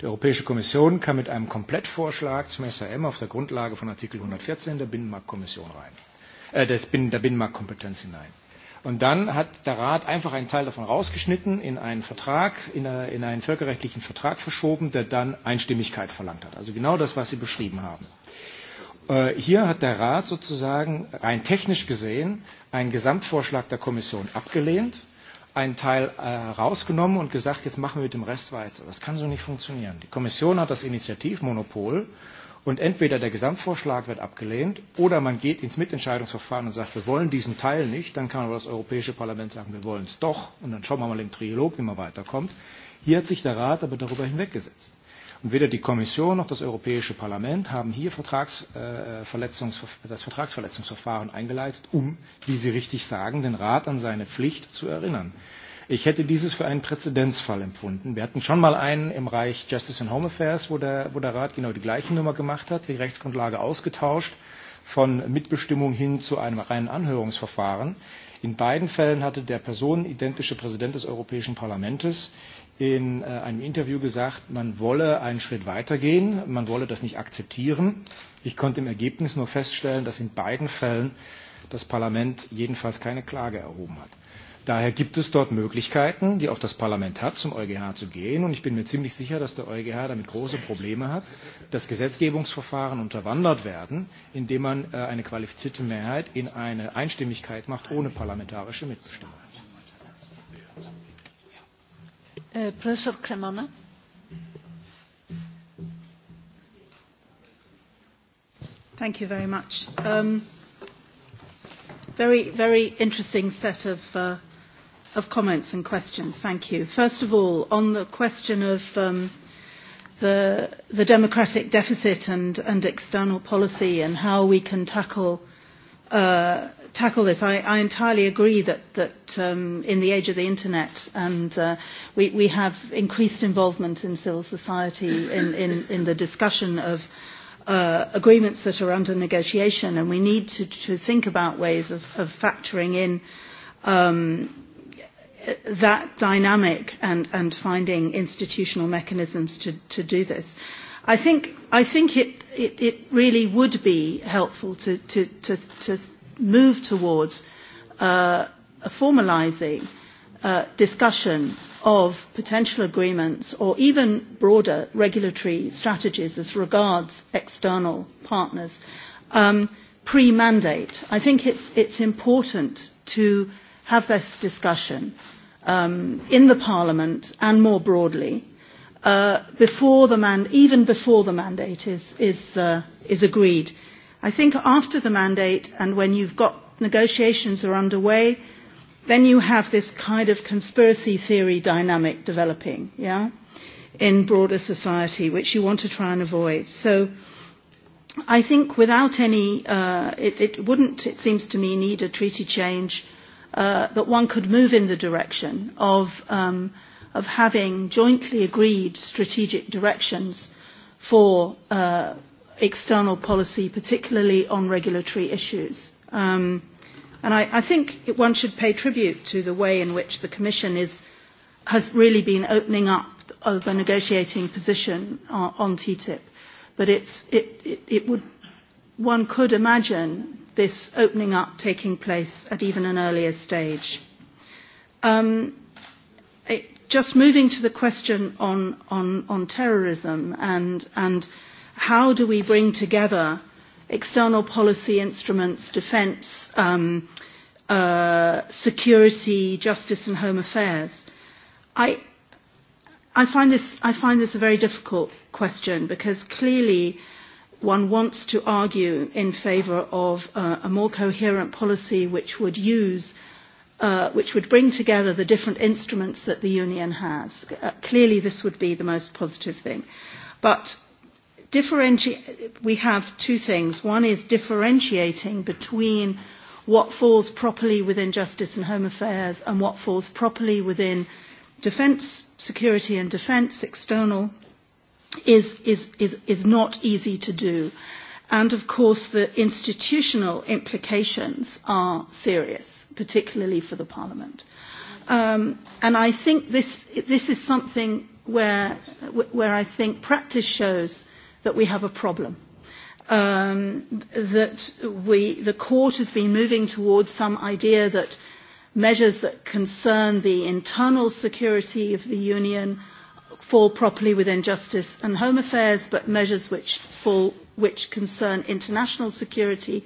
Die Europäische Kommission kam mit einem Komplettvorschlag zum SRM auf der Grundlage von Artikel 114 der Binnenmarktkommission rein, äh, des Binnen, der Binnenmarktkompetenz hinein. Und dann hat der Rat einfach einen Teil davon rausgeschnitten, in einen Vertrag, in, in einen völkerrechtlichen Vertrag verschoben, der dann Einstimmigkeit verlangt hat. Also genau das, was Sie beschrieben haben. Hier hat der Rat sozusagen rein technisch gesehen einen Gesamtvorschlag der Kommission abgelehnt, einen Teil rausgenommen und gesagt, jetzt machen wir mit dem Rest weiter. Das kann so nicht funktionieren. Die Kommission hat das Initiativmonopol und entweder der Gesamtvorschlag wird abgelehnt oder man geht ins Mitentscheidungsverfahren und sagt, wir wollen diesen Teil nicht, dann kann aber das Europäische Parlament sagen, wir wollen es doch und dann schauen wir mal im Trilog, wie man weiterkommt. Hier hat sich der Rat aber darüber hinweggesetzt. Und weder die Kommission noch das Europäische Parlament haben hier das Vertragsverletzungsverfahren eingeleitet, um, wie Sie richtig sagen, den Rat an seine Pflicht zu erinnern. Ich hätte dieses für einen Präzedenzfall empfunden. Wir hatten schon mal einen im Bereich Justice and Home Affairs, wo der, wo der Rat genau die gleiche Nummer gemacht hat, die Rechtsgrundlage ausgetauscht von Mitbestimmung hin zu einem reinen Anhörungsverfahren. In beiden Fällen hatte der personenidentische Präsident des Europäischen Parlaments in einem Interview gesagt, man wolle einen Schritt weitergehen, man wolle das nicht akzeptieren. Ich konnte im Ergebnis nur feststellen, dass in beiden Fällen das Parlament jedenfalls keine Klage erhoben hat. Daher gibt es dort Möglichkeiten, die auch das Parlament hat, zum EuGH zu gehen. Und ich bin mir ziemlich sicher, dass der EuGH damit große Probleme hat, dass Gesetzgebungsverfahren unterwandert werden, indem man eine qualifizierte Mehrheit in eine Einstimmigkeit macht ohne parlamentarische Mitbestimmung. Thank you very much. Um, very, very interesting set of, uh, of comments and questions. Thank you. First of all, on the question of um, the, the democratic deficit and, and external policy and how we can tackle uh, tackle this. I, I entirely agree that, that um, in the age of the internet, and uh, we, we have increased involvement in civil society in, in, in the discussion of uh, agreements that are under negotiation, and we need to, to think about ways of, of factoring in um, that dynamic and, and finding institutional mechanisms to, to do this. I think, I think it, it, it really would be helpful to, to, to, to move towards uh, a formalizing uh, discussion of potential agreements or even broader regulatory strategies as regards external partners um, pre-mandate. I think it's, it's important to have this discussion um, in the Parliament and more broadly uh, before the man- even before the mandate is, is, uh, is agreed I think after the mandate and when you've got negotiations are underway, then you have this kind of conspiracy theory dynamic developing, yeah, in broader society, which you want to try and avoid. So I think without any, uh, it, it wouldn't, it seems to me, need a treaty change, uh, but one could move in the direction of, um, of having jointly agreed strategic directions for uh, external policy, particularly on regulatory issues. Um, and I, I think one should pay tribute to the way in which the Commission is, has really been opening up of a negotiating position uh, on TTIP. But it's, it, it, it would, one could imagine this opening up taking place at even an earlier stage. Um, it, just moving to the question on, on, on terrorism and, and – how do we bring together external policy instruments, defence, um, uh, security, justice and home affairs? I, I, find this, I find this a very difficult question because clearly one wants to argue in favour of uh, a more coherent policy which would use uh, which would bring together the different instruments that the Union has. Uh, clearly, this would be the most positive thing. But differenti- we have two things. One is differentiating between what falls properly within justice and home affairs and what falls properly within defence, security and defence, external, is, is, is, is not easy to do. And of course, the institutional implications are serious, particularly for the Parliament. Um, and I think this, this is something where, where I think practice shows that we have a problem. Um, that we, the court has been moving towards some idea that measures that concern the internal security of the Union fall properly within justice and home affairs, but measures which, fall, which concern international security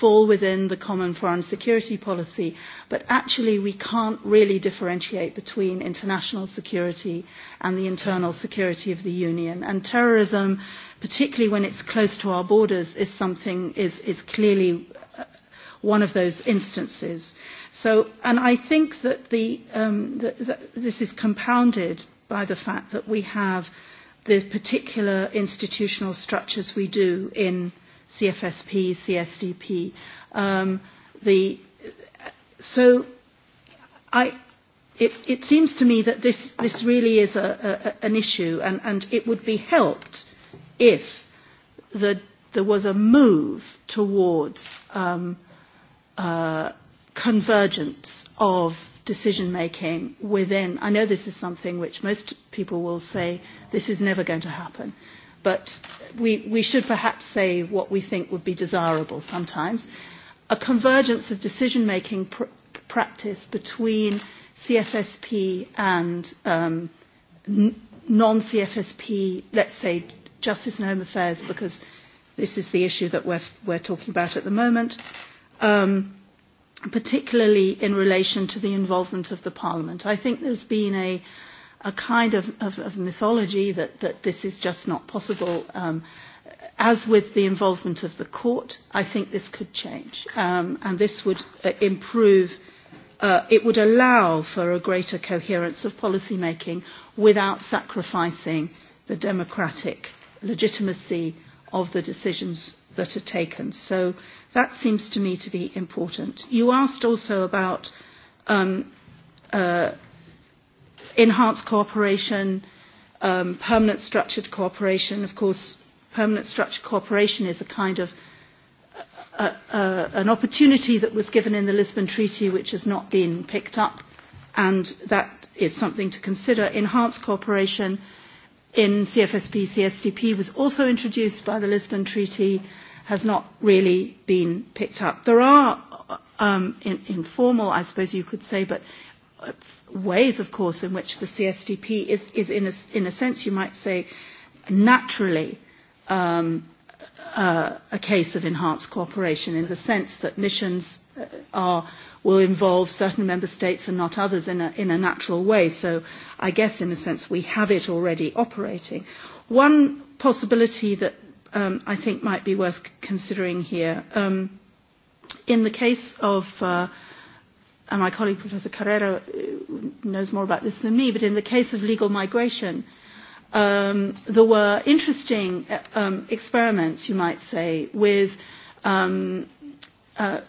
fall within the common foreign security policy, but actually we can't really differentiate between international security and the internal security of the Union. And terrorism particularly when it's close to our borders, is something is, is clearly one of those instances. So, and I think that the, um, the, the, this is compounded by the fact that we have the particular institutional structures we do in CFSP, CSDP. Um, the, so I, it, it seems to me that this, this really is a, a, an issue and, and it would be helped if the, there was a move towards um, uh, convergence of decision making within. I know this is something which most people will say this is never going to happen, but we, we should perhaps say what we think would be desirable sometimes. A convergence of decision making pr- practice between CFSP and um, non CFSP, let's say Justice and Home Affairs because this is the issue that we're, we're talking about at the moment, um, particularly in relation to the involvement of the Parliament. I think there's been a, a kind of, of, of mythology that, that this is just not possible. Um, as with the involvement of the court, I think this could change, um, and this would uh, improve. Uh, it would allow for a greater coherence of policy making without sacrificing the democratic legitimacy of the decisions that are taken. So that seems to me to be important. You asked also about um, uh, enhanced cooperation, um, permanent structured cooperation. Of course, permanent structured cooperation is a kind of uh, uh, an opportunity that was given in the Lisbon Treaty, which has not been picked up, and that is something to consider. Enhanced cooperation in CFSP CSDP was also introduced by the Lisbon Treaty has not really been picked up. There are um, in, informal, I suppose you could say, but ways, of course, in which the CSDP is, is in, a, in a sense, you might say, naturally um, uh, a case of enhanced cooperation in the sense that missions are will involve certain member states and not others in a, in a natural way. So I guess, in a sense, we have it already operating. One possibility that um, I think might be worth considering here, um, in the case of, uh, and my colleague Professor Carrera knows more about this than me, but in the case of legal migration, um, there were interesting um, experiments, you might say, with um, uh,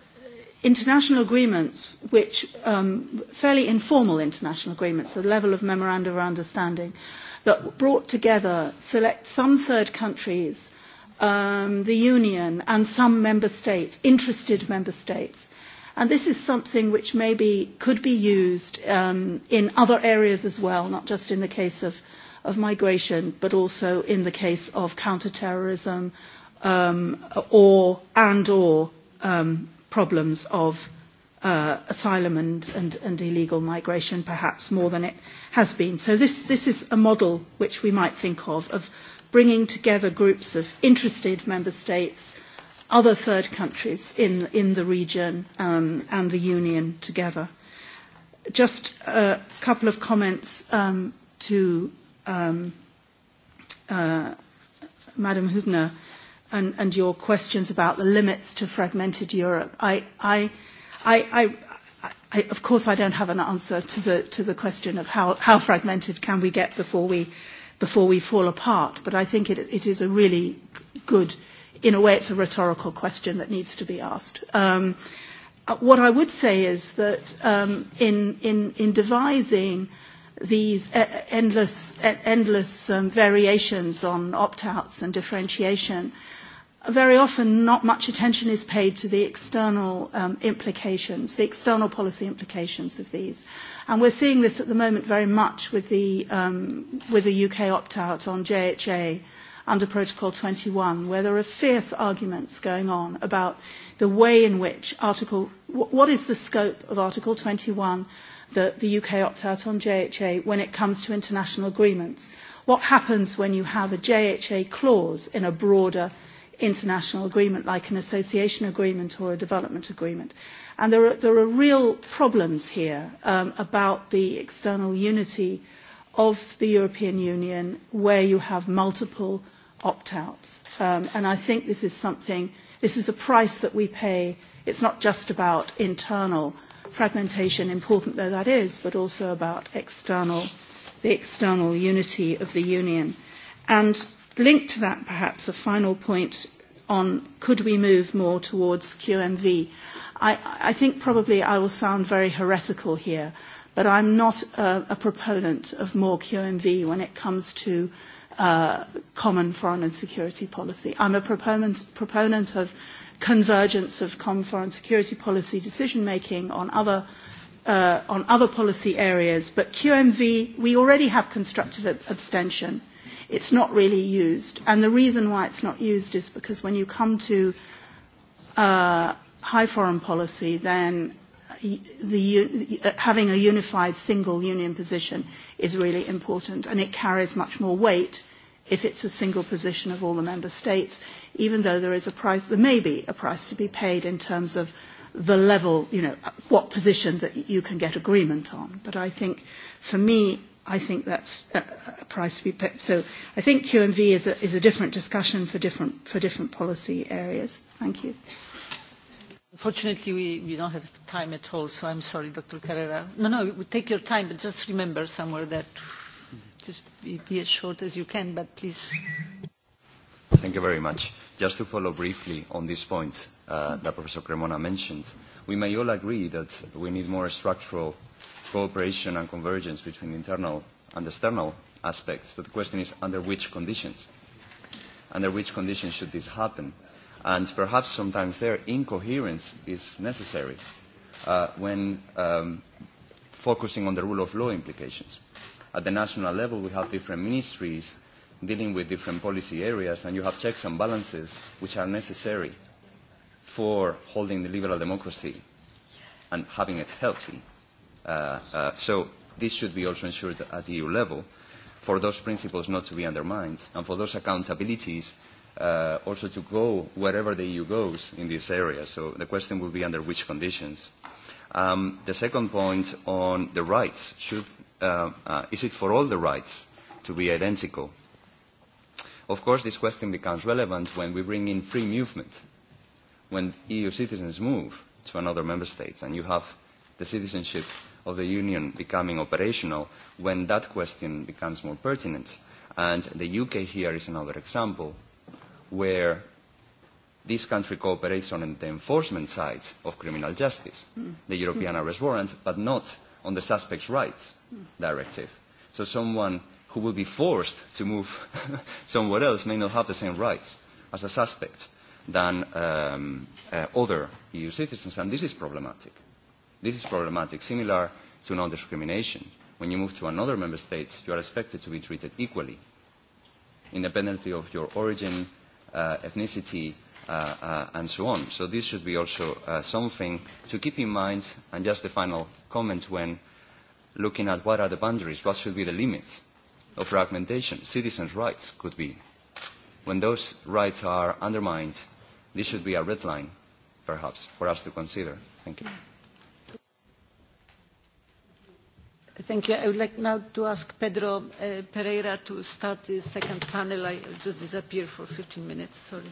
international agreements, which um, fairly informal international agreements, the level of memoranda of understanding, that brought together select some third countries, um, the union, and some member states, interested member states. And this is something which maybe could be used um, in other areas as well, not just in the case of, of migration, but also in the case of counterterrorism um, or and or um, problems of uh, asylum and, and, and illegal migration perhaps more than it has been. So this, this is a model which we might think of, of bringing together groups of interested member states, other third countries in, in the region um, and the union together. Just a couple of comments um, to um, uh, Madam Hubner and, and your questions about the limits to fragmented Europe. I, I, I, I, I, of course, I don't have an answer to the, to the question of how, how fragmented can we get before we, before we fall apart, but I think it, it is a really good, in a way, it's a rhetorical question that needs to be asked. Um, what I would say is that um, in, in, in devising – these endless, endless um, variations on opt-outs and differentiation, very often not much attention is paid to the external um, implications, the external policy implications of these. And we're seeing this at the moment very much with the, um, with the UK opt-out on JHA under Protocol 21, where there are fierce arguments going on about the way in which Article, what is the scope of Article 21 that the UK opt out on JHA when it comes to international agreements. What happens when you have a JHA clause in a broader international agreement like an association agreement or a development agreement? And there are, there are real problems here um, about the external unity of the European Union where you have multiple opt-outs. Um, and I think this is something, this is a price that we pay. It's not just about internal fragmentation, important though that is, but also about external, the external unity of the Union. And linked to that, perhaps, a final point on could we move more towards QMV. I, I think probably I will sound very heretical here, but I'm not a, a proponent of more QMV when it comes to uh, common foreign and security policy. I'm a proponent, proponent of convergence of common foreign security policy decision making on other uh, on other policy areas. But QMV, we already have constructive ab- abstention. It's not really used, and the reason why it's not used is because when you come to uh, high foreign policy, then the, having a unified single union position is really important, and it carries much more weight if it's a single position of all the member states even though there is a price, there may be a price to be paid in terms of the level, you know, what position that you can get agreement on. But I think, for me, I think that's a price to be paid. So I think QMV is a, is a different discussion for different, for different policy areas. Thank you. Unfortunately, we, we don't have time at all, so I'm sorry, Dr. Carrera. No, no, we take your time, but just remember somewhere that just be, be as short as you can, but please. Thank you very much. Just to follow briefly on this point uh, that Professor Cremona mentioned, we may all agree that we need more structural cooperation and convergence between internal and external aspects, but the question is under which conditions? Under which conditions should this happen? And perhaps sometimes there incoherence is necessary uh, when um, focusing on the rule of law implications. At the national level, we have different ministries dealing with different policy areas, and you have checks and balances which are necessary for holding the liberal democracy and having it healthy. Uh, uh, so this should be also ensured at the EU level for those principles not to be undermined and for those accountabilities uh, also to go wherever the EU goes in this area. So the question will be under which conditions. Um, the second point on the rights, should, uh, uh, is it for all the rights to be identical? Of course, this question becomes relevant when we bring in free movement, when EU citizens move to another member state, and you have the citizenship of the Union becoming operational, when that question becomes more pertinent. And the UK here is another example where this country cooperates on the enforcement side of criminal justice, mm. the European mm. arrest warrant, but not on the suspect's rights mm. directive. So someone who will be forced to move somewhere else may not have the same rights as a suspect than um, uh, other EU citizens, and this is problematic. This is problematic, similar to non-discrimination. When you move to another member state, you are expected to be treated equally, independently of your origin, uh, ethnicity, uh, uh, and so on. So this should be also uh, something to keep in mind, and just the final comment when looking at what are the boundaries, what should be the limits of fragmentation. Citizens' rights could be. When those rights are undermined, this should be a red line, perhaps, for us to consider. Thank you. Thank you. I would like now to ask Pedro uh, Pereira to start the second panel. I just disappeared for 15 minutes. Sorry.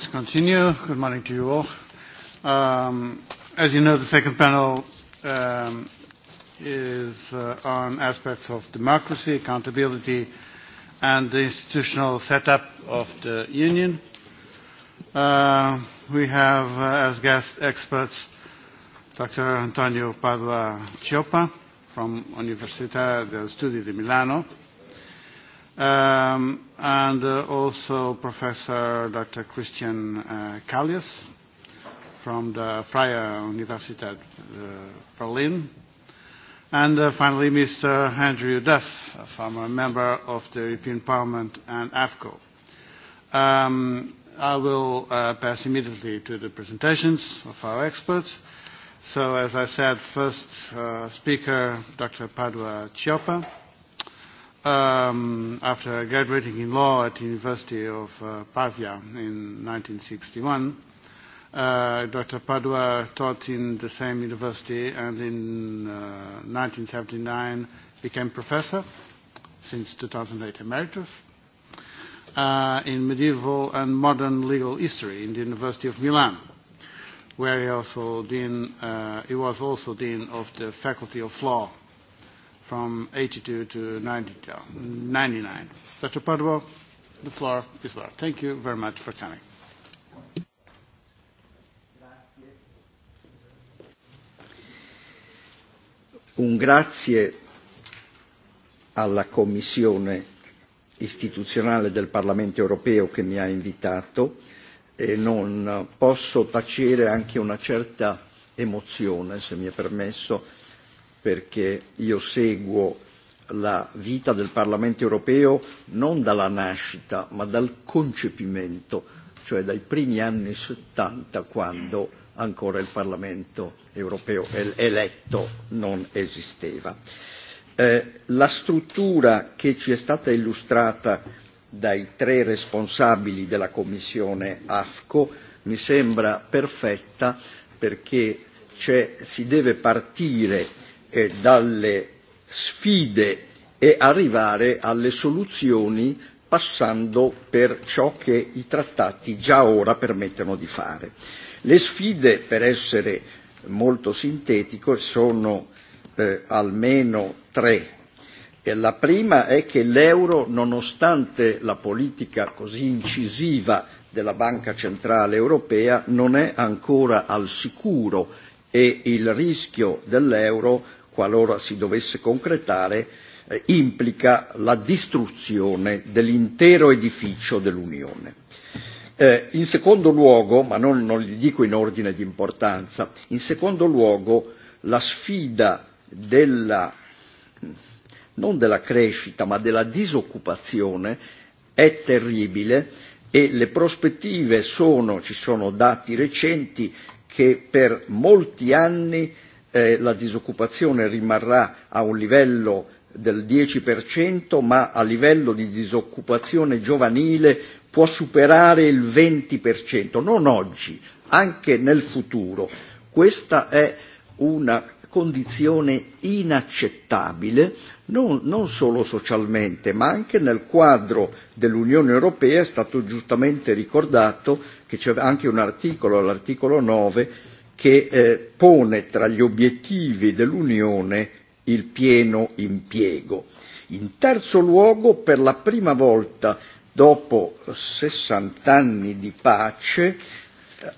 let's continue. Good morning to you all. Um, as you know, the second panel um, is uh, on aspects of democracy, accountability, and the institutional setup of the Union. Uh, we have uh, as guest experts Dr. Antonio Padua Cioppa from Università del Studio di Milano, um, and uh, also Professor Dr. Christian uh, Kallias from the Freie Universität uh, Berlin. And uh, finally, Mr. Andrew Duff, a former member of the European Parliament and AFCO. Um, I will uh, pass immediately to the presentations of our experts. So, as I said, first uh, speaker, Dr. Padua Cioppa um, after graduating in law at the University of uh, Pavia in 1961. Uh, Dr. Padua taught in the same university and in uh, 1979 became professor, since 2008 emeritus, uh, in medieval and modern legal history in the University of Milan, where he, also dean, uh, he was also dean of the Faculty of Law from 82 to 99. Dr. Padua, the floor is yours. Thank you very much for coming. Un grazie alla Commissione istituzionale del Parlamento europeo che mi ha invitato e non posso tacere anche una certa emozione, se mi è permesso, perché io seguo la vita del Parlamento europeo non dalla nascita ma dal concepimento, cioè dai primi anni 70 quando ancora il Parlamento europeo eletto non esisteva. Eh, la struttura che ci è stata illustrata dai tre responsabili della Commissione AFCO mi sembra perfetta perché si deve partire e dalle sfide e arrivare alle soluzioni passando per ciò che i trattati già ora permettono di fare. Le sfide, per essere molto sintetico, sono eh, almeno tre. E la prima è che l'euro, nonostante la politica così incisiva della Banca Centrale Europea, non è ancora al sicuro e il rischio dell'euro qualora si dovesse concretare, implica la distruzione dell'intero edificio dell'Unione. Eh, in secondo luogo, ma non, non li dico in ordine di importanza, in secondo luogo la sfida della, non della crescita, ma della disoccupazione è terribile e le prospettive sono, ci sono dati recenti che per molti anni eh, la disoccupazione rimarrà a un livello del 10%, ma a livello di disoccupazione giovanile può superare il 20%, non oggi, anche nel futuro. Questa è una condizione inaccettabile non, non solo socialmente ma anche nel quadro dell'Unione Europea è stato giustamente ricordato che c'è anche un articolo, l'articolo 9, che eh, pone tra gli obiettivi dell'Unione il pieno impiego. In terzo luogo, per la prima volta dopo 60 anni di pace,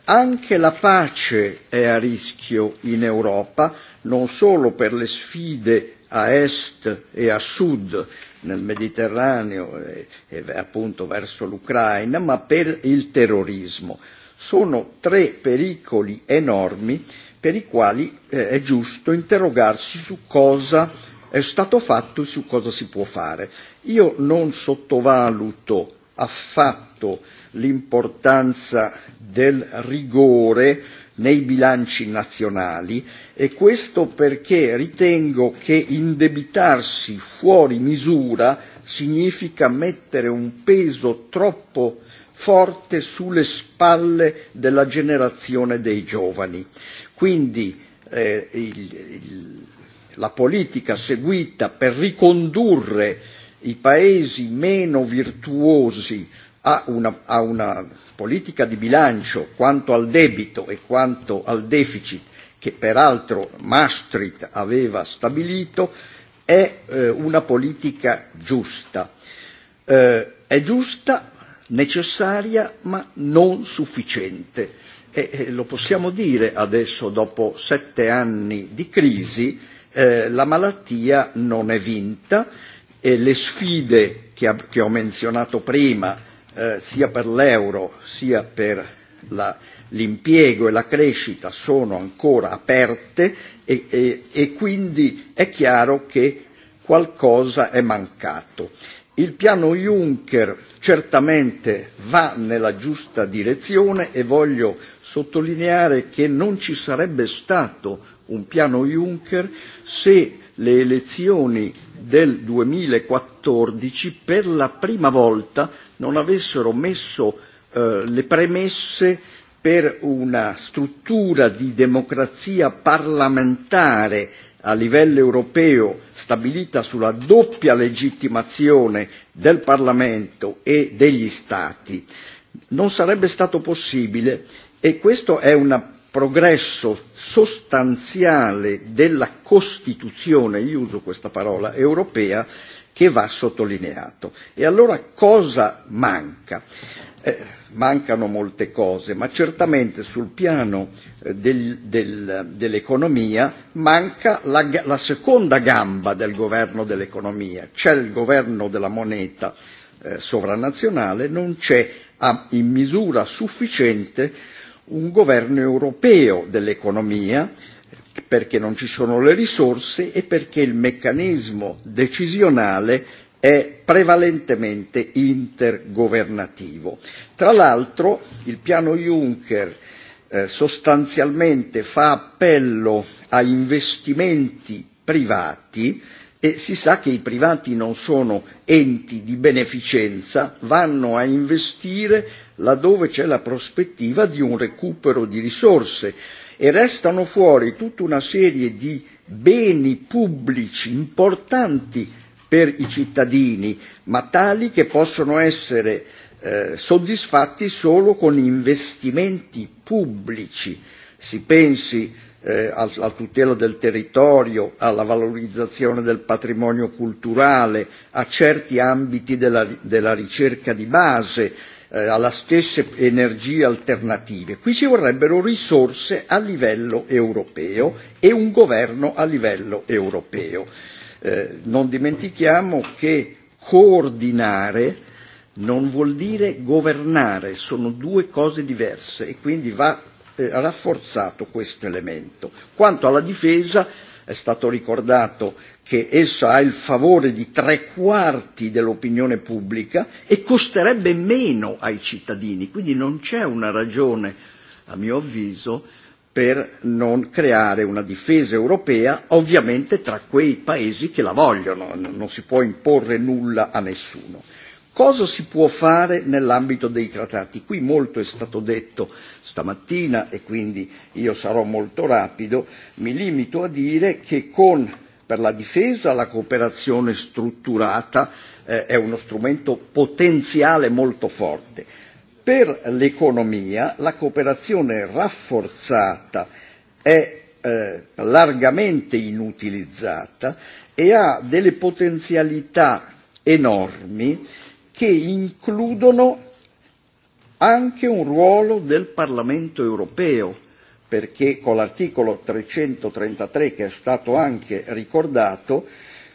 anche la pace è a rischio in Europa, non solo per le sfide a est e a sud nel Mediterraneo e, e appunto verso l'Ucraina, ma per il terrorismo sono tre pericoli enormi per i quali eh, è giusto interrogarsi su cosa è stato fatto e su cosa si può fare. Io non sottovaluto affatto l'importanza del rigore nei bilanci nazionali e questo perché ritengo che indebitarsi fuori misura significa mettere un peso troppo forte sulle spalle della generazione dei giovani. Quindi eh, il, il, la politica seguita per ricondurre i paesi meno virtuosi a una, a una politica di bilancio quanto al debito e quanto al deficit che peraltro Maastricht aveva stabilito, è eh, una politica giusta. Eh, è giusta necessaria ma non sufficiente. E lo possiamo dire adesso, dopo sette anni di crisi, eh, la malattia non è vinta e le sfide che, ha, che ho menzionato prima, eh, sia per l'euro sia per la, l'impiego e la crescita, sono ancora aperte e, e, e quindi è chiaro che qualcosa è mancato. Il piano Juncker certamente va nella giusta direzione e voglio sottolineare che non ci sarebbe stato un piano Juncker se le elezioni del 2014 per la prima volta non avessero messo eh, le premesse per una struttura di democrazia parlamentare a livello europeo stabilita sulla doppia legittimazione del Parlamento e degli Stati non sarebbe stato possibile e questo è un progresso sostanziale della Costituzione, io uso questa parola, europea che va sottolineato. E allora cosa manca? Eh, mancano molte cose, ma certamente sul piano del, del, dell'economia manca la, la seconda gamba del governo dell'economia, c'è il governo della moneta eh, sovranazionale, non c'è a, in misura sufficiente un governo europeo dell'economia perché non ci sono le risorse e perché il meccanismo decisionale è prevalentemente intergovernativo. Tra l'altro il piano Juncker sostanzialmente fa appello a investimenti privati e si sa che i privati non sono enti di beneficenza, vanno a investire laddove c'è la prospettiva di un recupero di risorse e restano fuori tutta una serie di beni pubblici importanti per i cittadini, ma tali che possono essere eh, soddisfatti solo con investimenti pubblici. Si pensi eh, alla tutela del territorio, alla valorizzazione del patrimonio culturale, a certi ambiti della, della ricerca di base, alla stesse energie alternative. Qui ci vorrebbero risorse a livello europeo e un governo a livello europeo. Eh, non dimentichiamo che coordinare non vuol dire governare, sono due cose diverse e quindi va eh, rafforzato questo elemento. Quanto alla difesa, è stato ricordato che essa ha il favore di tre quarti dell'opinione pubblica e costerebbe meno ai cittadini. Quindi non c'è una ragione, a mio avviso, per non creare una difesa europea, ovviamente tra quei paesi che la vogliono, non si può imporre nulla a nessuno. Cosa si può fare nell'ambito dei trattati? Qui molto è stato detto stamattina e quindi io sarò molto rapido, mi limito a dire che con per la difesa, la cooperazione strutturata eh, è uno strumento potenziale molto forte. Per l'economia la cooperazione rafforzata è eh, largamente inutilizzata e ha delle potenzialità enormi che includono anche un ruolo del Parlamento europeo perché con l'articolo 333 che è stato anche ricordato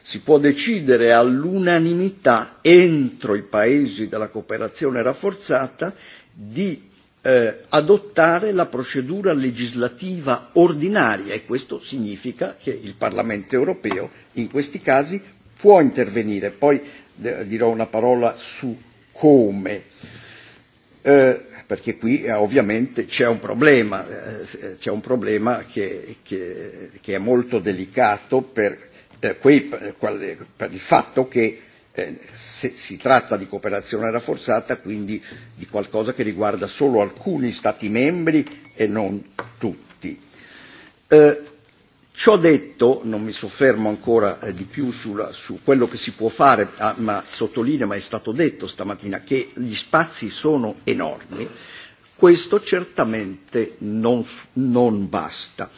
si può decidere all'unanimità entro i paesi della cooperazione rafforzata di eh, adottare la procedura legislativa ordinaria e questo significa che il Parlamento europeo in questi casi può intervenire. Poi dirò una parola su come. Eh, perché qui ovviamente c'è un problema, c'è un problema che, che, che è molto delicato per, per, quei, per il fatto che eh, se, si tratta di cooperazione rafforzata, quindi di qualcosa che riguarda solo alcuni Stati membri e non tutti. Eh, Ciò detto, non mi soffermo ancora eh, di più sulla, su quello che si può fare, ah, ma sottolineo, ma è stato detto stamattina, che gli spazi sono enormi, questo certamente non, non basta.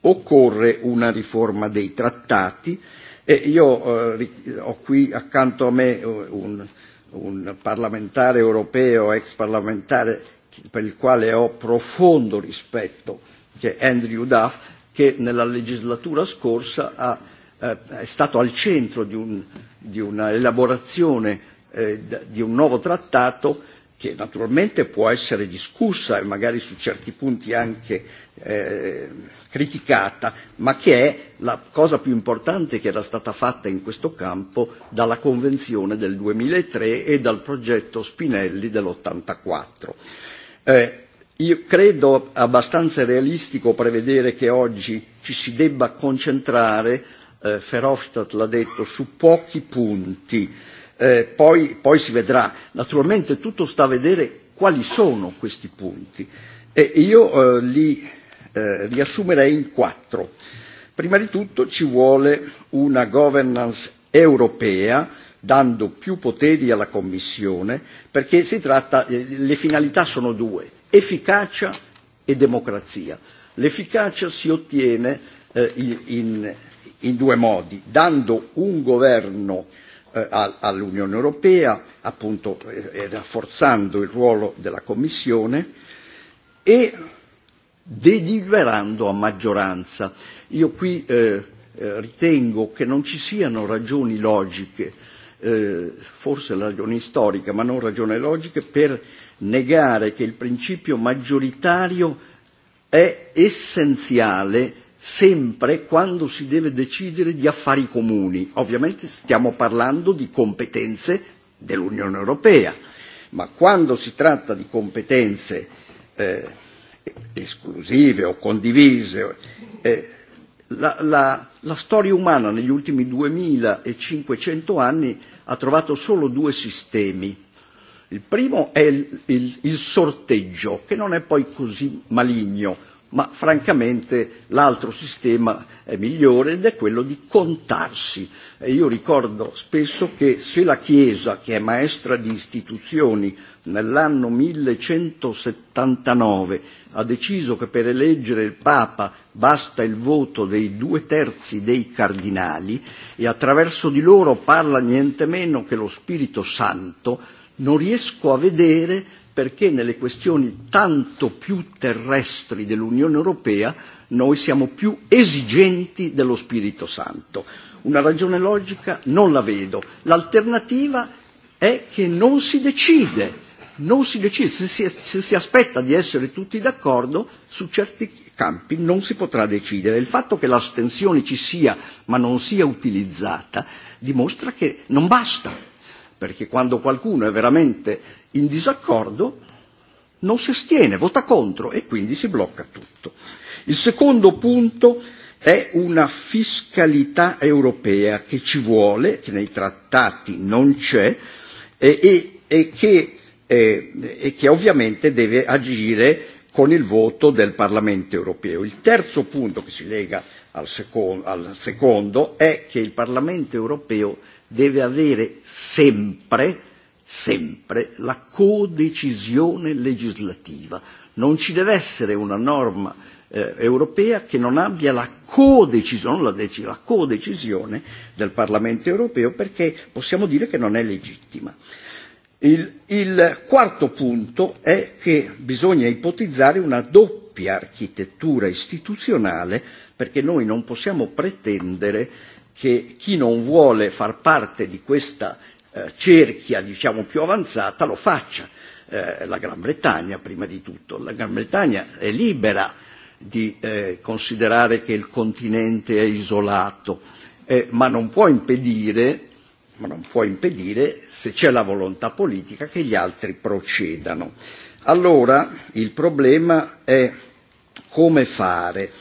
Occorre una riforma dei trattati e io eh, ho qui accanto a me un, un parlamentare europeo, ex parlamentare, per il quale ho profondo rispetto, che è Andrew Duff, che nella legislatura scorsa ha, eh, è stato al centro di, un'elaborazione di eh, di un nuovo trattato che naturalmente può essere discussa e magari su certi punti anche eh, criticata, ma che è la cosa più importante che era stata fatta in questo campo dalla Convenzione del 2003 e dal progetto Spinelli dell'84. Eh, Io credo abbastanza realistico prevedere che oggi ci si debba concentrare, eh, Verhofstadt l'ha detto, su pochi punti, eh, poi, poi si vedrà. Naturalmente tutto sta a vedere quali sono questi punti e io eh, li eh, riassumerei in quattro. Prima di tutto ci vuole una governance europea dando più poteri alla Commissione perché si tratta, le finalità sono due efficacia e democrazia. L'efficacia si ottiene eh, in, in due modi, dando un governo eh, all'Unione Europea, appunto eh, rafforzando il ruolo della Commissione e deliberando a maggioranza. Io qui eh, ritengo che non ci siano ragioni logiche, eh, forse ragioni storiche, ma non ragioni logiche per negare che il principio maggioritario è essenziale sempre quando si deve decidere di affari comuni. Ovviamente stiamo parlando di competenze dell'Unione Europea, ma quando si tratta di competenze eh, esclusive o condivise, eh, la, la, la storia umana negli ultimi 2500 anni ha trovato solo due sistemi Il primo è il, il, il sorteggio, che non è poi così maligno, ma francamente l'altro sistema è migliore ed è quello di contarsi. E io ricordo spesso che se la Chiesa, che è maestra di istituzioni, nell'anno 1179 ha deciso che per eleggere il Papa basta il voto dei due terzi dei cardinali e attraverso di loro parla niente meno che lo Spirito Santo, non riesco a vedere perché nelle questioni tanto più terrestri dell'Unione Europea noi siamo più esigenti dello Spirito Santo. Una ragione logica non la vedo. L'alternativa è che non si decide, non si decide, se si, se si aspetta di essere tutti d'accordo su certi campi non si potrà decidere. Il fatto che l'astensione ci sia ma non sia utilizzata dimostra che non basta perché quando qualcuno è veramente in disaccordo non si astiene, vota contro e quindi si blocca tutto. Il secondo punto è una fiscalità europea che ci vuole, che nei trattati non c'è e, e, e, che, e che ovviamente deve agire con il voto del Parlamento europeo. Il terzo punto che si lega al, secondo, al secondo è che il Parlamento europeo deve avere sempre, sempre la codecisione legislativa. Non ci deve essere una norma eh, europea che non abbia la codecisione, non la, dec- la codecisione del Parlamento europeo perché possiamo dire che non è legittima. Il, il quarto punto è che bisogna ipotizzare una doppia architettura istituzionale perché noi non possiamo pretendere che chi non vuole far parte di questa eh, cerchia diciamo più avanzata lo faccia. Eh, la Gran Bretagna prima di tutto, la Gran Bretagna è libera di eh, considerare che il continente è isolato, eh, ma non può impedire ma non può impedire, se c'è la volontà politica, che gli altri procedano. Allora il problema è come fare,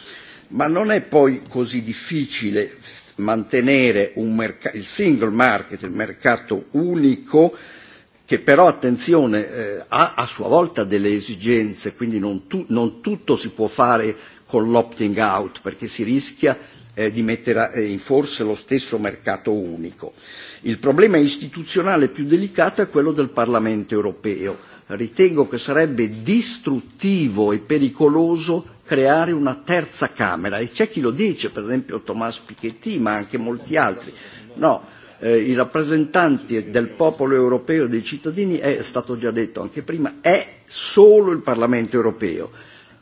ma non è poi così difficile mantenere un merc- il single market, il mercato unico, che però attenzione eh, ha a sua volta delle esigenze, quindi non, tu- non tutto si può fare con l'opting out perché si rischia eh, di mettere in forse lo stesso mercato unico. Il problema istituzionale più delicato è quello del Parlamento europeo. Ritengo che sarebbe distruttivo e pericoloso creare una terza Camera e c'è chi lo dice, per esempio Thomas Piketty, ma anche molti altri. No, eh, i rappresentanti del popolo europeo e dei cittadini, è stato già detto anche prima, è solo il Parlamento europeo.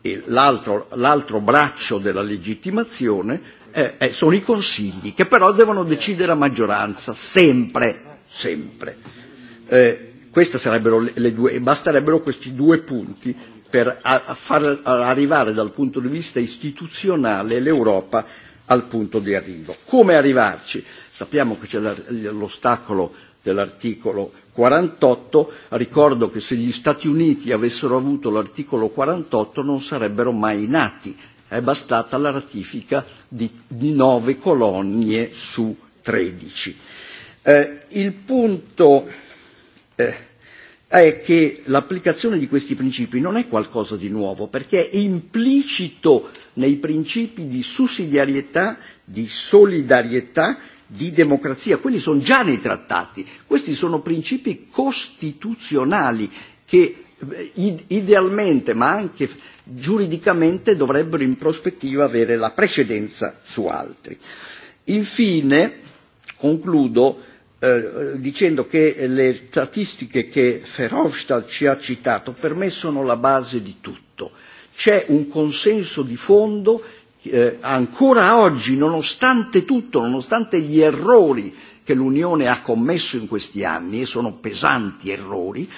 e L'altro braccio della legittimazione eh, eh, sono i consigli, che però devono decidere a maggioranza, sempre, sempre. Eh, queste sarebbero le, le due, e basterebbero questi due punti per far arrivare dal punto di vista istituzionale l'Europa al punto di arrivo. Come arrivarci? Sappiamo che c'è l'ostacolo dell'articolo 48, ricordo che se gli Stati Uniti avessero avuto l'articolo 48 non sarebbero mai nati, è bastata la ratifica di, di nove colonie su 13. Eh, il punto eh, è che l'applicazione di questi principi non è qualcosa di nuovo, perché è implicito nei principi di sussidiarietà, di solidarietà, di democrazia. Quelli sono già nei trattati, questi sono principi costituzionali che idealmente ma anche giuridicamente dovrebbero in prospettiva avere la precedenza su altri. Infine, concludo dicendo che le statistiche che Verhofstadt ci ha citato per me sono la base di tutto. C'è un consenso di fondo eh, ancora oggi, nonostante tutto, nonostante gli errori che l'Unione ha commesso in questi anni, e sono pesanti errori,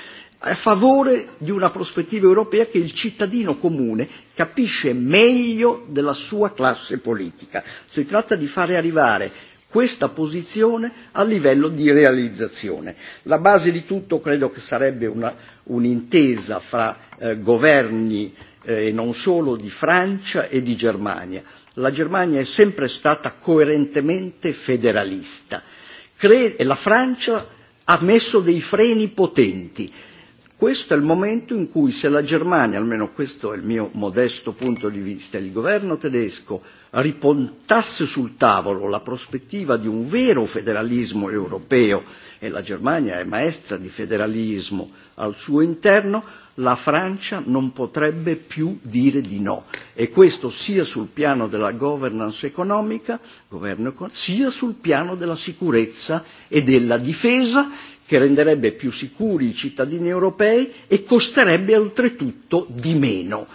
a favore di una prospettiva europea che il cittadino comune capisce meglio della sua classe politica. Si tratta di fare arrivare questa posizione a livello di realizzazione. La base di tutto credo che sarebbe una, un'intesa fra eh, governi e eh, non solo di Francia e di Germania. La Germania è sempre stata coerentemente federalista Cre- e la Francia ha messo dei freni potenti Questo è il momento in cui se la Germania, almeno questo è il mio modesto punto di vista, il governo tedesco ripontasse sul tavolo la prospettiva di un vero federalismo europeo, e la Germania è maestra di federalismo al suo interno, la Francia non potrebbe più dire di no. E questo sia sul piano della governance economica, governo, sia sul piano della sicurezza e della difesa che renderebbe più sicuri i cittadini europei e costerebbe oltretutto di meno.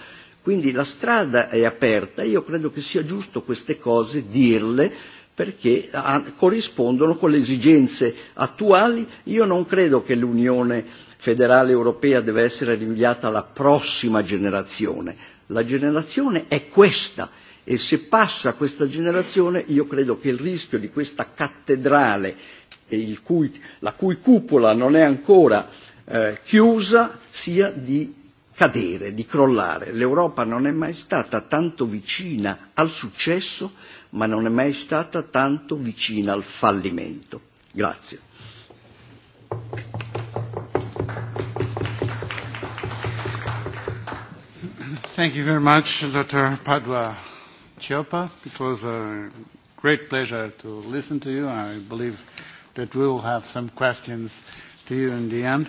Quindi la strada è aperta, e io credo che sia giusto queste cose dirle perché corrispondono con le esigenze attuali. Io non credo che l'Unione federale europea deve essere rinviata alla prossima generazione. La generazione è questa e se passa questa generazione io credo che il rischio di questa cattedrale e il cui, la cui cupola non è ancora eh, chiusa sia di cadere, di crollare. L'Europa non è mai stata tanto vicina al successo, ma non è mai stata tanto vicina al fallimento. Grazie. Thank you very much, Dr. Padua Chioppa. It was a great pleasure to listen to you. I believe that we will have some questions to you in the end.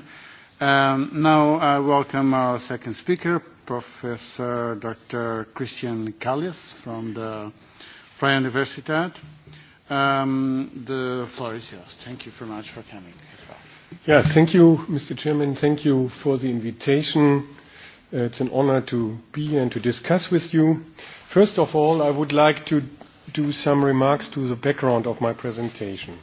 Um, now I welcome our second speaker, Professor Dr. Christian Callias from the Freie Universität. Um, the floor is yours. Thank you very much for coming. Yeah, thank you, Mr. Chairman. Thank you for the invitation. Uh, it's an honor to be here and to discuss with you. First of all, I would like to do some remarks to the background of my presentation.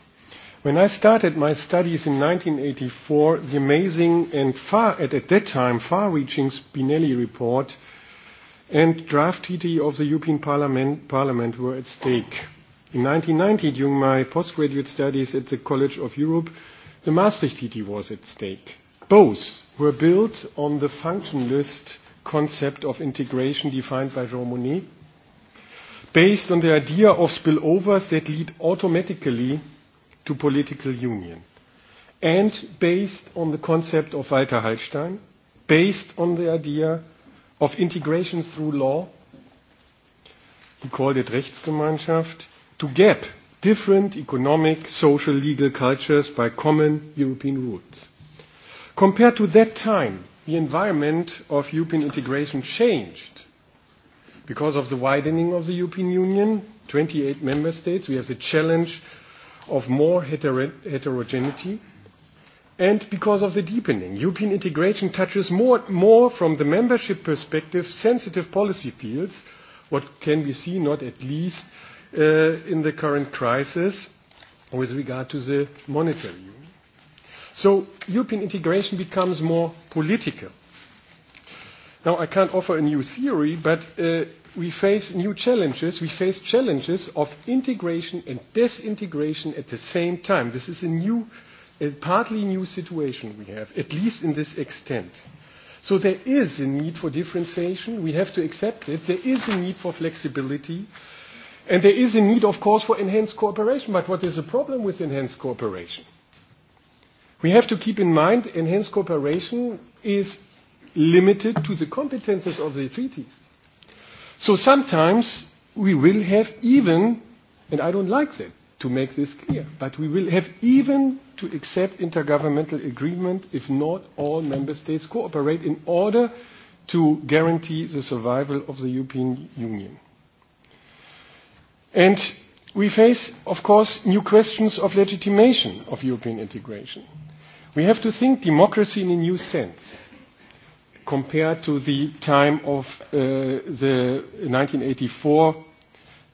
When I started my studies in 1984, the amazing and far, at, at that time, far-reaching Spinelli report and draft treaty of the European Parliament, Parliament were at stake. In 1990, during my postgraduate studies at the College of Europe, the Maastricht Treaty was at stake. Both were built on the functionalist concept of integration defined by Jean Monnet, based on the idea of spillovers that lead automatically to political union. And based on the concept of Walter Hallstein, based on the idea of integration through law, he called it Rechtsgemeinschaft, to gap different economic, social, legal cultures by common European rules. Compared to that time, the environment of European integration changed because of the widening of the European Union, 28 member states. We have the challenge of more heterogeneity and because of the deepening. European integration touches more, more from the membership perspective sensitive policy fields, what can be seen not at least uh, in the current crisis with regard to the monetary union. So European integration becomes more political Now, I can't offer a new theory, but uh, we face new challenges. We face challenges of integration and disintegration at the same time. This is a new, a partly new situation we have, at least in this extent. So there is a need for differentiation. We have to accept it. There is a need for flexibility. And there is a need, of course, for enhanced cooperation. But what is the problem with enhanced cooperation? We have to keep in mind enhanced cooperation is limited to the competences of the treaties. So sometimes we will have even, and I don't like that to make this clear, but we will have even to accept intergovernmental agreement if not all member states cooperate in order to guarantee the survival of the European Union. And we face, of course, new questions of legitimation of European integration. We have to think democracy in a new sense compared to the time of uh, the 1984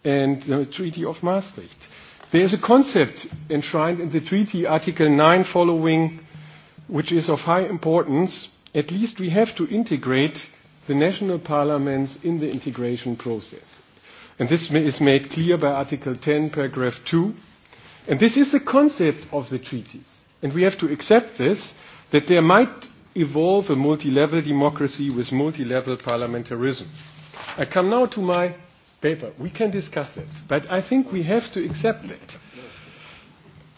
and the Treaty of Maastricht. There is a concept enshrined in the treaty, Article 9 following, which is of high importance. At least we have to integrate the national parliaments in the integration process. And this is made clear by Article 10, paragraph 2. And this is the concept of the treaties. And we have to accept this, that there might evolve a multi-level democracy with multi-level parliamentarism. I come now to my paper. We can discuss it, but I think we have to accept that.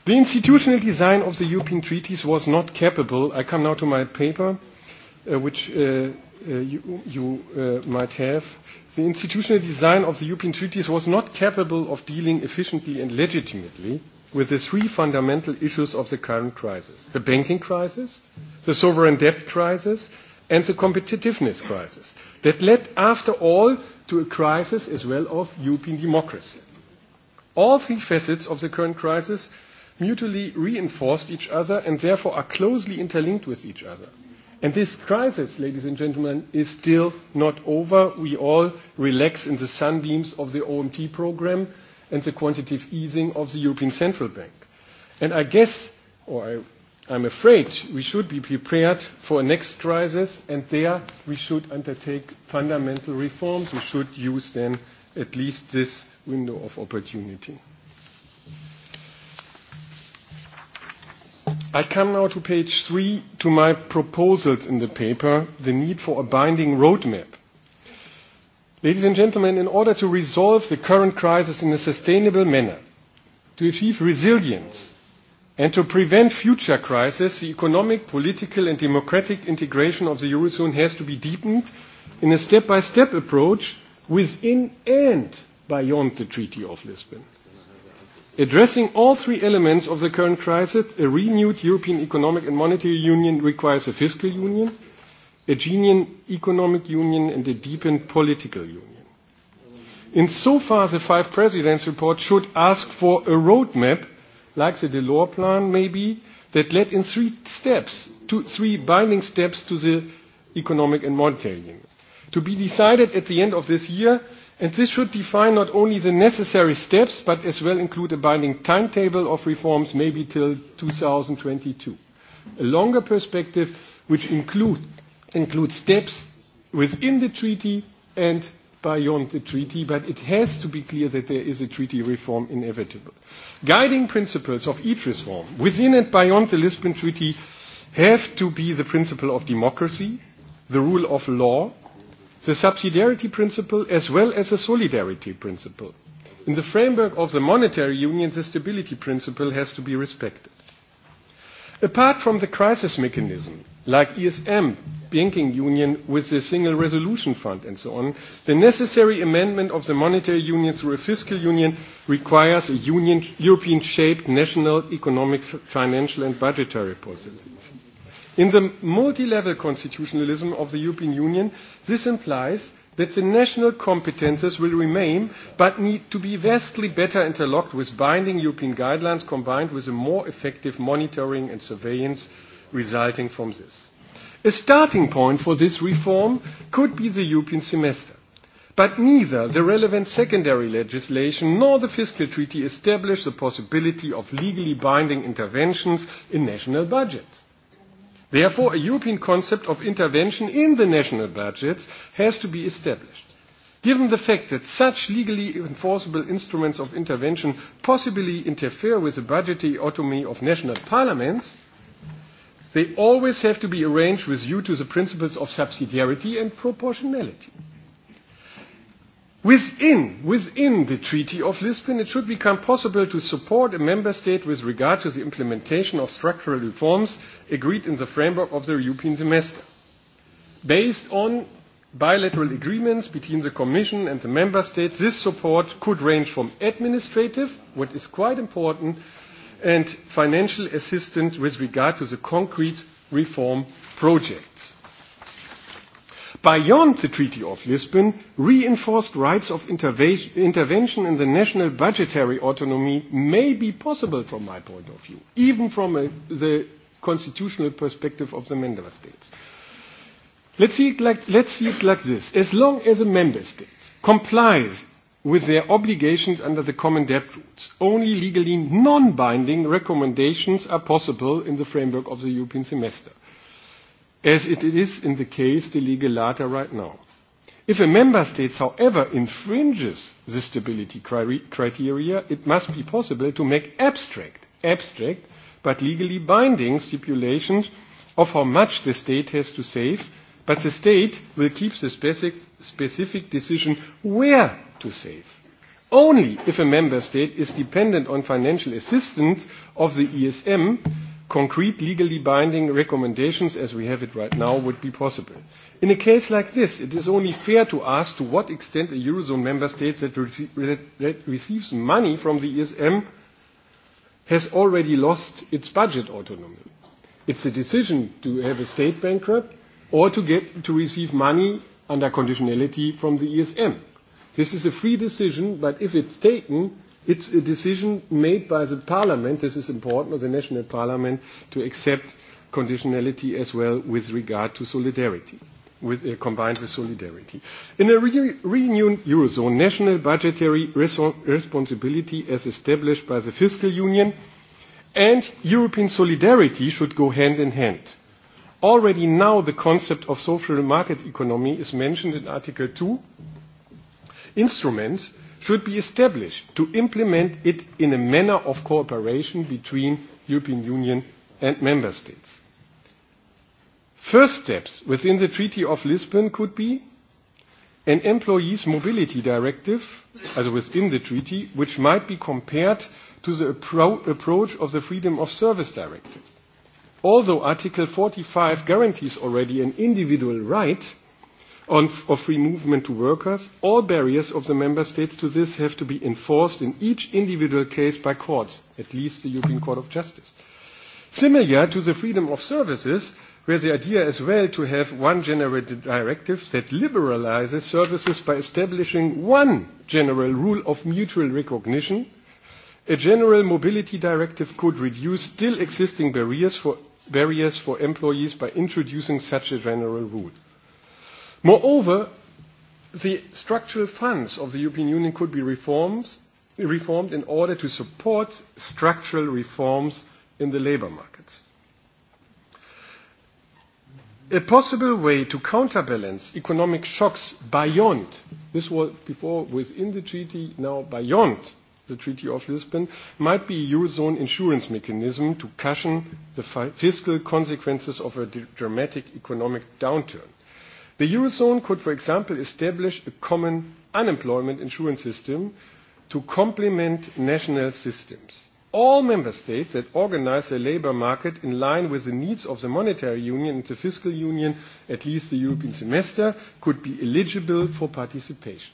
The institutional design of the European treaties was not capable. I come now to my paper, uh, which uh, uh, you, you uh, might have. The institutional design of the European treaties was not capable of dealing efficiently and legitimately with the three fundamental issues of the current crisis the banking crisis, the sovereign debt crisis, and the competitiveness crisis that led, after all, to a crisis as well of European democracy. All three facets of the current crisis mutually reinforced each other and therefore are closely interlinked with each other. And this crisis, ladies and gentlemen, is still not over. We all relax in the sunbeams of the OMT program and the quantitative easing of the European Central Bank. And I guess, or I I'm afraid we should be prepared for a next crisis, and there we should undertake fundamental reforms. We should use then at least this window of opportunity. I come now to page three, to my proposals in the paper, the need for a binding roadmap Ladies and gentlemen, in order to resolve the current crisis in a sustainable manner, to achieve resilience, and to prevent future crises, the economic, political, and democratic integration of the Eurozone has to be deepened in a step-by-step approach within and beyond the Treaty of Lisbon. Addressing all three elements of the current crisis, a renewed European Economic and Monetary Union requires a fiscal union – a genuine economic union and a deepened political union. In so far the five presidents' report should ask for a roadmap, like the Delors plan maybe, that led in three steps, to three binding steps to the economic and monetary union, to be decided at the end of this year, and this should define not only the necessary steps, but as well include a binding timetable of reforms, maybe till 2022. A longer perspective which includes include steps within the treaty and beyond the treaty, but it has to be clear that there is a treaty reform inevitable. Guiding principles of each reform within and beyond the Lisbon Treaty have to be the principle of democracy, the rule of law, the subsidiarity principle, as well as the solidarity principle. In the framework of the monetary union, the stability principle has to be respected. Apart from the crisis mechanism, like ESM, banking union with the single resolution fund and so on. The necessary amendment of the monetary union through a fiscal union requires a union, European shaped national economic, financial and budgetary policies. In the multi-level constitutionalism of the European Union, this implies that the national competences will remain but need to be vastly better interlocked with binding European guidelines combined with a more effective monitoring and surveillance resulting from this. A starting point for this reform could be the European semester. But neither the relevant secondary legislation nor the fiscal treaty establish the possibility of legally binding interventions in national budgets. Therefore, a European concept of intervention in the national budgets has to be established. Given the fact that such legally enforceable instruments of intervention possibly interfere with the budgetary autonomy of national parliaments, they always have to be arranged with you to the principles of subsidiarity and proportionality. Within, within the Treaty of Lisbon, it should become possible to support a member state with regard to the implementation of structural reforms agreed in the framework of the European semester, based on bilateral agreements between the Commission and the member states. This support could range from administrative, what is quite important, and financial assistance with regard to the concrete reform projects. Beyond the Treaty of Lisbon, reinforced rights of intervention in the national budgetary autonomy may be possible from my point of view, even from a, the constitutional perspective of the member states. Let's see, it like, let's see it like this. As long as a member state complies with their obligations under the common debt rules. Only legally non-binding recommendations are possible in the framework of the European semester, as it is in the case de lege lata right now. If a member state, however, infringes the stability criteria, it must be possible to make abstract, abstract, but legally binding stipulations of how much the state has to save But the state will keep the specific, specific decision where to save. Only if a member state is dependent on financial assistance of the ESM, concrete legally binding recommendations as we have it right now would be possible. In a case like this, it is only fair to ask to what extent a Eurozone member state that, rece- that, that receives money from the ESM has already lost its budget autonomy. It's a decision to have a state bankrupt or to get to receive money under conditionality from the ESM. This is a free decision, but if it's taken, it's a decision made by the parliament, this is important, the national parliament, to accept conditionality as well with regard to solidarity, with, uh, combined with solidarity. In a re- renewed Eurozone, national budgetary res- responsibility as established by the fiscal union and European solidarity should go hand in hand Already now the concept of social market economy is mentioned in Article 2. Instruments should be established to implement it in a manner of cooperation between European Union and Member States. First steps within the Treaty of Lisbon could be an employees' mobility directive, as within the treaty, which might be compared to the appro- approach of the Freedom of Service Directive although Article 45 guarantees already an individual right on, of free movement to workers, all barriers of the member states to this have to be enforced in each individual case by courts, at least the European Court of Justice. Similar to the freedom of services, where the idea is well to have one general directive that liberalizes services by establishing one general rule of mutual recognition, a general mobility directive could reduce still existing barriers for barriers for employees by introducing such a general rule. Moreover, the structural funds of the European Union could be reformed, reformed in order to support structural reforms in the labour markets. A possible way to counterbalance economic shocks beyond, this was before within the treaty, now beyond the Treaty of Lisbon, might be a Eurozone insurance mechanism to cushion the fiscal consequences of a dramatic economic downturn. The Eurozone could, for example, establish a common unemployment insurance system to complement national systems. All member states that organize their labor market in line with the needs of the monetary union and the fiscal union, at least the European semester, could be eligible for participation.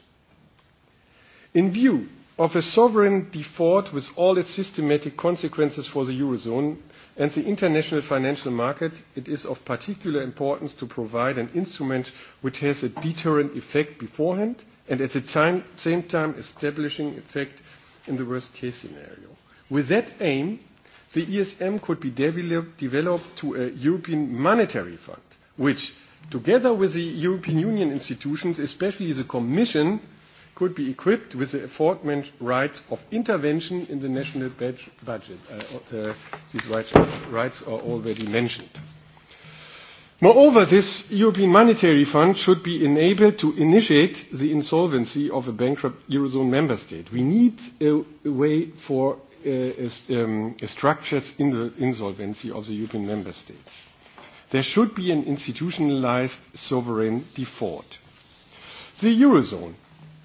In view of a sovereign default with all its systematic consequences for the Eurozone and the international financial market, it is of particular importance to provide an instrument which has a deterrent effect beforehand and at the time, same time establishing effect in the worst case scenario. With that aim, the ESM could be developed to a European monetary fund, which, together with the European Union institutions, especially the Commission, could be equipped with the aforementioned rights of intervention in the national budget. Uh, uh, these rights, rights are already mentioned. Moreover, this European Monetary Fund should be enabled to initiate the insolvency of a bankrupt Eurozone member state. We need a, a way for uh, um, structured in the insolvency of the European member states. There should be an institutionalized sovereign default. The Eurozone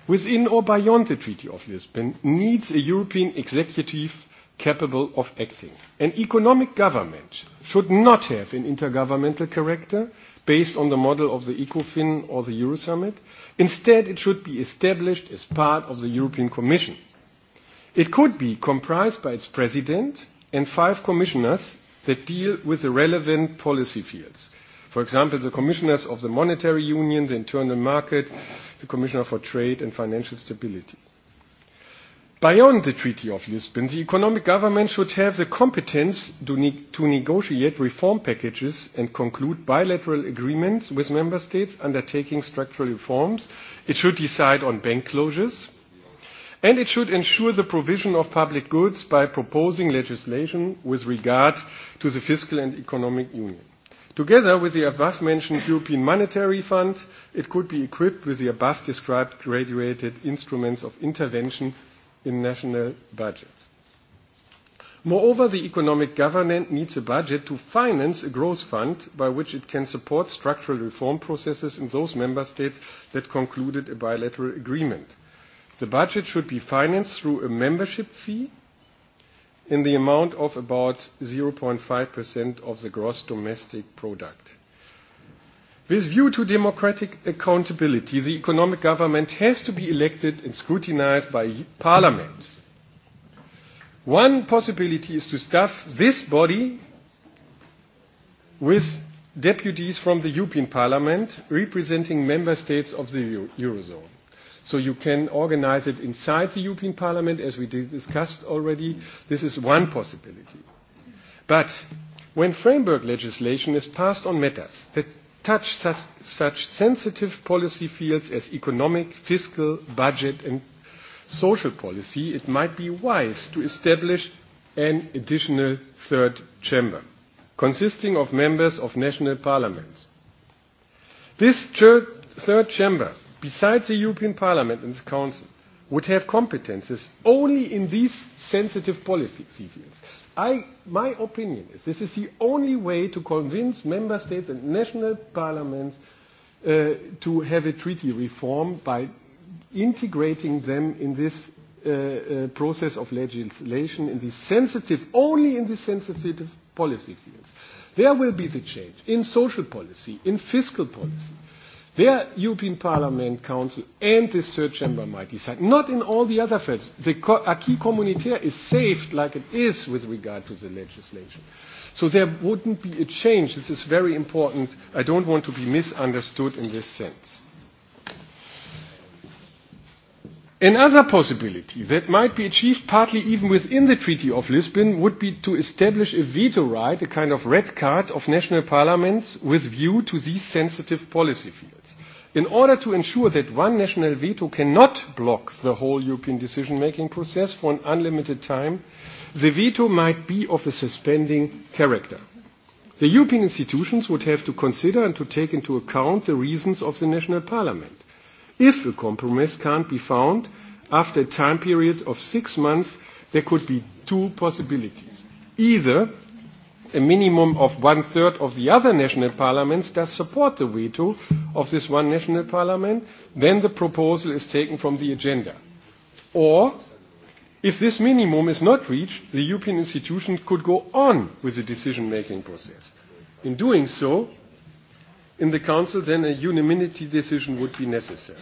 within or beyond the Treaty of Lisbon, needs a European executive capable of acting. An economic government should not have an intergovernmental character based on the model of the ECOFIN or the Euro Summit. Instead, it should be established as part of the European Commission. It could be comprised by its president and five commissioners that deal with the relevant policy fields. For example, the commissioners of the monetary union, the internal market, the commissioner for trade and financial stability. Beyond the Treaty of Lisbon, the economic government should have the competence to, ne- to negotiate reform packages and conclude bilateral agreements with member states undertaking structural reforms. It should decide on bank closures. And it should ensure the provision of public goods by proposing legislation with regard to the fiscal and economic union. Together with the above-mentioned European Monetary Fund, it could be equipped with the above-described graduated instruments of intervention in national budgets. Moreover, the economic government needs a budget to finance a growth fund by which it can support structural reform processes in those member states that concluded a bilateral agreement. The budget should be financed through a membership fee in the amount of about 0.5% of the gross domestic product. With view to democratic accountability, the economic government has to be elected and scrutinized by parliament. One possibility is to stuff this body with deputies from the European Parliament representing member states of the Eurozone. So you can organize it inside the European Parliament, as we discussed already. This is one possibility. But when framework legislation is passed on matters that touch such, such sensitive policy fields as economic, fiscal, budget, and social policy, it might be wise to establish an additional third chamber consisting of members of national parliaments. This third chamber besides the European Parliament and the Council, would have competences only in these sensitive policy fields. I, my opinion is this is the only way to convince member states and national parliaments uh, to have a treaty reform by integrating them in this uh, uh, process of legislation in the sensitive, only in the sensitive policy fields. There will be the change in social policy, in fiscal policy Their European Parliament, Council and this third chamber might decide. Not in all the other fields. The acquis communautaire is saved like it is with regard to the legislation. So there wouldn't be a change. This is very important. I don't want to be misunderstood in this sense. Another possibility that might be achieved partly even within the Treaty of Lisbon would be to establish a veto right, a kind of red card of national parliaments with view to these sensitive policy fields. In order to ensure that one national veto cannot block the whole European decision-making process for an unlimited time, the veto might be of a suspending character. The European institutions would have to consider and to take into account the reasons of the national parliament. If a compromise can't be found after a time period of six months, there could be two possibilities. Either a minimum of one third of the other national parliaments does support the veto of this one national parliament, then the proposal is taken from the agenda. Or, if this minimum is not reached, the European institutions could go on with the decision making process. In doing so, in the Council, then a unanimity decision would be necessary.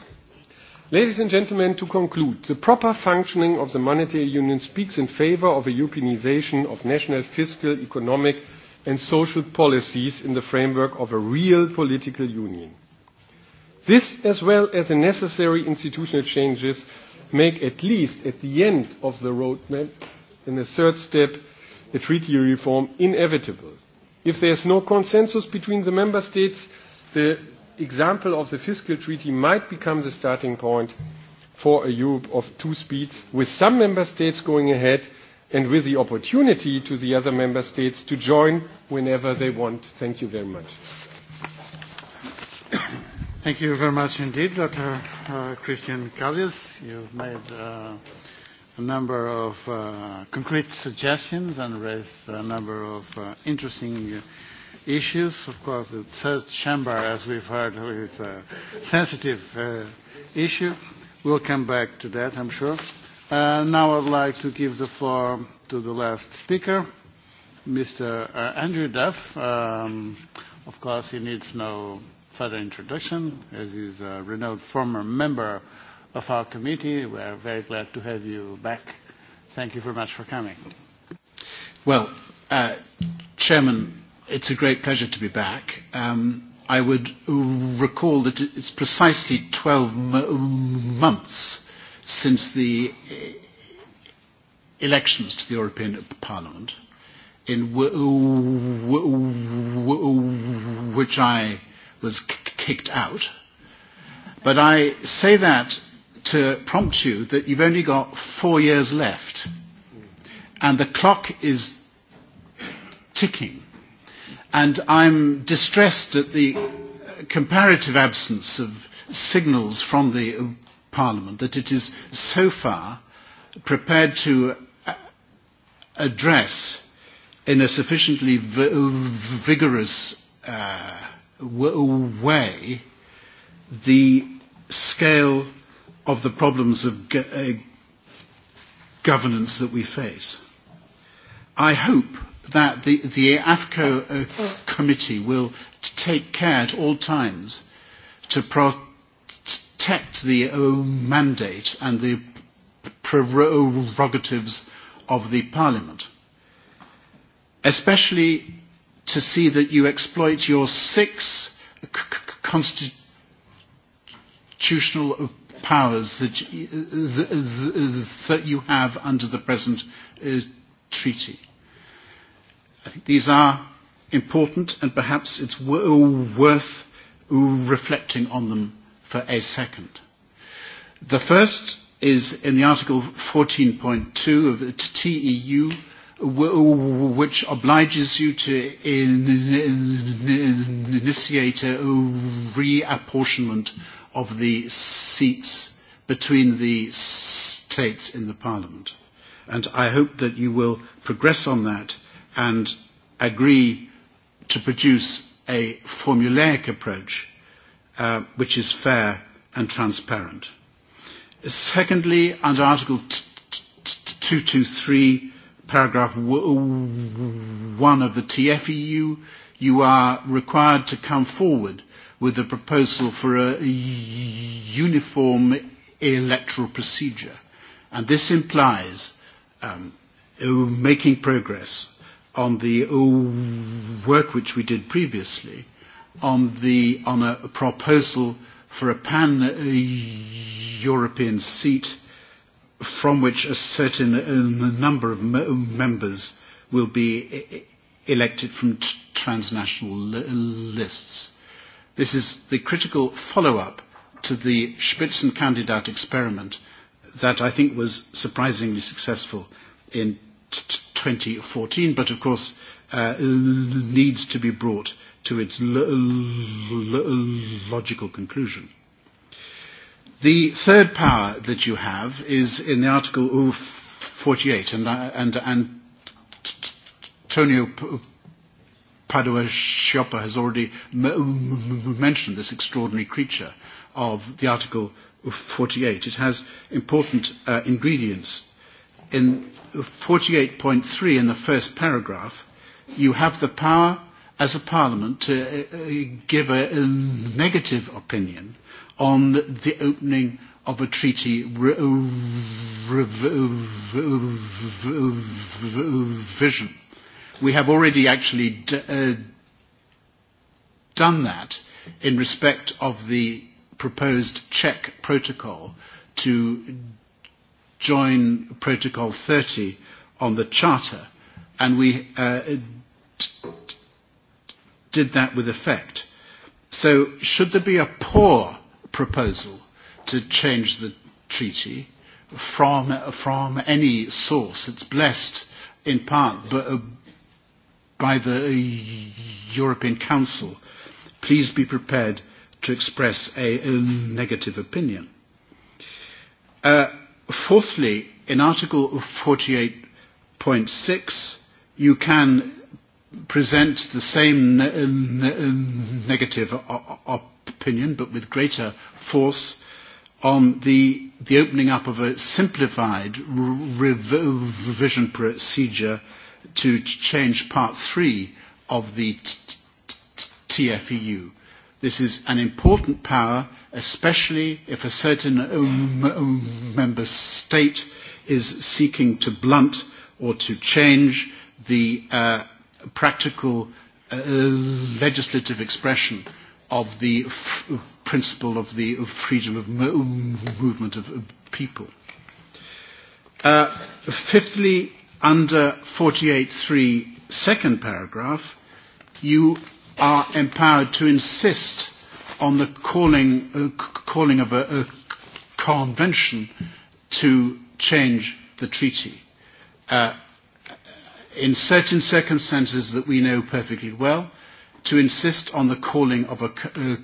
Ladies and gentlemen, to conclude, the proper functioning of the monetary union speaks in favor of a Europeanization of national fiscal, economic and social policies in the framework of a real political union. This, as well as the necessary institutional changes, make at least at the end of the roadmap, in the third step, a treaty reform inevitable. If there is no consensus between the member states, the example of the fiscal treaty might become the starting point for a Europe of two speeds, with some member states going ahead and with the opportunity to the other member states to join whenever they want. Thank you very much. Thank you very much indeed, Dr. Uh, Christian Kallis. You've made uh, a number of uh, concrete suggestions and raised a number of uh, interesting uh, issues. Of course, the third chamber, as we've heard, is a sensitive uh, issue. We'll come back to that, I'm sure. Uh, now I'd like to give the floor to the last speaker, Mr. Uh, Andrew Duff. Um, of course, he needs no further introduction, as he's a renowned former member of our committee. We are very glad to have you back. Thank you very much for coming. Well, uh, Chairman, It's a great pleasure to be back. Um, I would recall that it's precisely 12 m- months since the elections to the European Parliament, in w- w- w- which I was k- kicked out. But I say that to prompt you that you've only got four years left, and the clock is ticking And I'm distressed at the comparative absence of signals from the Parliament that it is so far prepared to address in a sufficiently vigorous uh, w- way the scale of the problems of go- uh, governance that we face. I hope that the, the AFCO uh, committee will take care at all times to protect the uh, mandate and the prerogatives of the parliament, especially to see that you exploit your six constitutional powers that, that you have under the present uh, treaty. I think these are important and perhaps it's is worth reflecting on them for a second. The first is in the article 14.2 of the TEU, which obliges you to initiate a reapportionment of the seats between the states in the parliament. And I hope that you will progress on that and agree to produce a formulaic approach uh, which is fair and transparent. Secondly, under Article 223, paragraph 1 of the TFEU, you are required to come forward with a proposal for a uniform electoral procedure. And this implies um, making progress on the work which we did previously on the on a proposal for a pan European seat from which a certain number of members will be elected from transnational lists. This is the critical follow-up to the Spitzenkandidat experiment that I think was surprisingly successful in 2014, but of course uh, needs to be brought to its logical conclusion. The third power that you have is in the Article 48, and, and, and Antonio Padua Schioppa has already m- mentioned this extraordinary creature of the Article 48. It has important uh, ingredients in 48.3 in the first paragraph, you have the power as a parliament to uh, give a, a negative opinion on the opening of a treaty re- re- We have already actually d- uh, done that in respect of the proposed Czech protocol to join Protocol 30 on the Charter, and we uh, did that with effect. So, should there be a poor proposal to change the treaty from, from any source that's blessed in part by the European Council, please be prepared to express a negative opinion. Uh, Fourthly, in Article 48.6, you can present the same negative opinion, but with greater force, on the, the opening up of a simplified revision procedure to change Part 3 of the TFEU This is an important power, especially if a certain member state is seeking to blunt or to change the uh, practical uh, legislative expression of the f- principle of the freedom of mo- movement of people. Uh, fifthly, under 48.3, second paragraph, you are empowered to insist on the calling, uh, calling of a, a convention to change the treaty. Uh, in certain circumstances that we know perfectly well, to insist on the calling of a a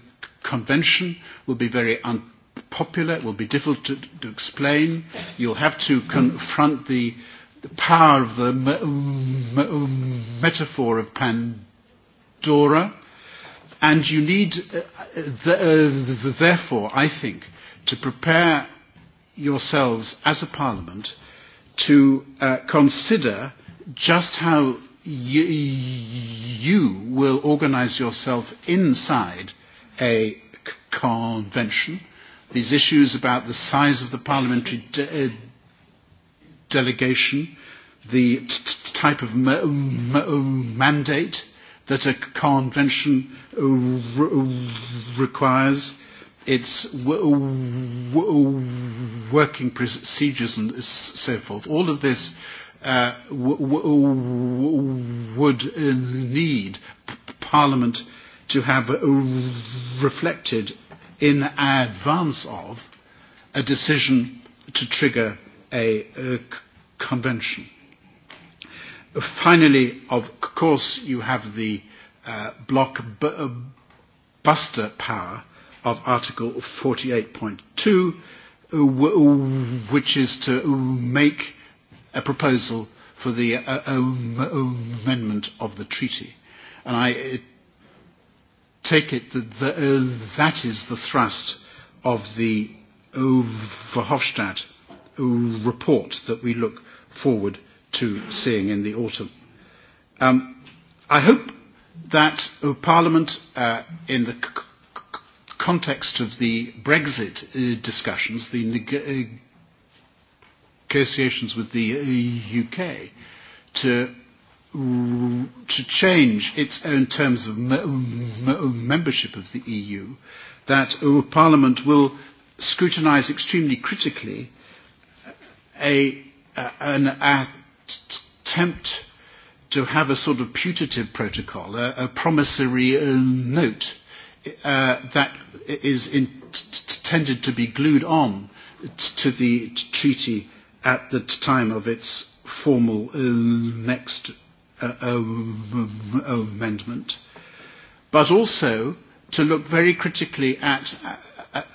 convention will be very unpopular, will be difficult to, to explain. You'll have to confront the, the power of the me- metaphor of pandemic DORA, and you need, uh, the, uh, therefore, I think, to prepare yourselves as a parliament to uh, consider just how you, you will organise yourself inside a convention. These issues about the size of the parliamentary de- uh, delegation, the t- type of m- m- mandate, that a convention requires. Its working procedures and so forth. All of this uh, would need Parliament to have reflected in advance of a decision to trigger a, a convention. Finally, of course, you have the uh, block buster power of Article 48.2, uh, which is to make a proposal for the uh, um, amendment of the treaty. And I take it that the, uh, that is the thrust of the uh, Verhofstadt report that we look forward to seeing in the autumn. Um, I hope that Parliament, uh, in the c- c- context of the Brexit uh, discussions, the neg- negotiations with the uh, UK, to to change its own terms of membership of the EU, that Parliament will scrutinise extremely critically a, an attempt to have a sort of putative protocol, a, a promissory uh, note uh, that is intended to be glued on to the treaty at the time of its formal uh, next uh, um, amendment, but also to look very critically at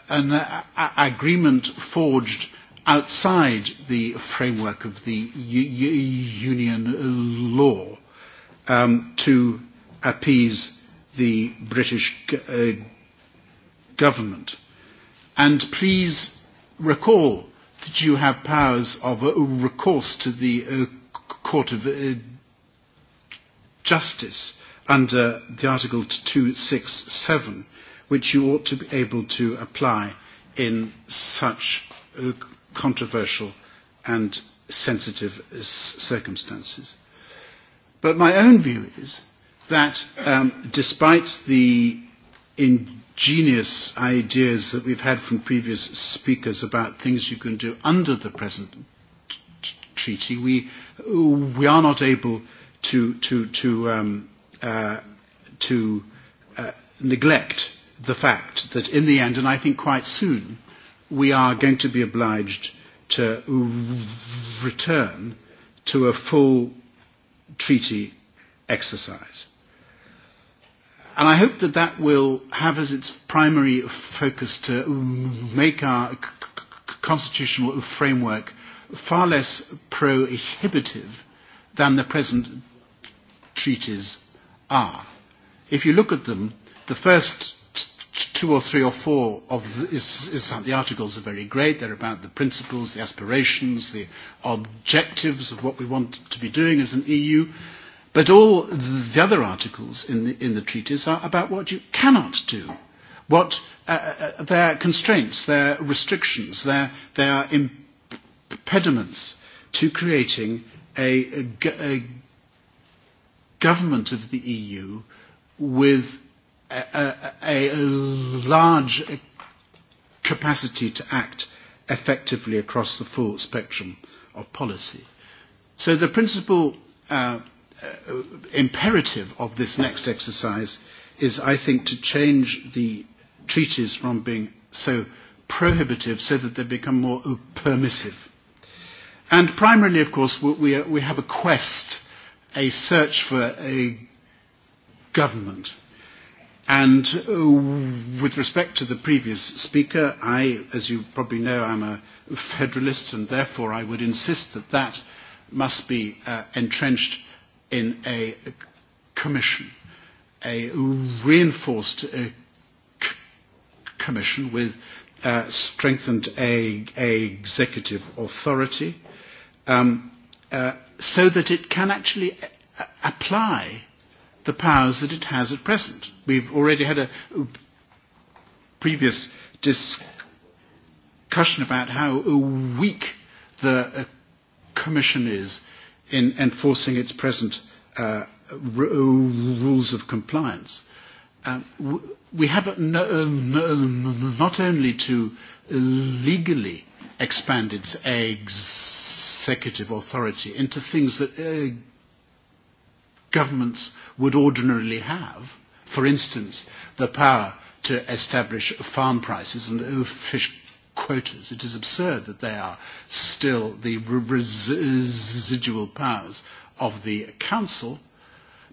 an agreement forged outside the framework of the union law um, to appease the British uh, government. And please recall that you have powers of uh, recourse to the uh, Court of uh, Justice under the Article 267, which you ought to be able to apply in such uh, controversial and sensitive circumstances. But my own view is that um, despite the ingenious ideas that we've had from previous speakers about things you can do under the present treaty, we, we are not able to, to, to, um, uh, to uh, neglect the fact that in the end, and I think quite soon, we are going to be obliged to return to a full treaty exercise. And I hope that that will have as its primary focus to make our constitutional framework far less prohibitive than the present treaties are. If you look at them, the first two or three or four of the, is, is, the articles are very great. They're about the principles, the aspirations, the objectives of what we want to be doing as an EU. But all the other articles in the, in the treaties are about what you cannot do, what uh, their constraints, their restrictions, their, their impediments to creating a, a, a government of the EU with a, a, large capacity to act effectively across the full spectrum of policy. So the principal uh, uh, imperative of this next exercise is, I think, to change the treaties from being so prohibitive so that they become more permissive. And primarily, of course, we, we have a quest, a search for a government And uh, with respect to the previous speaker, I, as you probably know, I'm a federalist, and therefore I would insist that that must be uh, entrenched in a commission, a reinforced uh, commission with uh, strengthened a, a executive authority, um, uh, so that it can actually a- apply the powers that it has at present. We've already had a previous discussion about how weak the Commission is in enforcing its present uh, rules of compliance. Um, we have no, no, not only to legally expand its executive authority into things that uh, governments would ordinarily have. For instance, the power to establish farm prices and fish quotas. It is absurd that they are still the residual powers of the Council,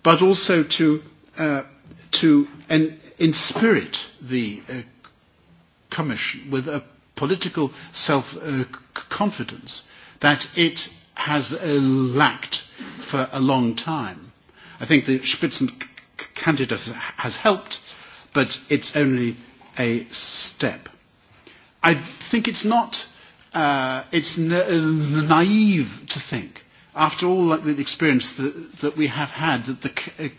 but also to, uh, to en- inspirit the uh, Commission with a political self uh, confidence that it has uh, lacked for a long time I think the Spitzencandidate has helped, but it's only a step. I think it's not, uh, it's na- naive to think, after all the experience that, that we have had, that the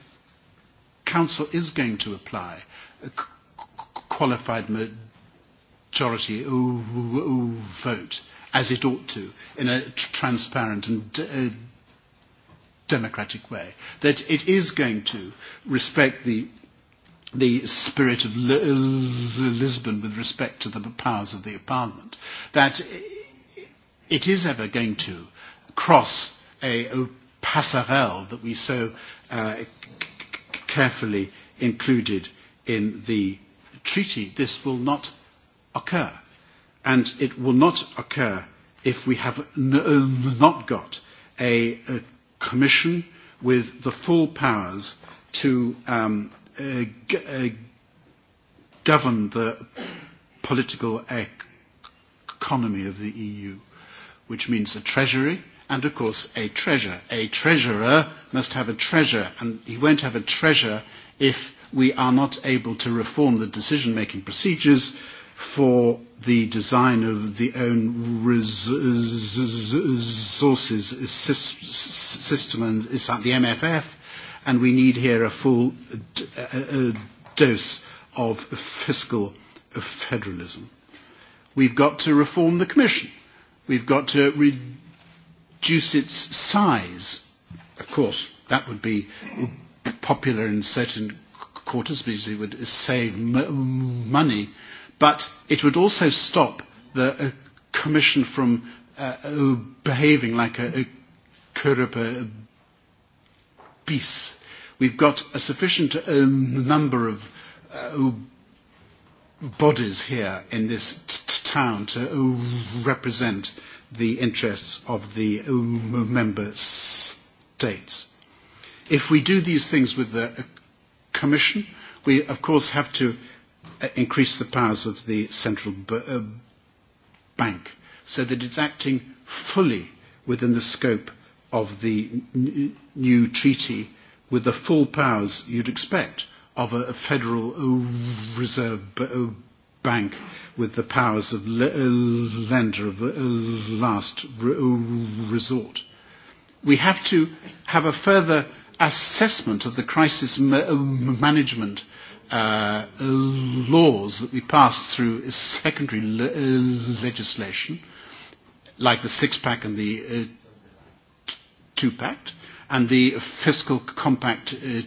Council is going to apply a qualified majority vote, as it ought to, in a transparent and democratic way, that it is going to respect the the spirit of Lisbon with respect to the powers of the Parliament, that it is ever going to cross a, a passerelle that we so uh, carefully included in the treaty. This will not occur. And it will not occur if we have n- not got a, a Commission with the full powers to um, uh, uh, govern the political economy of the EU, which means a treasury and, of course, a treasure. A treasurer must have a treasure, and he won't have a treasure if we are not able to reform the decision-making procedures for the design of the own resources system and it's at the MFF and we need here a full d- dose of fiscal federalism. We've got to reform the Commission. We've got to reduce its size. Of course, that would be popular in certain quarters because it would save m- money uh, but it would also stop the uh, Commission from uh, behaving like a, a Kurupa beast. We've got a sufficient um, number of uh, bodies here in this t- town to uh, represent the interests of the member states. If we do these things with the Commission, we of course have to increase the powers of the central b- uh, bank so that it's acting fully within the scope of the n- new treaty with the full powers you'd expect of a, a federal reserve b- uh, bank with the powers of l- uh, lender of uh, last uh, resort. We have to have a further assessment of the crisis management uh, uh, laws that we pass through secondary le- uh, legislation, like the six pack and the uh, t- two pact, and the fiscal compact uh,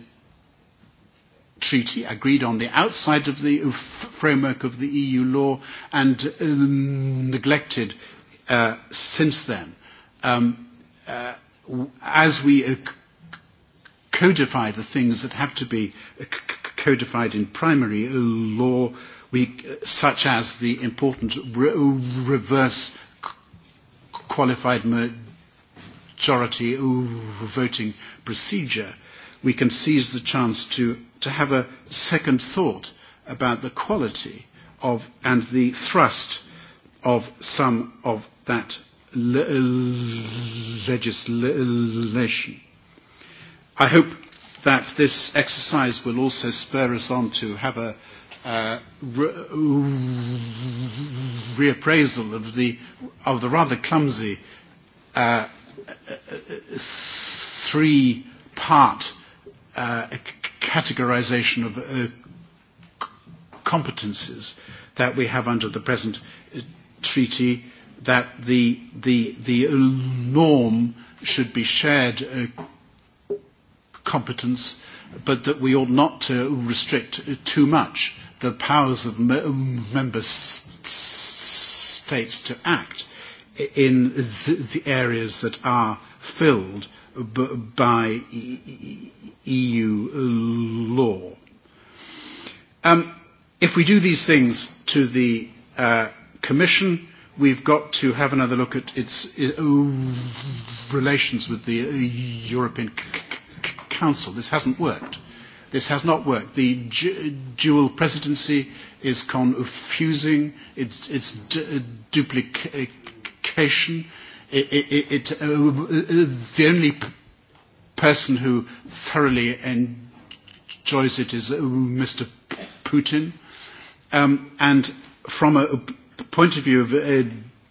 treaty agreed on the outside of the f- framework of the EU law and uh, neglected uh, since then. Um, uh, as we uh, codify the things that have to be uh, codified in primary law, we, such as the important re- reverse qualified majority voting procedure, we can seize the chance to, to have a second thought about the quality of and the thrust of some of that legislation. I hope that this exercise will also spur us on to have a uh, re- reappraisal of the, of the rather clumsy uh, three part uh, categorization of uh, competences that we have under the present uh, treaty, that the, the, the norm should be shared. Uh, competence, but that we ought not to restrict too much the powers of member states to act in the areas that are filled by EU law. Um, if we do these things to the uh, Commission, we've got to have another look at its uh, relations with the European Council. This hasn't worked. This has not worked. The ju- dual presidency is confusing. It's, it's duplication. It, it, it, uh, the only p- person who thoroughly enjoys it is uh, Mr. Putin. Um, and from a point of view of uh,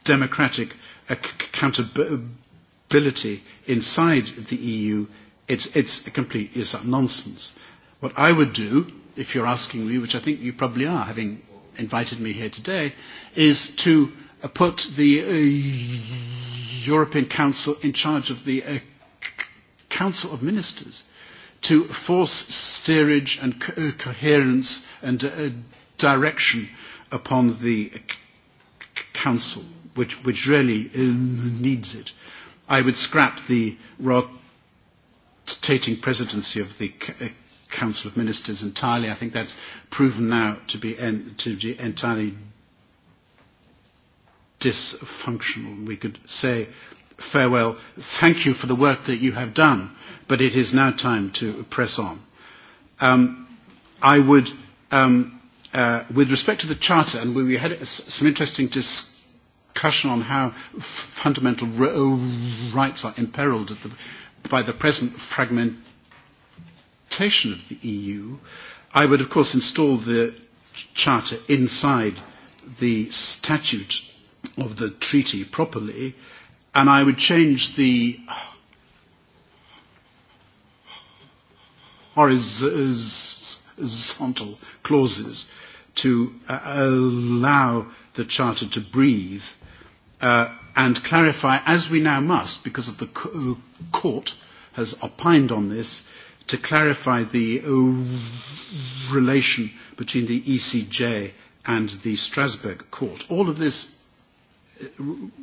democratic accountability inside the EU, It's, it's a complete it's nonsense. What I would do, if you're asking me, which I think you probably are, having invited me here today, is to uh, put the uh, European Council in charge of the uh, Council of Ministers to force steerage and co- uh, coherence and uh, direction upon the Council, which, which really uh, needs it. I would scrap the rock rotating presidency of the Council of Ministers entirely. I think that's proven now to be, en- to be entirely dysfunctional. We could say farewell, thank you for the work that you have done, but it is now time to press on. Um, I would, um, uh, with respect to the Charter, and we had some interesting discussion on how fundamental rights are imperiled at the by the present fragmentation of the EU, I would of course install the Charter inside the statute of the treaty properly, and I would change the horizontal clauses to allow the Charter to breathe uh, and clarify, as we now must, because of the court has opined on this, to clarify the relation between the ECJ and the Strasbourg court. All of this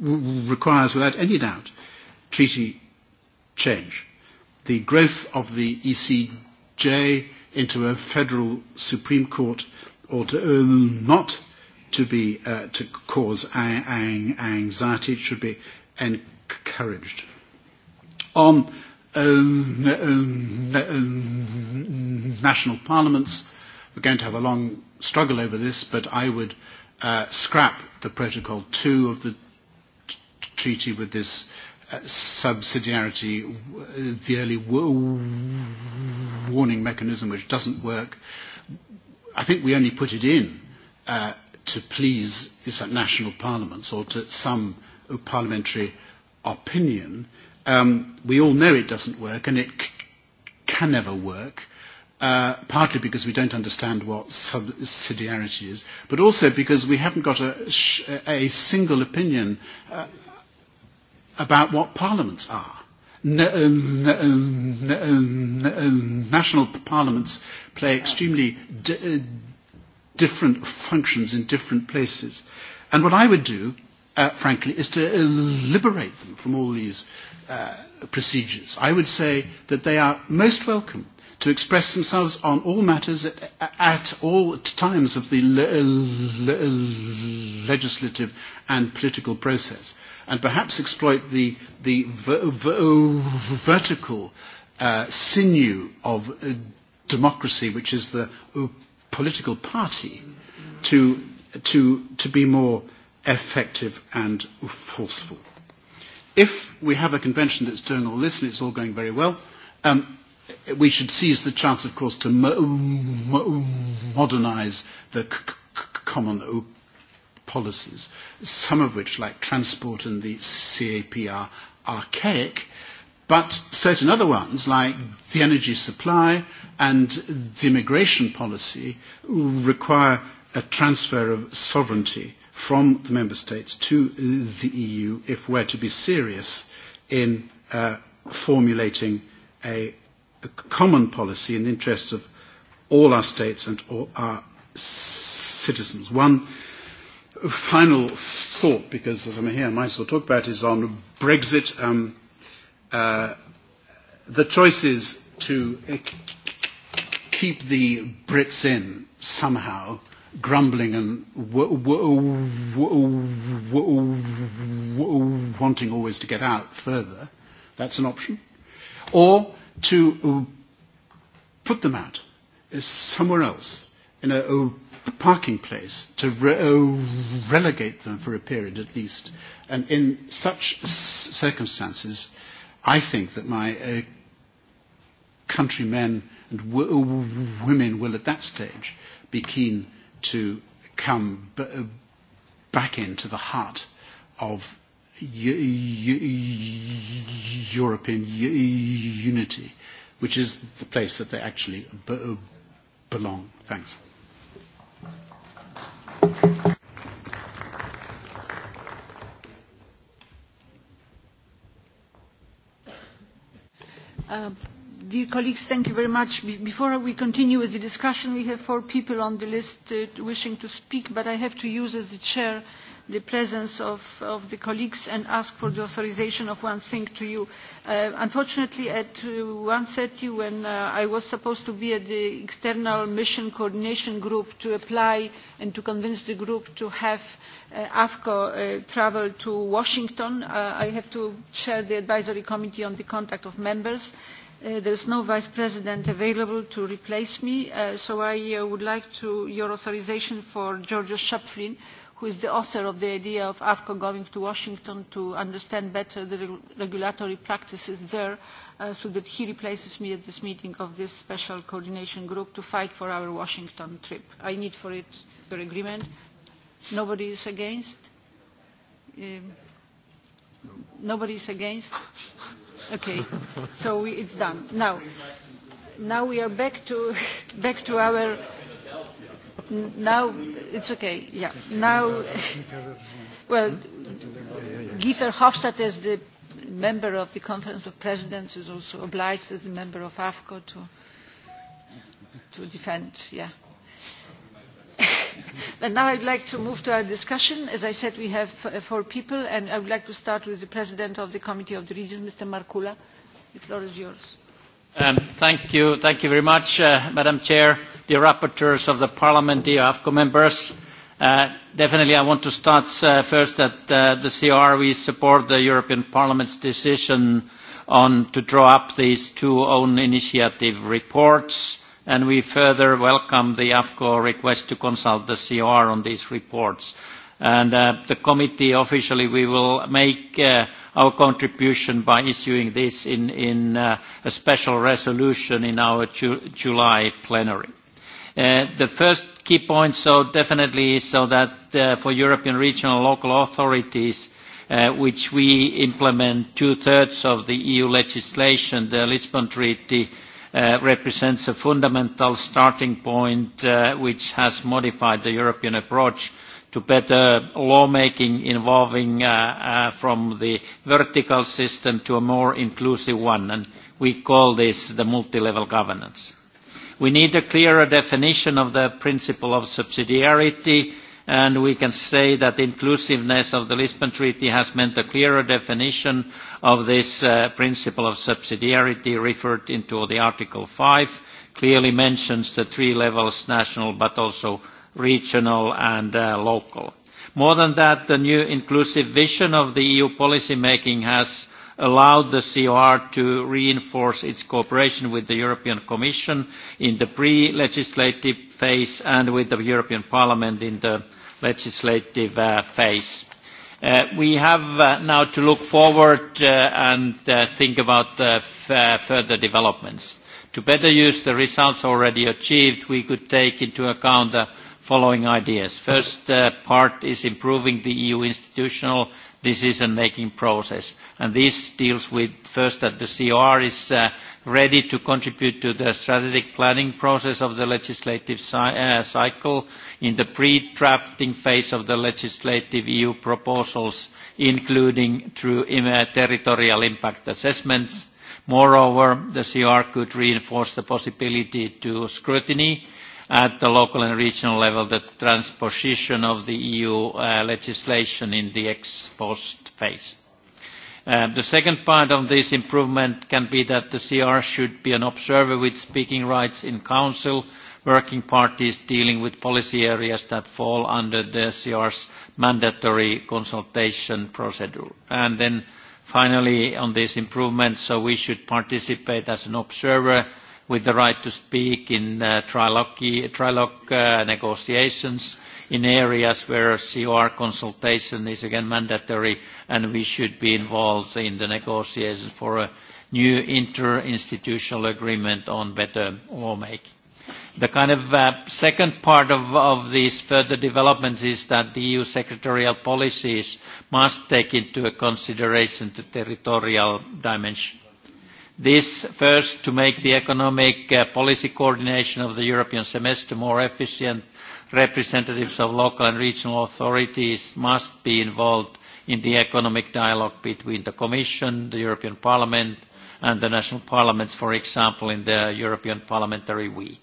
requires, without any doubt, treaty change. The growth of the ECJ into a federal Supreme Court or not to be uh, to cause anxiety. It should be encouraged. On um, national parliaments, we're going to have a long struggle over this, but I would uh, scrap the Protocol 2 of the treaty with this uh subsidiarity, uh the early w warning mechanism, which doesn't work. I think we only put it in uh, to please national parliaments or to some parliamentary opinion. Um, we all know it doesn't work and it c- can never work, uh, partly because we don't understand what subsidiarity is, but also because we haven't got a, sh- a single opinion uh, about what parliaments are. National parliaments play extremely different functions in different places. And what I would do, uh, frankly, is to liberate them from all these uh, procedures. I would say that they are most welcome to express themselves on all matters at, at all times of the le- le- legislative and political process, and perhaps exploit the, the v v vertical uh, sinew of uh, democracy, which is the political party to, to, to be more effective and forceful. If we have a convention that's doing all this and it's all going very well, um, we should seize the chance, of course, to mo- mo- modernize the c- c- common policies, some of which, like transport and the CAP, are archaic, but certain other ones, like the energy supply, and the immigration policy require a transfer of sovereignty from the member states to the EU if we're to be serious in uh, formulating a, a common policy in the interests of all our states and all our citizens. One final thought, because as I'm here, I might as well talk about, is on Brexit. Um, uh, the choices to keep the Brits in somehow, grumbling and w- w- w- w- w- wanting always to get out further. That's an option. Or to put them out somewhere else in a, parking place to re- uh, relegate them for a period at least. And in such circumstances, I think that my uh, countrymen and w- women will at that stage be keen to come b- back into the heart of European unity, which is the place that they actually b- belong. Thanks. Um Dear colleagues, thank you very much. Before we continue with the discussion, we have four people on the list uh, wishing to speak, but I have to use as the chair the presence of, of the colleagues and ask for the authorization of one thing to you. Uh, unfortunately, at uh, 1.30, when uh, I was supposed to be at the external mission coordination group to apply and to convince the group to have uh, AFCO uh, travel to Washington, uh, I have to chair the advisory committee on the contact of members there is no vice president available to replace me, so I would like to your authorization for Georgios Shapflin, who is the author of the idea of AFCO going to Washington to understand better the regulatory practices there, so that he replaces me at this meeting of this special coordination group to fight for our Washington trip. I need for it your agreement. Nobody is against? Um, nobody is against? Okay, so it's done. Now, now we are back to, back to our... Now, it's okay, yeah. Now, well, Guy Hofstadt as the member of the Conference of Presidents is also obliged as a member of AFCO to, to defend, yeah. And now I'd like to move to our discussion. As I said, we have four people, and I would like to start with the President of the Committee of the Regions, Mr. Markula. The floor is yours. Um, thank you. Thank you very much, uh, Madam Chair, dear rapporteurs of the Parliament, dear AFCO members. Uh, definitely, I want to start uh, first that uh, the CR, we support the European Parliament's decision on to draw up these two own initiative reports and we further welcome the AFCO request to consult the CR on these reports. And uh, the committee officially, we will make uh, our contribution by issuing this in, in uh, a special resolution in our Ju July plenary. Uh, the first key point, so definitely, is so that uh, for European regional and local authorities, uh, which we implement two-thirds of the EU legislation, the Lisbon Treaty, uh, represents a fundamental starting point which has modified the European approach to better lawmaking involving from the vertical system to a more inclusive one, and we call this the multi-level governance. We need a clearer definition of the principle of subsidiarity, and we can say that the inclusiveness of the Lisbon Treaty has meant a clearer definition of this principle of subsidiarity referred into in Article which clearly mentions the three levels, national but also regional and local. More than that, the new inclusive vision of the EU policymaking has allowed the COR to reinforce its cooperation with the European Commission in the pre-legislative phase and with the European Parliament in the legislative uh, phase. we have now to look forward and think about further developments. To better use the results already achieved, we could take into account the following ideas. First part is improving the EU institutional decision-making process. And this deals with first that the CR is uh, ready to contribute to the strategic planning process of the legislative uh, cycle in the pre-drafting phase of the legislative EU proposals, including through territorial impact assessments. Moreover, the CR could reinforce the possibility to scrutiny at the local and regional level the transposition of the EU uh, legislation in the ex post phase. Uh, the second part of this improvement can be that the CR should be an observer with speaking rights in Council, working parties dealing with policy areas that fall under the CR's mandatory consultation procedure. And then finally on this improvement, so we should participate as an observer with the right to speak in uh, trilogue, trilogue uh, negotiations in areas where COR consultation is again mandatory and we should be involved in the negotiations for a new interinstitutional agreement on better lawmaking. The kind of uh, second part of, of these further developments is that the EU secretarial policies must take into consideration the territorial dimension This first to make the economic policy coordination of the European semester more efficient, representatives of local and regional authorities must be involved in the economic dialogue between the Commission, the European Parliament and the national parliaments, for example, in the European Parliamentary Week.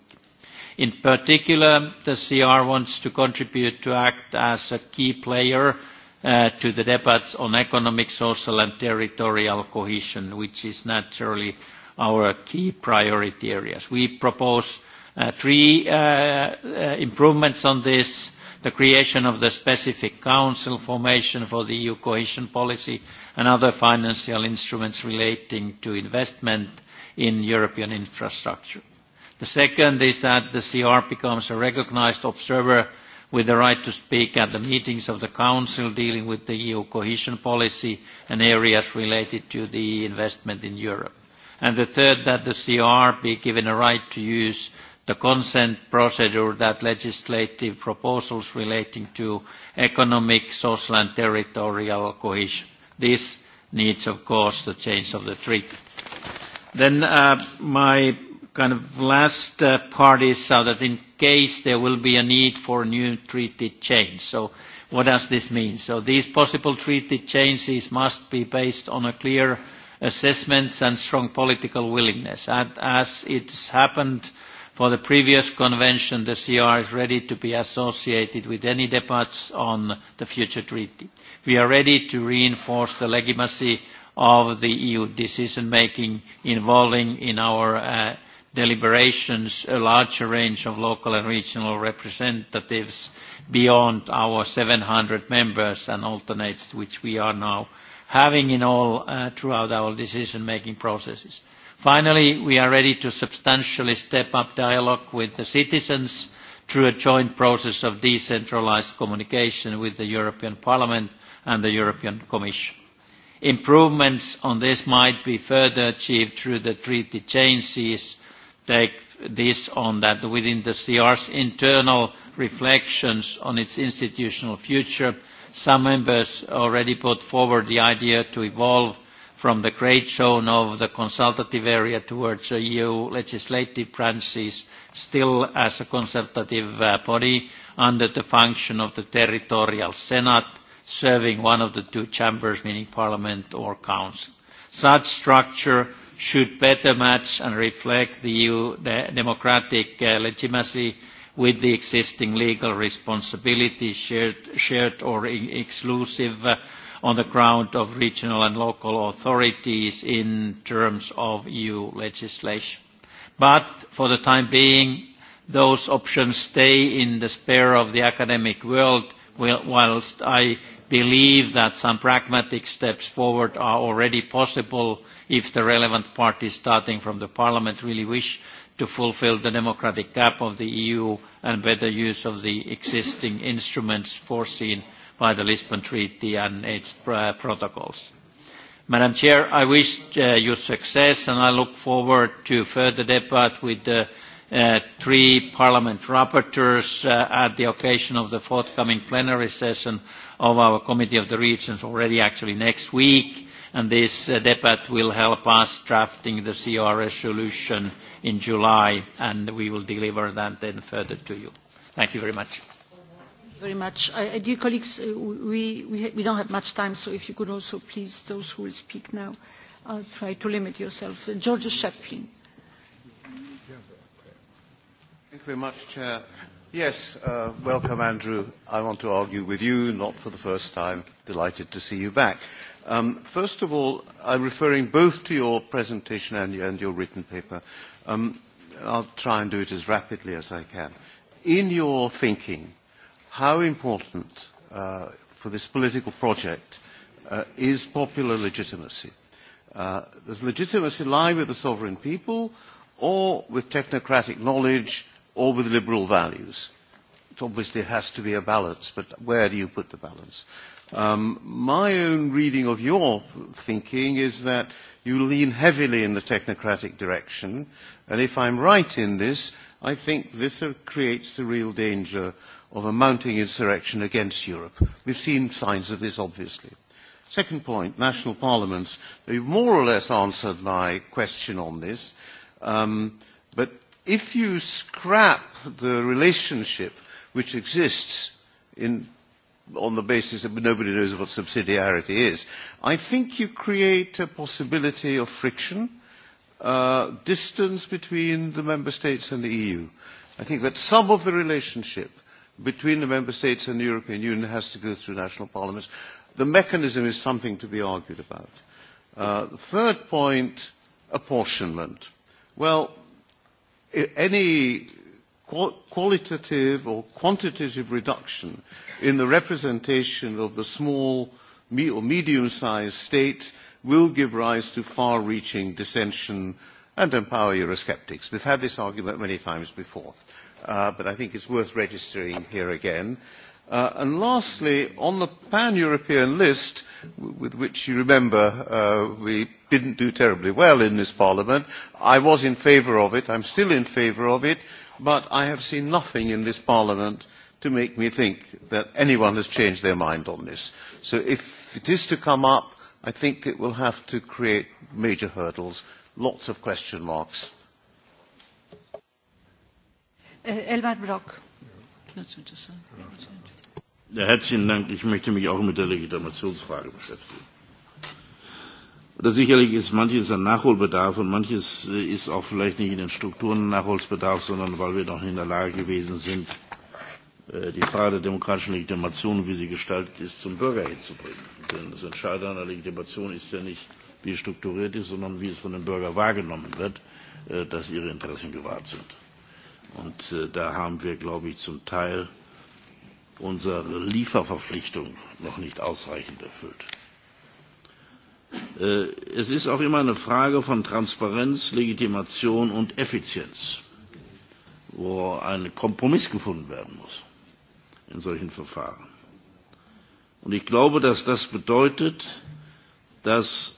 In particular, the CR wants to contribute to act as a key player to the debates on economic, social and territorial cohesion, which is naturally our key priority areas. We propose uh, three uh, uh, improvements on this, the creation of the specific council formation for the EU cohesion policy and other financial instruments relating to investment in European infrastructure. The second is that the CR becomes a recognized observer with the right to speak at the meetings of the Council dealing with the EU cohesion policy and areas related to the investment in Europe. And the third, that the CR be given a right to use the consent procedure that legislative proposals relating to economic, social and territorial cohesion. This needs, of course, the change of the treaty. Then uh, my kind of last uh, part is so that in case there will be a need for a new treaty change. So what does this mean? So these possible treaty changes must be based on a clear assessments and strong political willingness. And as it's happened for the previous convention, the CR is ready to be associated with any debates on the future treaty. We are ready to reinforce the legitimacy of the EU decision-making involving in our uh, deliberations, a larger range of local and regional representatives beyond our 700 members and alternates, which we are now having in all uh, throughout our decision-making processes. Finally, we are ready to substantially step up dialogue with the citizens through a joint process of decentralized communication with the European Parliament and the European Commission. Improvements on this might be further achieved through the treaty changes take this on that within the CR's internal reflections on its institutional future, some members already put forward the idea to evolve from the great zone of the consultative area towards the EU legislative branches, still as a consultative uh, body under the function of the territorial senate, serving one of the two chambers, meaning parliament or council. Such structure should better match and reflect the EU democratic legitimacy with the existing legal responsibilities shared, shared or exclusive on the ground of regional and local authorities in terms of EU legislation. But for the time being, those options stay in the sphere of the academic world, whilst I believe that some pragmatic steps forward are already possible if the relevant parties starting from the parliament really wish to fulfill the democratic gap of the EU and better use of the existing instruments foreseen by the Lisbon Treaty and its protocols. Madam Chair, I wish you success and I look forward to further debate with the three Parliament rapporteurs at the occasion of the forthcoming plenary session of our Committee of the Regions already actually next week and this uh, debate will help us drafting the CR resolution in July, and we will deliver that then further to you. Thank you very much. Very much. dear colleagues, uh, we, we, we don't have much time, so if you could also please, those who will speak now, uh, try to limit yourself. Uh, George Shefflin. Thank you very much, Chair. Yes, uh, welcome, Andrew. I want to argue with you, not for the first time. Delighted to see you back. Um, first of all, I'm referring both to your presentation and, and your written paper. Um, I'll try and do it as rapidly as I can. In your thinking, how important uh, for this political project uh, is popular legitimacy? Uh, does legitimacy lie with the sovereign people or with technocratic knowledge or with liberal values? It obviously has to be a balance, but where do you put the balance? Um, my own reading of your thinking is that you lean heavily in the technocratic direction, and if I'm right in this, I think this creates the real danger of a mounting insurrection against Europe. We've seen signs of this, obviously. Second point, national parliaments. You've more or less answered my question on this, um, but if you scrap the relationship which exists in on the basis that nobody knows what subsidiarity is. I think you create a possibility of friction, uh, distance between the member states and the EU. I think that some of the relationship between the member states and the European Union has to go through national parliaments. The mechanism is something to be argued about. Uh, the third point, apportionment. Well, any qualitative or quantitative reduction in the representation of the small or medium-sized states will give rise to far-reaching dissension and empower Eurosceptics. We've had this argument many times before, uh, but I think it's worth registering here again. Uh, and lastly, on the pan-European list, with which you remember uh, we didn't do terribly well in this Parliament, I was in favour of it, I'm still in favour of it, but I have seen nothing in this Parliament to make me think that anyone has changed their mind on this. So if it is to come up, I think it will have to create major hurdles, lots of question marks. Brock. herzlichen Dank. Ich möchte mich auch mit der Legitimationsfrage beschäftigen Oder sicherlich ist manches ein Nachholbedarf und manches ist auch vielleicht nicht in den Strukturen ein Nachholbedarf, sondern weil wir noch in der Lage gewesen sind, die Frage der demokratischen Legitimation, wie sie gestaltet ist, zum Bürger hinzubringen. Denn das Entscheidende an der Legitimation ist ja nicht, wie es strukturiert ist, sondern wie es von dem Bürger wahrgenommen wird, dass ihre Interessen gewahrt sind. Und da haben wir, glaube ich, zum Teil unsere Lieferverpflichtung noch nicht ausreichend erfüllt. Es ist auch immer eine Frage von Transparenz, Legitimation und Effizienz, wo ein Kompromiss gefunden werden muss in solchen Verfahren. Und ich glaube, dass das bedeutet, dass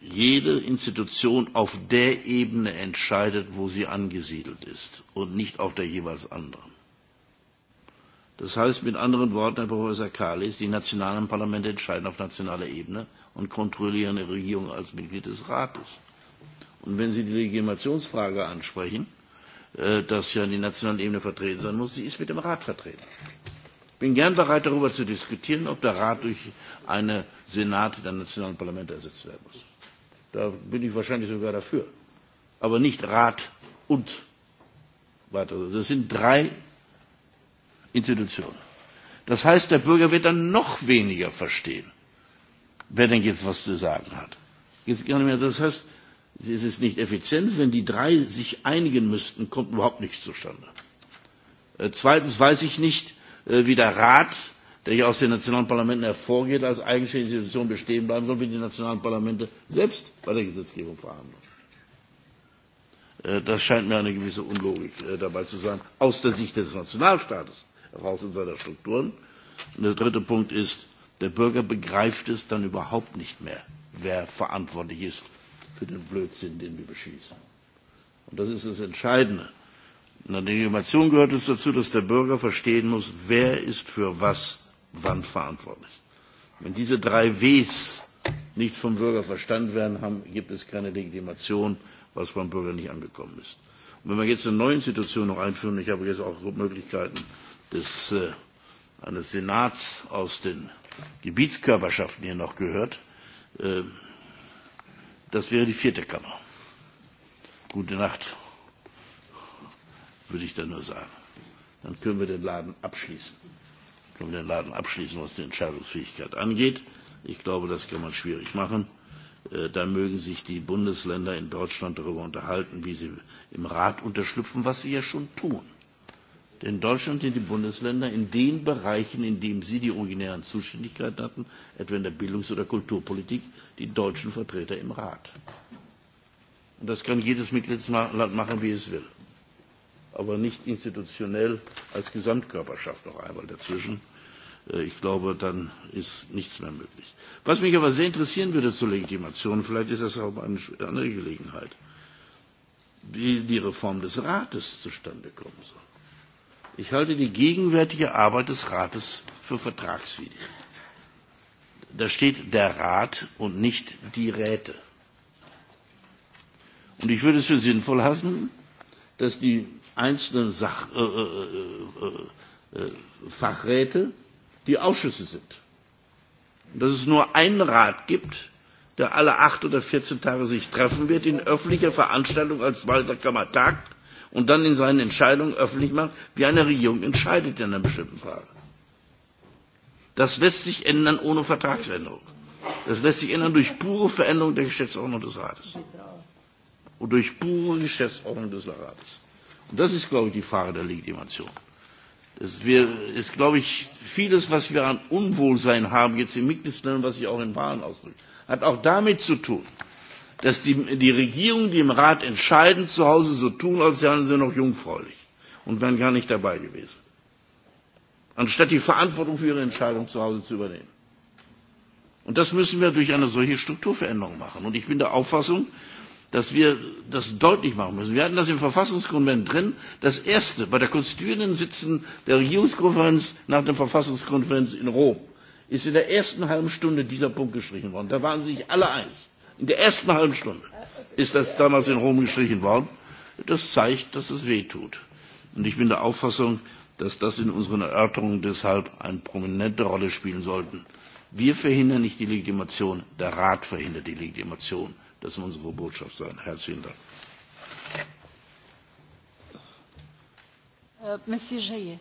jede Institution auf der Ebene entscheidet, wo sie angesiedelt ist und nicht auf der jeweils anderen. Das heißt mit anderen Worten, Herr Professor Kalis, die nationalen Parlamente entscheiden auf nationaler Ebene und kontrollieren die Regierung als Mitglied des Rates. Und wenn Sie die Legitimationsfrage ansprechen, dass ja in der nationalen Ebene vertreten sein muss, sie ist mit dem Rat vertreten. Ich bin gern bereit, darüber zu diskutieren, ob der Rat durch einen Senat der nationalen Parlamente ersetzt werden muss. Da bin ich wahrscheinlich sogar dafür. Aber nicht Rat und weiter. Das sind drei Institutionen. Das heißt, der Bürger wird dann noch weniger verstehen, wer denn jetzt was zu sagen hat. Das heißt, es ist nicht effizient, wenn die drei sich einigen müssten, kommt überhaupt nichts zustande. Zweitens weiß ich nicht, wie der Rat, der ja aus den nationalen Parlamenten hervorgeht, als eigenständige Institution bestehen bleiben soll, wie die nationalen Parlamente selbst bei der Gesetzgebung verhandeln. Das scheint mir eine gewisse Unlogik dabei zu sein, aus der Sicht des Nationalstaates raus in seiner Strukturen. Und der dritte Punkt ist, der Bürger begreift es dann überhaupt nicht mehr, wer verantwortlich ist für den Blödsinn, den wir beschließen. Und das ist das Entscheidende. In der Legitimation gehört es dazu, dass der Bürger verstehen muss, wer ist für was wann verantwortlich. Wenn diese drei Ws nicht vom Bürger verstanden werden, haben, gibt es keine Legitimation, was beim Bürger nicht angekommen ist. Und wenn wir jetzt eine neue Institution noch einführen, ich habe jetzt auch Möglichkeiten, eines Senats aus den Gebietskörperschaften hier noch gehört. Das wäre die vierte Kammer. Gute Nacht, würde ich dann nur sagen. Dann können wir den Laden abschließen. Können wir den Laden abschließen, was die Entscheidungsfähigkeit angeht. Ich glaube, das kann man schwierig machen. Da mögen sich die Bundesländer in Deutschland darüber unterhalten, wie sie im Rat unterschlüpfen, was sie ja schon tun. Denn Deutschland sind die Bundesländer in den Bereichen, in denen sie die originären Zuständigkeit hatten, etwa in der Bildungs- oder Kulturpolitik, die deutschen Vertreter im Rat. Und das kann jedes Mitgliedsland machen, wie es will. Aber nicht institutionell als Gesamtkörperschaft noch einmal dazwischen. Ich glaube, dann ist nichts mehr möglich. Was mich aber sehr interessieren würde zur Legitimation, vielleicht ist das auch eine andere Gelegenheit, wie die Reform des Rates zustande kommen soll Ich halte die gegenwärtige Arbeit des Rates für vertragswidrig. Da steht der Rat und nicht die Räte. Und ich würde es für sinnvoll hassen, dass die einzelnen Sach äh, äh, äh, Fachräte die Ausschüsse sind. Und dass es nur einen Rat gibt, der alle acht oder vierzehn Tage sich treffen wird, in öffentlicher Veranstaltung als zweiter Kammer tagt und dann in seinen Entscheidungen öffentlich macht, wie eine Regierung entscheidet in einer bestimmten Frage. Das lässt sich ändern ohne Vertragsänderung. Das lässt sich ändern durch pure Veränderung der Geschäftsordnung des Rates. Und durch pure Geschäftsordnung des Rates. Und das ist, glaube ich, die Frage der Legitimation. Es ist, glaube ich, vieles, was wir an Unwohlsein haben jetzt in Mitgliedsländern, was sich auch in Wahlen ausdrückt, hat auch damit zu tun, dass die, die Regierungen, die im Rat entscheiden, zu Hause so tun, als seien sie noch jungfräulich und wären gar nicht dabei gewesen. Anstatt die Verantwortung für ihre Entscheidung zu Hause zu übernehmen. Und das müssen wir durch eine solche Strukturveränderung machen. Und ich bin der Auffassung, dass wir das deutlich machen müssen. Wir hatten das im Verfassungskonvent drin. Das erste bei der konstituierenden Sitzung der Regierungskonferenz nach der Verfassungskonferenz in Rom ist in der ersten halben Stunde dieser Punkt gestrichen worden. Da waren sich alle einig. In der ersten halben Stunde ist das damals in Rom gestrichen worden. Das zeigt, dass es weh tut. Und ich bin der Auffassung, dass das in unseren Erörterungen deshalb eine prominente Rolle spielen sollte. Wir verhindern nicht die Legitimation, der Rat verhindert die Legitimation. Das muss unsere Botschaft sein. Herzlichen Dank. Monsieur Jaillet.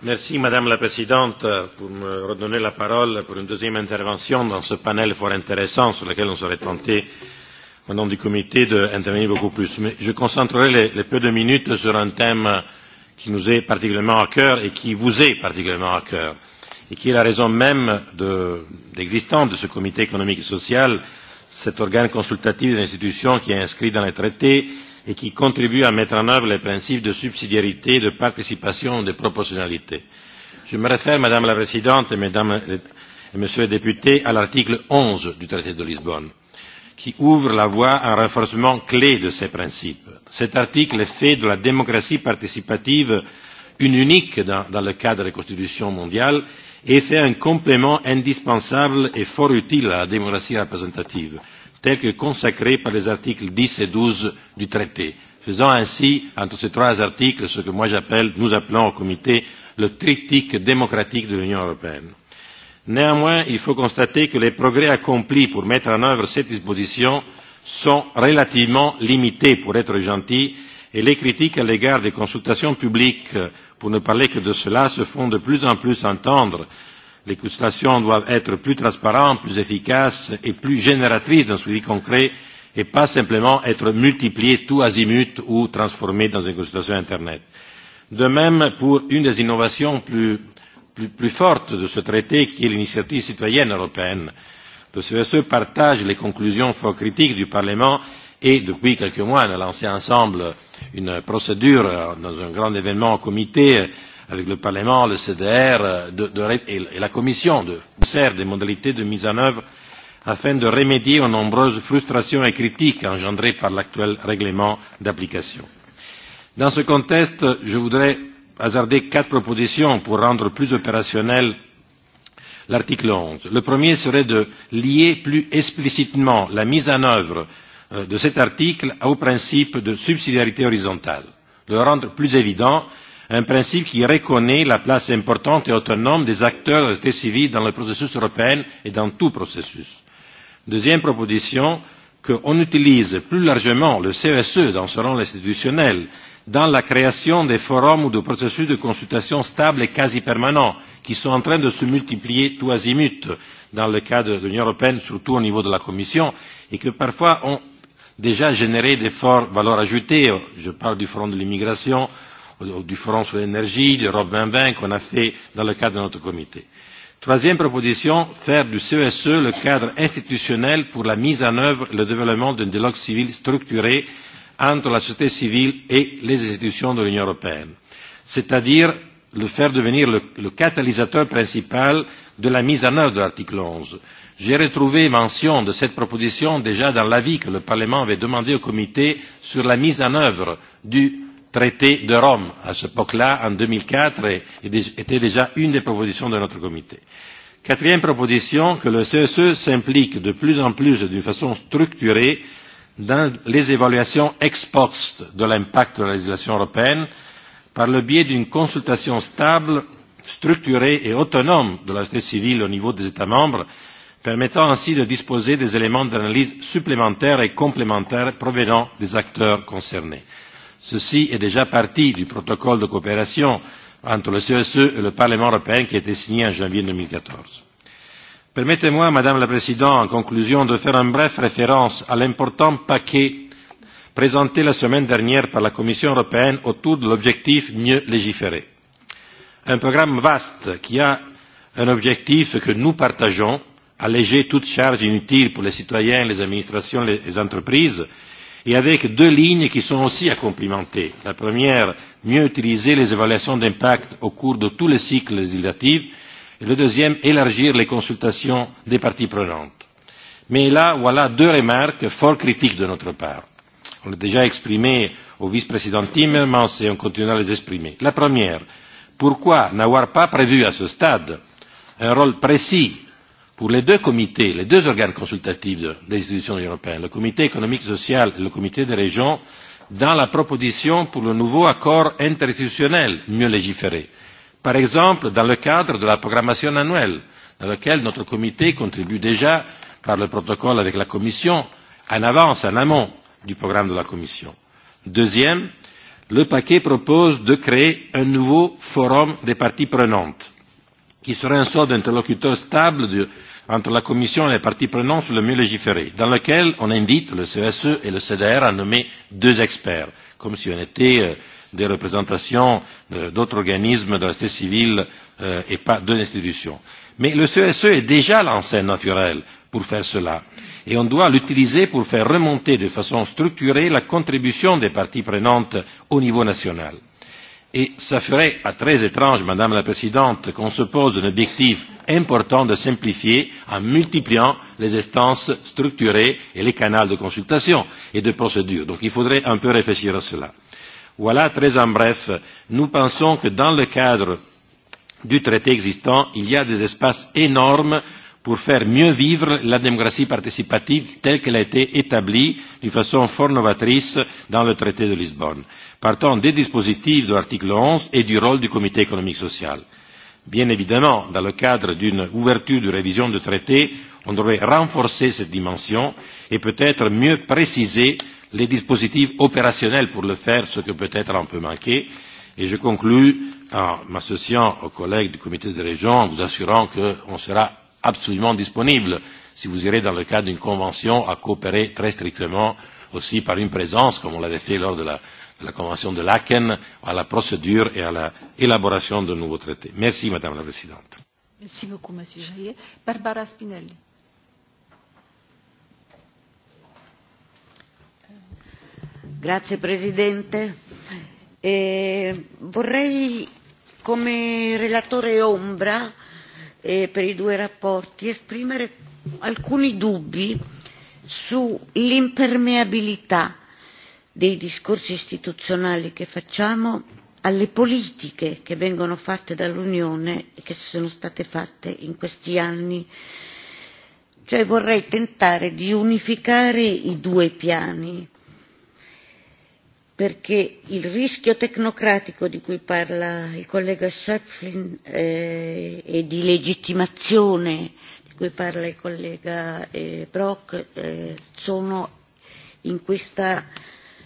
Merci Madame la Présidente pour me redonner la parole pour une deuxième intervention dans ce panel fort intéressant sur lequel on serait tenté, au nom du comité, d'intervenir beaucoup plus. Mais je concentrerai les, les peu de minutes sur un thème qui nous est particulièrement à cœur et qui vous est particulièrement à cœur et qui est la raison même de l'existence de ce comité économique et social, cet organe consultatif des institutions qui est inscrit dans les traités et qui contribue à mettre en œuvre les principes de subsidiarité, de participation et de proportionnalité. Je me réfère, Madame la Présidente et Mesdames et Messieurs les députés, à l'article 11 du traité de Lisbonne, qui ouvre la voie à un renforcement clé de ces principes. Cet article fait de la démocratie participative une unique dans, dans le cadre de la Constitution mondiale et fait un complément indispensable et fort utile à la démocratie représentative tel que consacré par les articles dix et douze du traité, faisant ainsi entre ces trois articles ce que moi j'appelle, nous appelons au comité le triptyque démocratique de l'Union européenne. Néanmoins, il faut constater que les progrès accomplis pour mettre en œuvre cette disposition sont relativement limités, pour être gentil, et les critiques à l'égard des consultations publiques, pour ne parler que de cela, se font de plus en plus entendre les consultations doivent être plus transparentes, plus efficaces et plus génératrices d'un suivi concret et pas simplement être multipliées tout azimut ou transformées dans une consultation Internet. De même, pour une des innovations plus, plus, plus fortes de ce traité, qui est l'initiative citoyenne européenne, le CSE partage les conclusions fort critiques du Parlement et depuis quelques mois, on a lancé ensemble une procédure dans un grand événement au comité euh, avec le Parlement, le CDR et la Commission de faire des modalités de mise en œuvre afin de remédier aux nombreuses frustrations et critiques engendrées par l'actuel règlement d'application. Dans ce contexte, je voudrais hasarder quatre propositions pour rendre plus opérationnel l'article onze. Le premier serait de lier plus explicitement la mise en œuvre de cet article au principe de subsidiarité horizontale, de le rendre plus évident un principe qui reconnaît la place importante et autonome des acteurs de la société civile dans le processus européen et dans tout processus. Deuxième proposition, qu'on utilise plus largement le CSE dans ce rôle institutionnel dans la création des forums ou de processus de consultation stables et quasi permanents qui sont en train de se multiplier tout azimut dans le cadre de l'Union européenne, surtout au niveau de la Commission, et que parfois ont déjà généré des fortes valeurs ajoutées. Je parle du front de l'immigration, euh, du différences sur l'énergie, d'Europe 2020 qu'on a fait dans le cadre de notre comité. Troisième proposition, faire du CESE le cadre institutionnel pour la mise en œuvre et le développement d'un dialogue civil structuré entre la société civile et les institutions de l'Union européenne, c'est-à-dire le faire devenir le, le catalyseur principal de la mise en œuvre de l'article 11. J'ai retrouvé mention de cette proposition déjà dans l'avis que le Parlement avait demandé au comité sur la mise en œuvre du traité de Rome à cette époque-là, en 2004, et était déjà une des propositions de notre comité. Quatrième proposition, que le CSE s'implique de plus en plus d'une façon structurée dans les évaluations ex post de l'impact de la législation européenne par le biais d'une consultation stable, structurée et autonome de la société civile au niveau des États membres, permettant ainsi de disposer des éléments d'analyse supplémentaires et complémentaires provenant des acteurs concernés. Ceci est déjà partie du protocole de coopération entre le CESE et le Parlement européen qui a été signé en janvier deux mille quatorze. Permettez-moi, Madame la Présidente, en conclusion, de faire une brève référence à l'important paquet présenté la semaine dernière par la Commission européenne autour de l'objectif mieux légiférer. Un programme vaste qui a un objectif que nous partageons, alléger toute charge inutile pour les citoyens, les administrations et les entreprises, et avec deux lignes qui sont aussi à complimenter. La première, mieux utiliser les évaluations d'impact au cours de tous les cycles législatifs, et le deuxième, élargir les consultations des parties prenantes. Mais là, voilà deux remarques fort critiques de notre part. On l'a déjà exprimé au vice-président Timmermans et on continuera à les exprimer. La première, pourquoi n'avoir pas prévu à ce stade un rôle précis pour les deux comités, les deux organes consultatifs des institutions européennes, le comité économique et social et le comité des régions, dans la proposition pour le nouveau accord interinstitutionnel mieux légiféré. Par exemple, dans le cadre de la programmation annuelle, dans laquelle notre comité contribue déjà par le protocole avec la Commission, en avance, en amont du programme de la Commission. Deuxième, le paquet propose de créer un nouveau forum des parties prenantes, qui serait un sort d'interlocuteur stable de, entre la Commission et les parties prenantes sur le mieux légiférer, dans lequel on invite le CSE et le CDR à nommer deux experts, comme si on était des représentations d'autres organismes de la société civile et pas deux institutions. Mais le CSE est déjà l'enseigne naturelle pour faire cela. Et on doit l'utiliser pour faire remonter de façon structurée la contribution des parties prenantes au niveau national Et ça ferait à très étrange, Madame la Présidente, qu'on se pose un objectif important de simplifier en multipliant les instances structurées et les canaux de consultation et de procédure. Donc il faudrait un peu réfléchir à cela. Voilà, très en bref, nous pensons que dans le cadre du traité existant, il y a des espaces énormes pour faire mieux vivre la démocratie participative telle qu'elle a été établie d'une façon fort novatrice dans le traité de Lisbonne, partant des dispositifs de l'article onze et du rôle du comité économique social. Bien évidemment, dans le cadre d'une ouverture de révision du traité, on devrait renforcer cette dimension et peut-être mieux préciser les dispositifs opérationnels pour le faire, ce que peut-être on peut manquer. Et je conclus en m'associant aux collègues du comité des régions en vous assurant qu'on sera absolument disponible si vous irez dans le cadre d'une convention à coopérer très strictement aussi par une présence, comme on l'avait fait lors de la, de la convention de Laken, à la procédure et à l'élaboration de nouveaux traités. Merci, Madame la Présidente. Merci beaucoup, Monsieur Jaillet. Barbara Spinelli. Grazie Presidente. Eh, vorrei, come relatore ombra, e per i due rapporti esprimere alcuni dubbi sull'impermeabilità dei discorsi istituzionali che facciamo alle politiche che vengono fatte dall'Unione e che sono state fatte in questi anni. Cioè vorrei tentare di unificare i due piani perché il rischio tecnocratico di cui parla il collega Schöpflin eh, e di legittimazione di cui parla il collega eh, Brock eh, sono in questa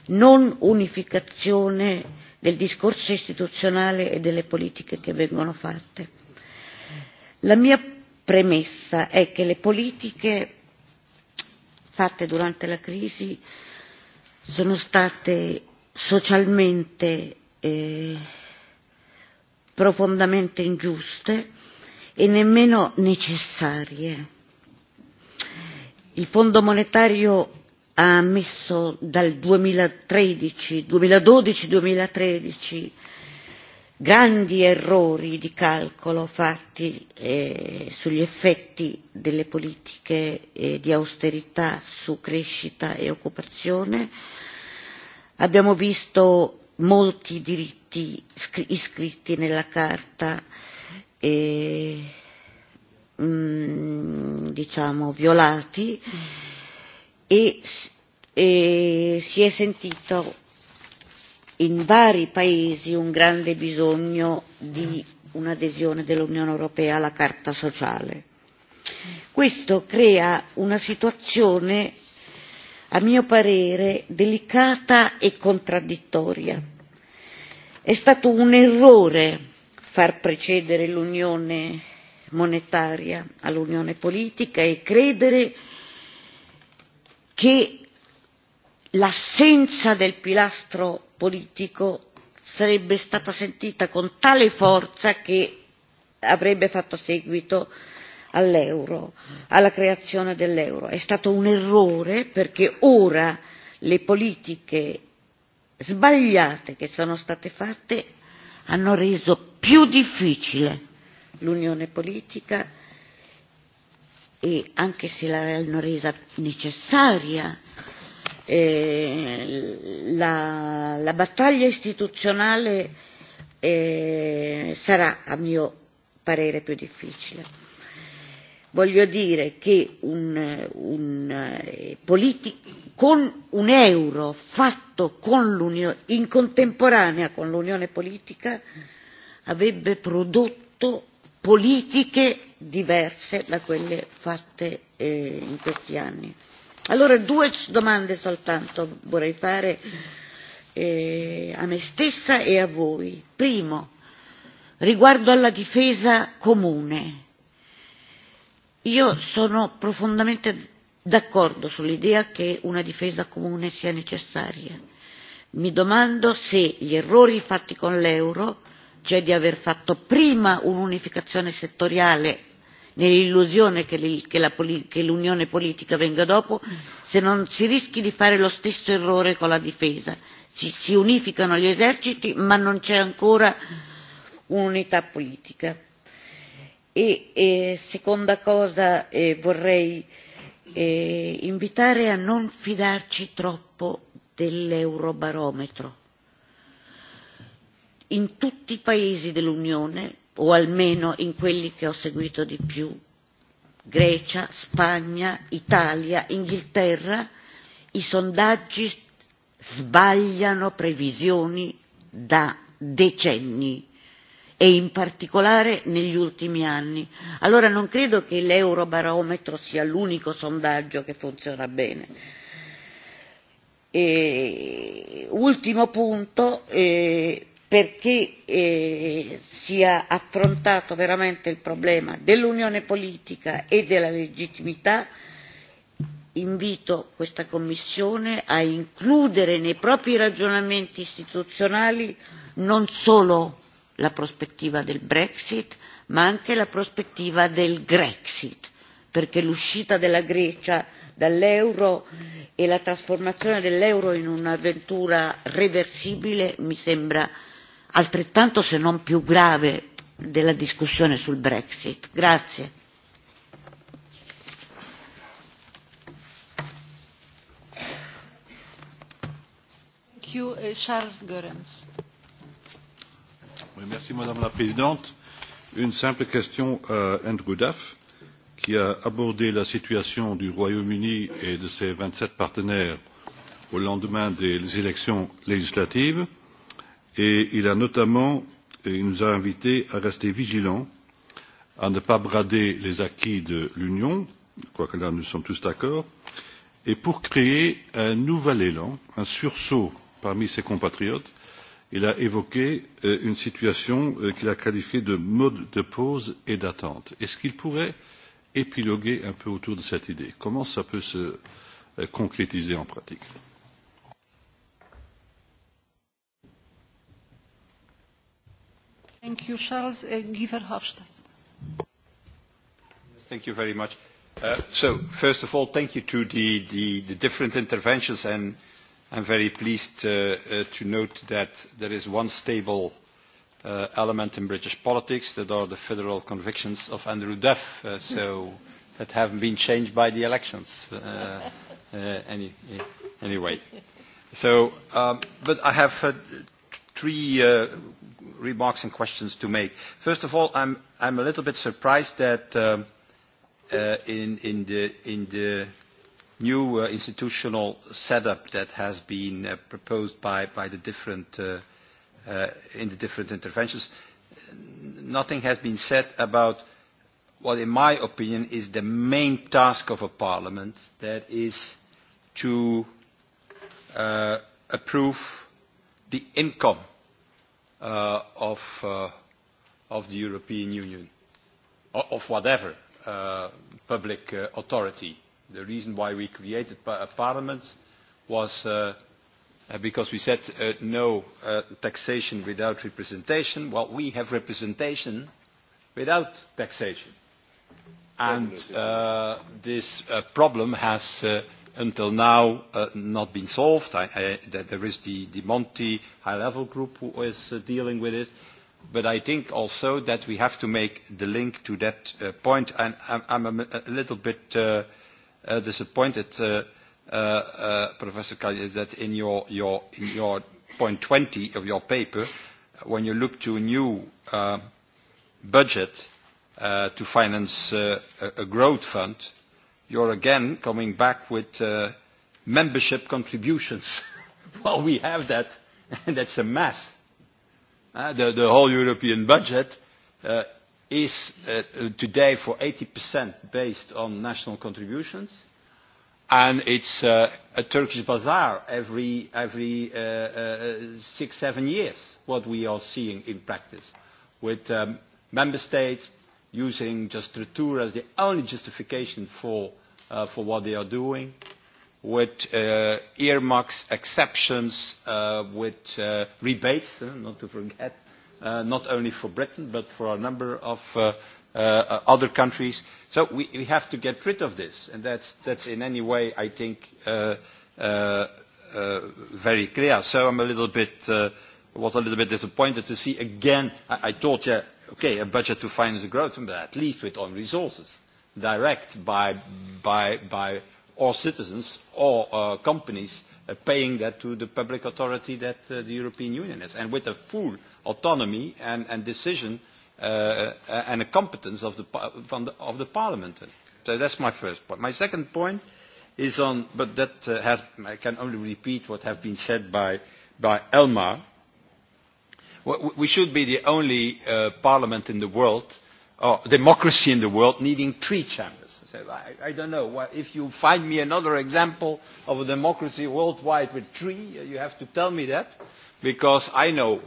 non unificazione del discorso istituzionale e delle politiche che vengono fatte. La mia premessa è che le politiche fatte durante la crisi sono state socialmente eh, profondamente ingiuste e nemmeno necessarie. Il Fondo monetario ha ammesso dal 2013, 2012-2013 grandi errori di calcolo fatti eh, sugli effetti delle politiche eh, di austerità su crescita e occupazione, abbiamo visto molti diritti iscritti nella carta e diciamo violati e, e si è sentito in vari paesi un grande bisogno di un'adesione dell'Unione Europea alla Carta sociale. Questo crea una situazione a mio parere delicata e contraddittoria. È stato un errore far precedere l'unione monetaria all'unione politica e credere che l'assenza del pilastro politico sarebbe stata sentita con tale forza che avrebbe fatto seguito all'euro, alla creazione dell'euro. È stato un errore perché ora le politiche sbagliate che sono state fatte hanno reso più difficile l'unione politica e anche se l'hanno resa necessaria eh, la, la battaglia istituzionale eh, sarà a mio parere più difficile voglio dire che un, un, con un euro fatto con in contemporanea con l'unione politica avrebbe prodotto politiche diverse da quelle fatte eh, in questi anni. Allora due domande soltanto vorrei fare eh, a me stessa e a voi. Primo, riguardo alla difesa comune Io sono profondamente d'accordo sull'idea che una difesa comune sia necessaria. Mi domando se gli errori fatti con l'euro, cioè di aver fatto prima un'unificazione settoriale nell'illusione che, che, che l'unione politica venga dopo, se non si rischi di fare lo stesso errore con la difesa. Si, si unificano gli eserciti ma non c'è ancora un'unità politica E, seconda cosa, eh, vorrei eh, invitare a non fidarci troppo dell'eurobarometro. In tutti i paesi dell'Unione, o almeno in quelli che ho seguito di più, Grecia, Spagna, Italia, Inghilterra, i sondaggi sbagliano previsioni da decenni e in particolare negli ultimi anni. Allora non credo che l'eurobarometro sia l'unico sondaggio che funziona bene. E, ultimo punto, eh, perché eh, sia affrontato veramente il problema dell'unione politica e della legittimità, invito questa Commissione a includere nei propri ragionamenti istituzionali non solo la prospettiva del Brexit, ma anche la prospettiva del Grexit, perché l'uscita della Grecia dall'euro e la trasformazione dell'euro in un'avventura reversibile mi sembra altrettanto se non più grave della discussione sul Brexit. Grazie. Charles Madame la Présidente. Une simple question à Andrew Duff, qui a abordé la situation du Royaume-Uni et de ses vingt sept partenaires au lendemain des élections législatives. Et il a notamment, nous a invités à rester vigilants, à ne pas brader les acquis de l'Union, quoique là nous sommes tous d'accord, et pour créer un nouvel élan, un sursaut parmi ses compatriotes il a évoqué une situation qu'il a qualifiée de mode de pause et d'attente. est ce qu'il pourrait épiloguer un peu autour de cette idée? comment cela peut se concrétiser en pratique? Thank you, Charles. Thank you very much. Uh, so, first of all, thank you to the, the, the different interventions and uh, I'm very pleased to note that there is one stable element in British politics, that are the federal convictions of Andrew Duff, so that haven't been changed by the elections anyway. So, um, but I have uh, three uh, remarks and questions to make. First of all, I'm, I'm a little bit surprised that um, uh, in, in, the, in the new uh, institutional setup that has been uh, proposed by, by the different, uh, uh, in the different interventions, nothing has been said about what, in my opinion, is the main task of a parliament, that is to uh, approve the income uh, of, uh, of the European Union, or of whatever uh, public uh, authority The reason why we created a parliament was because we said no taxation without representation. Well, we have representation without taxation. And this problem has until now not been solved. I, I, there is the, the Monti high-level group who is uh dealing with it. But I think also that we have to make the link to that point. And I'm, I'm a, a little bit uh uh, disappointed, uh, uh, uh, Professor Kallis, that in your, your, in your point 20 of your paper, when you look to a new uh, budget uh, to finance uh, a, growth fund, you're again coming back with uh, membership contributions. well, we have that, and that's a mess. Uh, the, the whole European budget uh, is today for eighty based on national contributions, and it's uh, a Turkish bazaar every, every uh, uh, six, seven years, what we are seeing in practice, with um, member states using just tour as the only justification for, uh, for what they are doing, with uh, earmarks, exceptions, uh, with uh, rebates, uh, not to forget, not only for Britain, but for a number of other countries. So we, we have to get rid of this, and that is in any way, I think, very clear. So I a little bit, was a little bit disappointed to see again, I, I thought, yeah, a budget to finance the growth, but at least with own resources, direct by, our all citizens or companies paying that to the public authority that uh, the European Union is, and with a full autonomy and, and decision uh, and a competence of the, from the, of the Parliament. So that's my first point. My second point is on, but that uh, has, I can only repeat what has been said by, by Elmar. We should be the only uh, parliament in the world, or democracy in the world, needing three chambers I, I don't know. If you find me another example of a democracy worldwide with three, you have to tell me that, because I know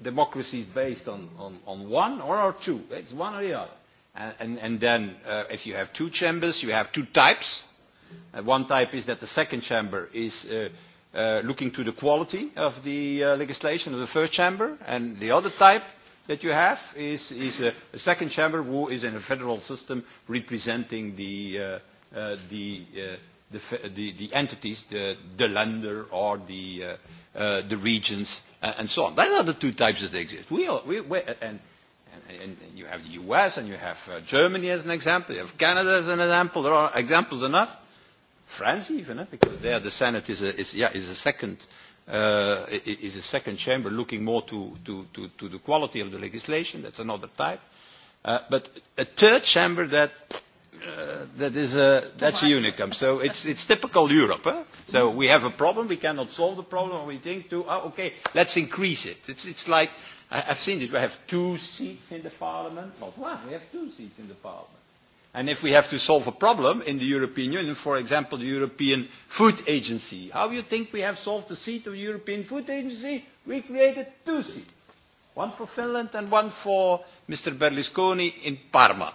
democracy is based on, on, on one or, or two. It's one or the other. And, and, and then uh, if you have two chambers, you have two types. Uh, one type is that the second chamber is uh, uh, looking to the quality of the uh, legislation of the first chamber, and the other type – that you have is, is a, a second chamber who is in a federal system representing the, uh, uh, the, uh, the, the, the entities, the, the lender or the, uh, uh, the regions, uh, and so on. Those are the two types that exist. We are, we, we, and, and, and you have the US and you have uh, Germany as an example, you have Canada as an example, there are examples enough. France even, eh? because there the Senate is a, is, yeah, is a second uh, is a second chamber looking more to, to, to, to the quality of the legislation. That's another type. Uh, but a third chamber that uh, that is a that's a unicum. So it's it's typical Europe. Huh? So we have a problem, we cannot solve the problem, and we think to oh, okay, let's increase it. It's it's like I, I've seen it. We have two seats in the parliament. Not one. We have two seats in the parliament And if we have to solve a problem in the European Union, for example, the European Food Agency, how do you think we have solved the seat of the European Food Agency? We created two seats, one for Finland and one for Mr. Berlusconi in Parma.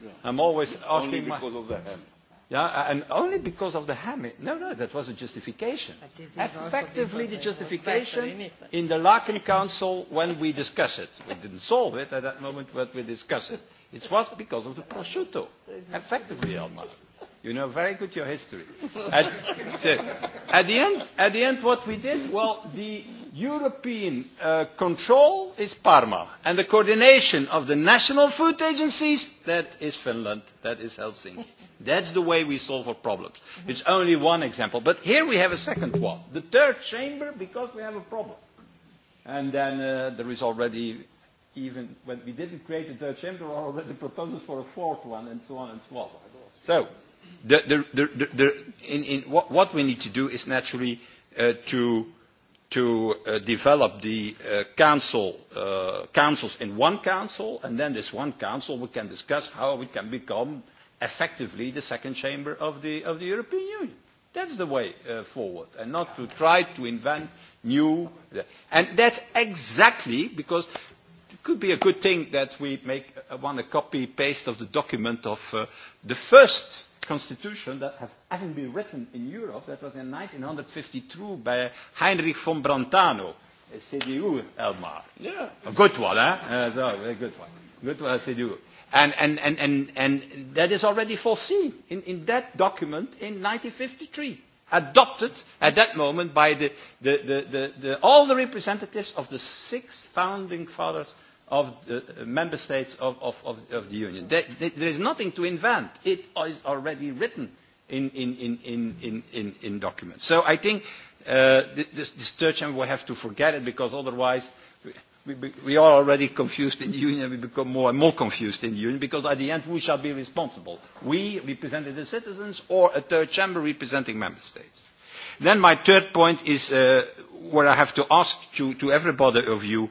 Yeah. I'm always asking. Only because my, of the ham. Yeah, and only because of the ham. No, no, that was a justification. Effectively, the justification in the Laken Council when we discussed it. We didn't solve it at that moment, but we discussed it It was because of the prosciutto, effectively almost. You know very good your history. At, so, at, the end, at the end, what we did, well, the European uh, control is Parma, and the coordination of the national food agencies, that is Finland, that is Helsinki. That's the way we solve our problems. It's only one example. But here we have a second one, the third chamber, because we have a problem. And then uh, there is already even when we didn't create the Dutch or already proposals for a fourth one, and so on and so on. So, the, the, the, the, the, in, in what, what we need to do is naturally uh, to to uh, develop the uh, council, uh, councils in one council, and then this one council we can discuss how we can become effectively the second chamber of the, of the European Union. That's the way uh, forward, and not to try to invent new. And that's exactly because could be a good thing that we make one a copy paste of the document of uh, the first constitution that has ever been written in Europe. That was in 1952 by Heinrich von Brantano, a CDU Elmar. Yeah, a good one, eh? Uh, so, a good one. Good one, CDU. And, and, and, and, and that is already foreseen in, in that document in 1953 adopted at that moment by the, the, the, the, the, all the representatives of the six founding fathers of the member states of, of, of, of the union. There, there is nothing to invent. It is already written in, in, in, in, in, in, in documents. So I think uh, this, this chamber will have to forget it because otherwise we, we, we are already confused in the union. We become more and more confused in the union because at the end, we shall be responsible? We representing the citizens or a third chamber representing member states? Then my third point is uh, where I have to ask to, to everybody of you uh,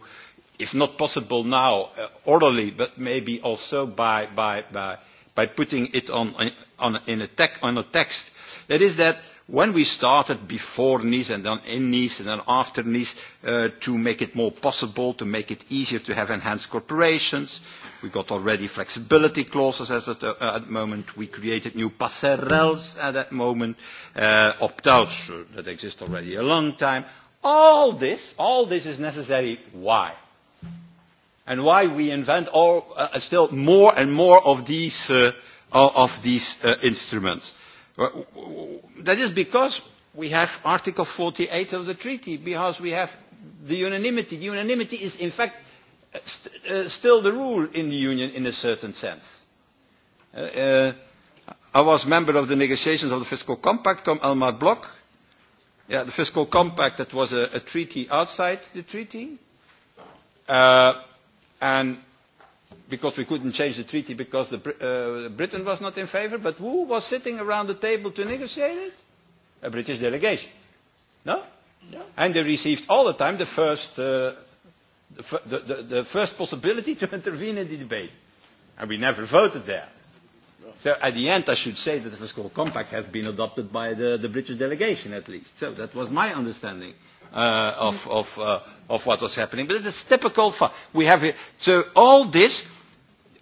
if not possible now, uh, orally, but maybe also by, by, by, by putting it on, on, in a tec- on a text. That is that when we started before Nice and then in Nice and then after Nice uh, to make it more possible, to make it easier to have enhanced corporations, we got already flexibility clauses as at, uh, at the moment. We created new passerelles at that moment, uh, opt-outs uh, that exist already a long time. All this, all this is necessary. Why? and why we invent all, uh, still more and more of these, uh, of these uh, instruments. That is because we have Article 48 of the treaty, because we have the unanimity. The unanimity is, in fact, st- uh, still the rule in the Union in a certain sense. Uh, uh, I was member of the negotiations of the Fiscal Compact, come Elmar Bloch. Yeah, the Fiscal Compact, that was a, a treaty outside the treaty. Uh, And because we couldn't change the treaty because the, uh, Britain was not in favour, but who was sitting around the table to negotiate it? A British delegation. No? And they received all the time the first, uh, the, the, the first possibility to intervene in the debate. And we never voted there. So at the end, I should say that the fiscal compact has been adopted by the, the British delegation, at least. So that was my understanding uh, of, of, uh, of what was happening. But it is typical. We have it. So all this,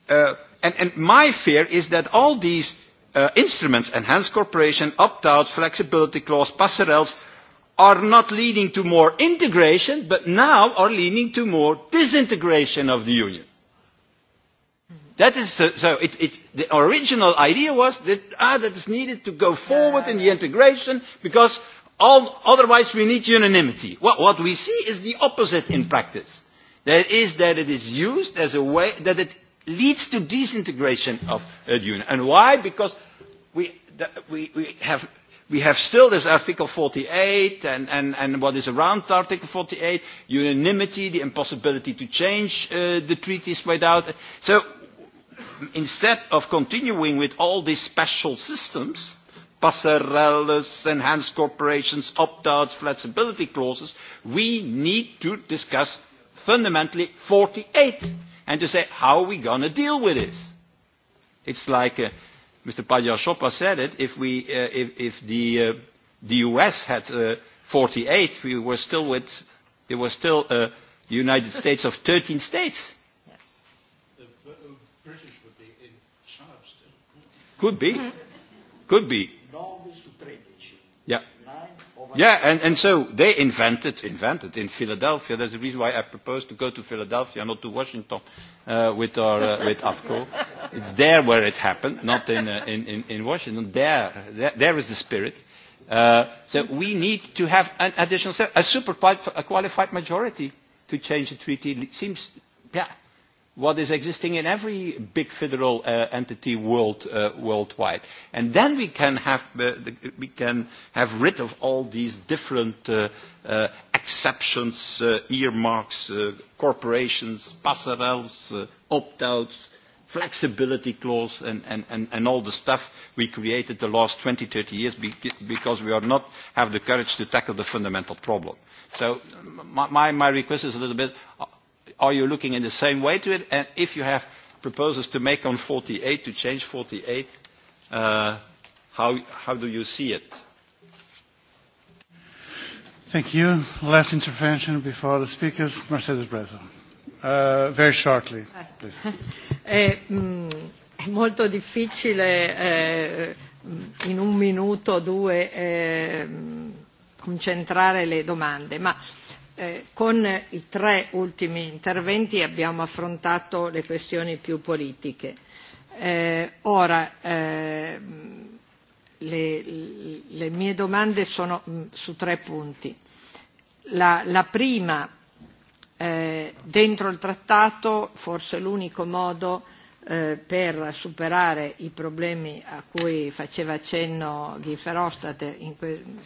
uh, and, and my fear is that all these uh, instruments, enhanced cooperation, opt-outs, flexibility clause, passerelles, are not leading to more integration, but now are leading to more disintegration of the union. That is so. so it, it, the original idea was that ah, that is needed to go forward in the integration because All, otherwise, we need unanimity. What, what we see is the opposite in practice. That is that it is used as a way that it leads to disintegration of a union. And why? Because we, the, we, we have we have still this Article 48 and, and, and what is around Article 48, unanimity, the impossibility to change uh, the treaties without. So instead of continuing with all these special systems, passerelles, enhanced corporations, opt-outs, flexibility clauses, we need to discuss fundamentally 48 and to say how are we going to deal with this. It's like uh, Mr. Pagliasopa said it, if, we, uh, if, if the, uh, the US had uh, 48, we were still with, it was still uh, the United States of 13 states. The British would be in charge still. Could be. Could be Yeah, and, and so they invented, invented in Philadelphia. There's a reason why I proposed to go to Philadelphia, not to Washington, uh, with our uh, with AFCO. It's there where it happened, not in uh, in, in, in Washington. There, there, there is the spirit. Uh, so we need to have an additional a super qualified majority to change the treaty. It seems, yeah, what is existing in every big federal uh, entity world, uh, worldwide. And then we can have, uh, we can have rid of all these different uh, uh, exceptions, uh, earmarks, uh, corporations, passerelles, uh, opt-outs, flexibility clause and, and, and, and all the stuff we created the last 20, 30 years because we are not have the courage to tackle the fundamental problem. So my my, my request is a little bit, are you looking in the same way to it? And if you have proposals to make on 48, to change 48, uh, how, how do you see it? Thank you. Last intervention before the speakers, Mercedes Brezo. Uh, very shortly, please. È molto difficile eh, in un minuto o due eh, concentrare le domande, ma eh, Eh, con i tre ultimi interventi abbiamo affrontato le questioni più politiche. Eh, ora, eh, le, le mie domande sono su tre punti. La, la prima, eh, dentro il trattato, forse l'unico modo eh, per superare i problemi a cui faceva accenno Guy in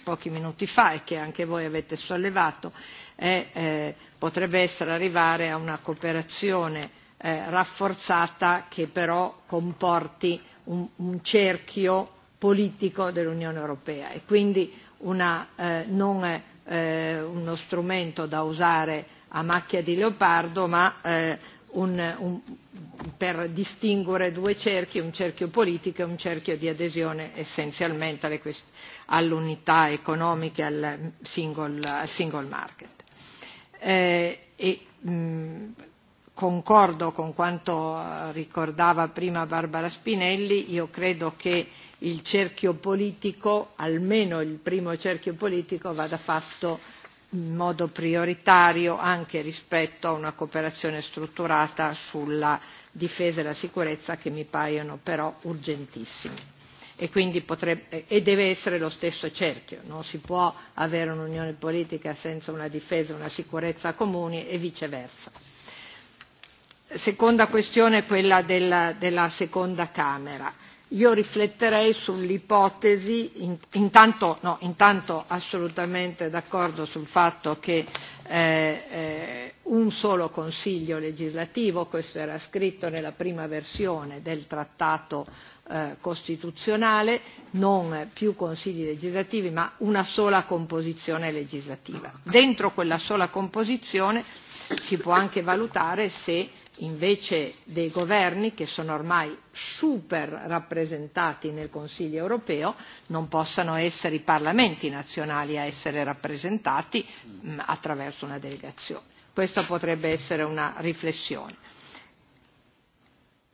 pochi minuti fa e che anche voi avete sollevato, e eh, potrebbe essere arrivare a una cooperazione eh, rafforzata che però comporti un, un cerchio politico dell'Unione Europea e quindi una, eh, non eh, uno strumento da usare a macchia di leopardo ma eh, un, un, per distinguere due cerchi, un cerchio politico e un cerchio di adesione essenzialmente alle all'unità economica e al single, al single market eh, e mh, concordo con quanto ricordava prima Barbara Spinelli, io credo che il cerchio politico, almeno il primo cerchio politico, vada fatto in modo prioritario anche rispetto a una cooperazione strutturata sulla difesa e la sicurezza che mi paiono però urgentissimi e quindi potrebbe, e deve essere lo stesso cerchio, non si può avere un'unione politica senza una difesa e una sicurezza comuni e viceversa. Seconda questione è quella della, della seconda Camera. Io rifletterei sull'ipotesi, intanto, no, intanto assolutamente d'accordo sul fatto che eh, eh, un solo Consiglio legislativo, questo era scritto nella prima versione del trattato costituzionale, non più consigli legislativi ma una sola composizione legislativa. Dentro quella sola composizione si può anche valutare se invece dei governi che sono ormai super rappresentati nel Consiglio europeo non possano essere i parlamenti nazionali a essere rappresentati attraverso una delegazione. Questa potrebbe essere una riflessione.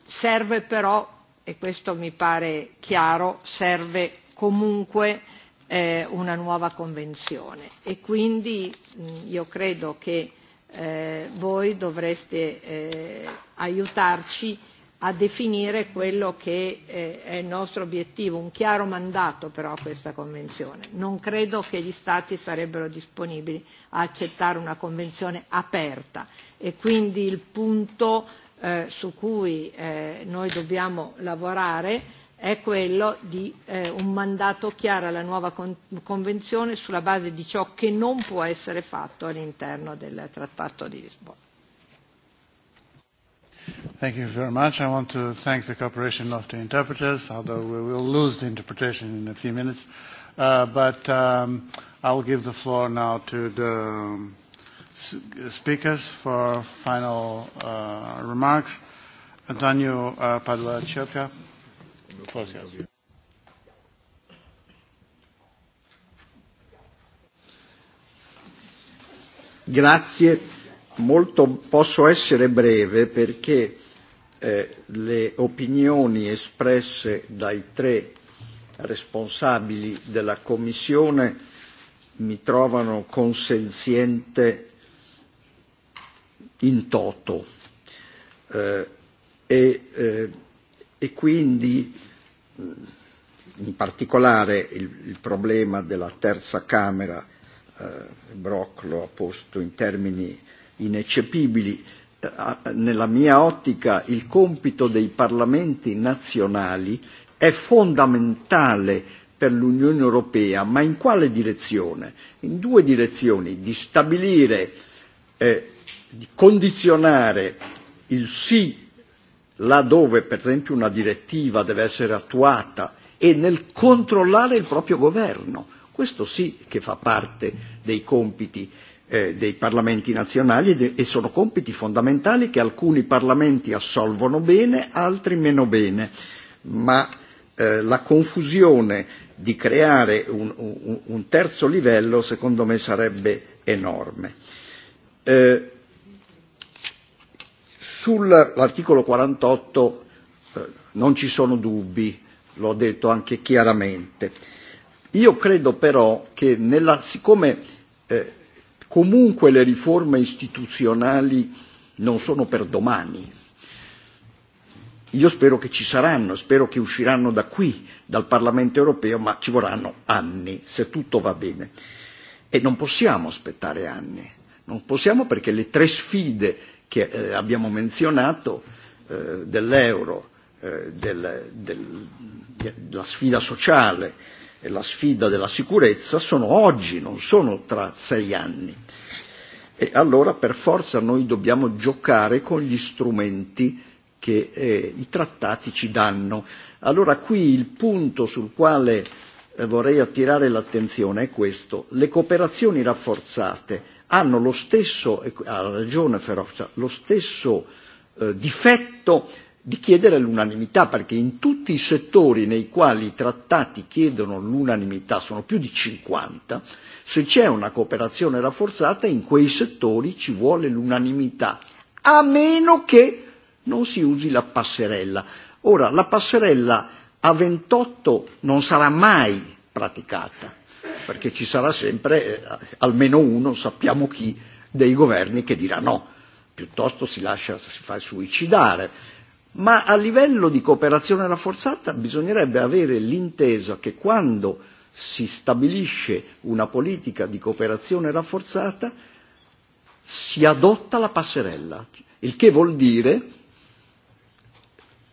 Serve però e questo mi pare chiaro, serve comunque eh, una nuova convenzione e quindi mh, io credo che eh, voi dovreste eh, aiutarci a definire quello che eh, è il nostro obiettivo, un chiaro mandato però a questa Convenzione. Non credo che gli Stati sarebbero disponibili a accettare una Convenzione aperta e quindi il punto su cui eh, noi dobbiamo lavorare è quello di un mandato chiaro alla nuova Convenzione sulla base di ciò che non può essere fatto all'interno del Trattato di Lisbona. Thank you very much. I want to thank the cooperation of the interpreters, although we will lose the interpretation in a few minutes. Uh, but um, I will give the floor now to the speakers for final uh, remarks. Antonio uh, Padua Ciofia. Grazie, molto posso essere breve perché eh, le opinioni espresse dai tre responsabili della Commissione mi trovano consenziente in toto. Eh, e, eh, e quindi in particolare il, il problema della terza Camera, eh, Brock lo ha posto in termini ineccepibili, nella mia ottica il compito dei parlamenti nazionali è fondamentale per l'Unione Europea, ma in quale direzione? In due direzioni, di stabilire eh, di condizionare il sì laddove per esempio una direttiva deve essere attuata e nel controllare il proprio governo. Questo sì che fa parte dei compiti eh, dei parlamenti nazionali e sono compiti fondamentali che alcuni parlamenti assolvono bene, altri meno bene, ma eh, la confusione di creare un, un, un terzo livello secondo me sarebbe enorme. Eh, Sull'articolo 48 eh, non ci sono dubbi, l'ho detto anche chiaramente. Io credo però che nella, siccome eh, comunque le riforme istituzionali non sono per domani, io spero che ci saranno, spero che usciranno da qui, dal Parlamento europeo, ma ci vorranno anni, se tutto va bene. E non possiamo aspettare anni, non possiamo perché le tre sfide che eh, abbiamo menzionato, eh, dell'euro, eh, del, del, della sfida sociale e la sfida della sicurezza sono oggi, non sono tra sei anni. E allora per forza noi dobbiamo giocare con gli strumenti che eh, i trattati ci danno. Allora qui il punto sul quale vorrei attirare l'attenzione è questo. Le cooperazioni rafforzate hanno lo stesso, ha ragione Ferrofstadt, lo stesso eh, difetto di chiedere l'unanimità, perché in tutti i settori nei quali i trattati chiedono l'unanimità, sono più di 50, se c'è una cooperazione rafforzata in quei settori ci vuole l'unanimità, a meno che non si usi la passerella. Ora, la passerella a 28 non sarà mai praticata, perché ci sarà sempre eh, almeno uno, sappiamo chi, dei governi che dirà no, piuttosto si lascia, si fa suicidare. Ma a livello di cooperazione rafforzata bisognerebbe avere l'intesa che quando si stabilisce una politica di cooperazione rafforzata si adotta la passerella, il che vuol dire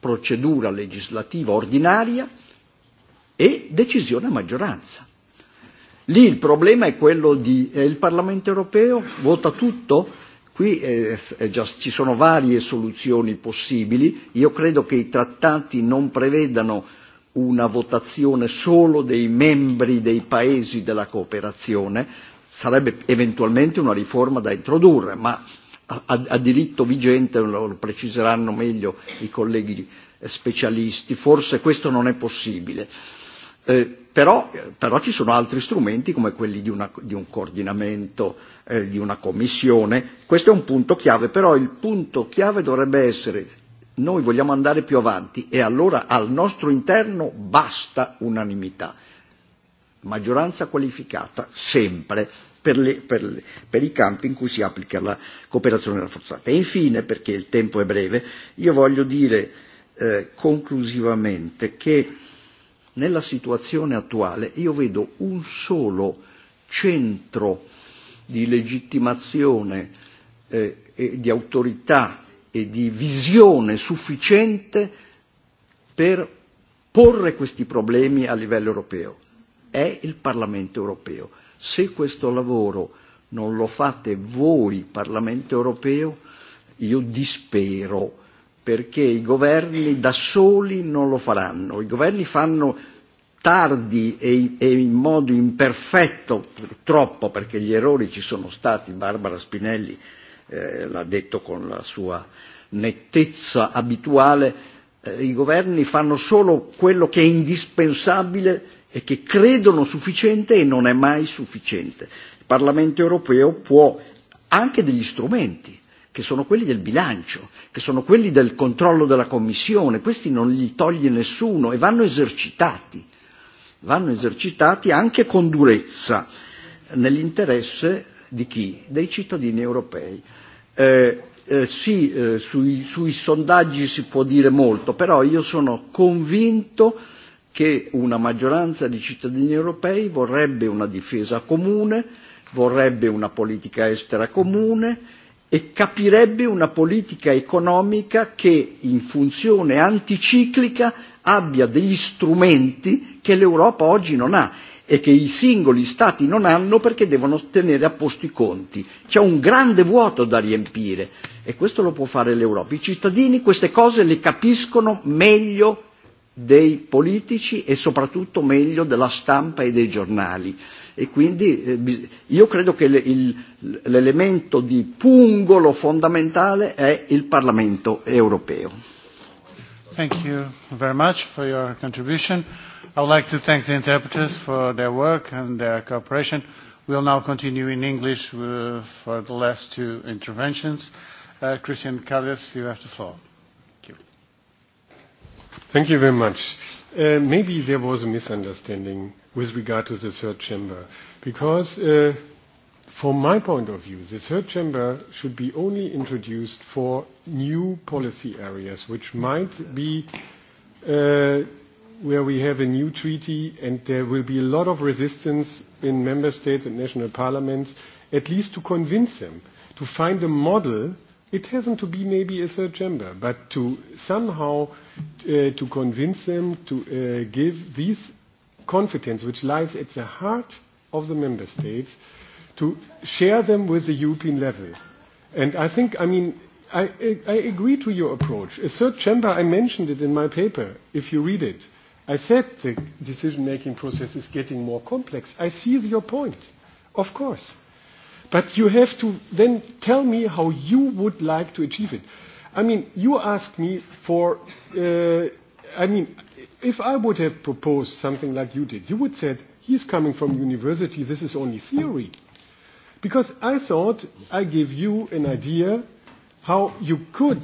procedura legislativa ordinaria e decisione a maggioranza. Lì il problema è quello di eh, il Parlamento europeo vota tutto? Qui eh, già, ci sono varie soluzioni possibili, io credo che i trattati non prevedano una votazione solo dei membri dei paesi della cooperazione, sarebbe eventualmente una riforma da introdurre, ma a, a diritto vigente lo preciseranno meglio i colleghi specialisti, forse questo non è possibile Eh, però, però ci sono altri strumenti come quelli di, una, di un coordinamento, eh, di una commissione. Questo è un punto chiave, però il punto chiave dovrebbe essere noi vogliamo andare più avanti e allora al nostro interno basta unanimità. Maggioranza qualificata sempre per, le, per, le, per i campi in cui si applica la cooperazione rafforzata. E infine, perché il tempo è breve, io voglio dire eh, conclusivamente che nella situazione attuale io vedo un solo centro di legittimazione eh, e di autorità e di visione sufficiente per porre questi problemi a livello europeo. È il Parlamento europeo. Se questo lavoro non lo fate voi, Parlamento europeo, io dispero perché i governi da soli non lo faranno. I governi fanno tardi e, e in modo imperfetto, purtroppo, perché gli errori ci sono stati, Barbara Spinelli eh, l'ha detto con la sua nettezza abituale, eh, i governi fanno solo quello che è indispensabile e che credono sufficiente e non è mai sufficiente. Il Parlamento europeo può anche degli strumenti che sono quelli del bilancio, che sono quelli del controllo della Commissione, questi non li toglie nessuno e vanno esercitati, vanno esercitati anche con durezza nell'interesse di chi? Dei cittadini europei. Eh, eh, sì, eh, sui, sui sondaggi si può dire molto, però io sono convinto che una maggioranza di cittadini europei vorrebbe una difesa comune, vorrebbe una politica estera comune, e capirebbe una politica economica che in funzione anticiclica abbia degli strumenti che l'Europa oggi non ha e che i singoli Stati non hanno perché devono tenere a posto i conti. C'è un grande vuoto da riempire e questo lo può fare l'Europa. I cittadini queste cose le capiscono meglio dei politici e soprattutto meglio della stampa e dei giornali e quindi io credo che l'elemento di pungolo fondamentale è il Parlamento europeo. Thank you very much for your contribution. I would like to thank the interpreters for their work and their cooperation. We'll now continue in English for the last two interventions. Uh, Christian Callas, you have the floor. Thank you. Thank you very much. Uh, maybe there was a misunderstanding with regard to the third chamber. Because uh, from my point of view, the third chamber should be only introduced for new policy areas, which might be uh, where we have a new treaty and there will be a lot of resistance in member states and national parliaments, at least to convince them to find a model it hasn't to be maybe a third chamber, but to somehow uh, to convince them to uh, give these confidence which lies at the heart of the member states to share them with the European level. And I think, I mean, I, I agree to your approach. A third chamber, I mentioned it in my paper, if you read it. I said the decision-making process is getting more complex. I see your point, of course. But you have to then tell me how you would like to achieve it. I mean, you asked me for, uh, I mean, If I would have proposed something like you did, you would said, he's coming from university, this is only theory. Because I thought I give you an idea how you could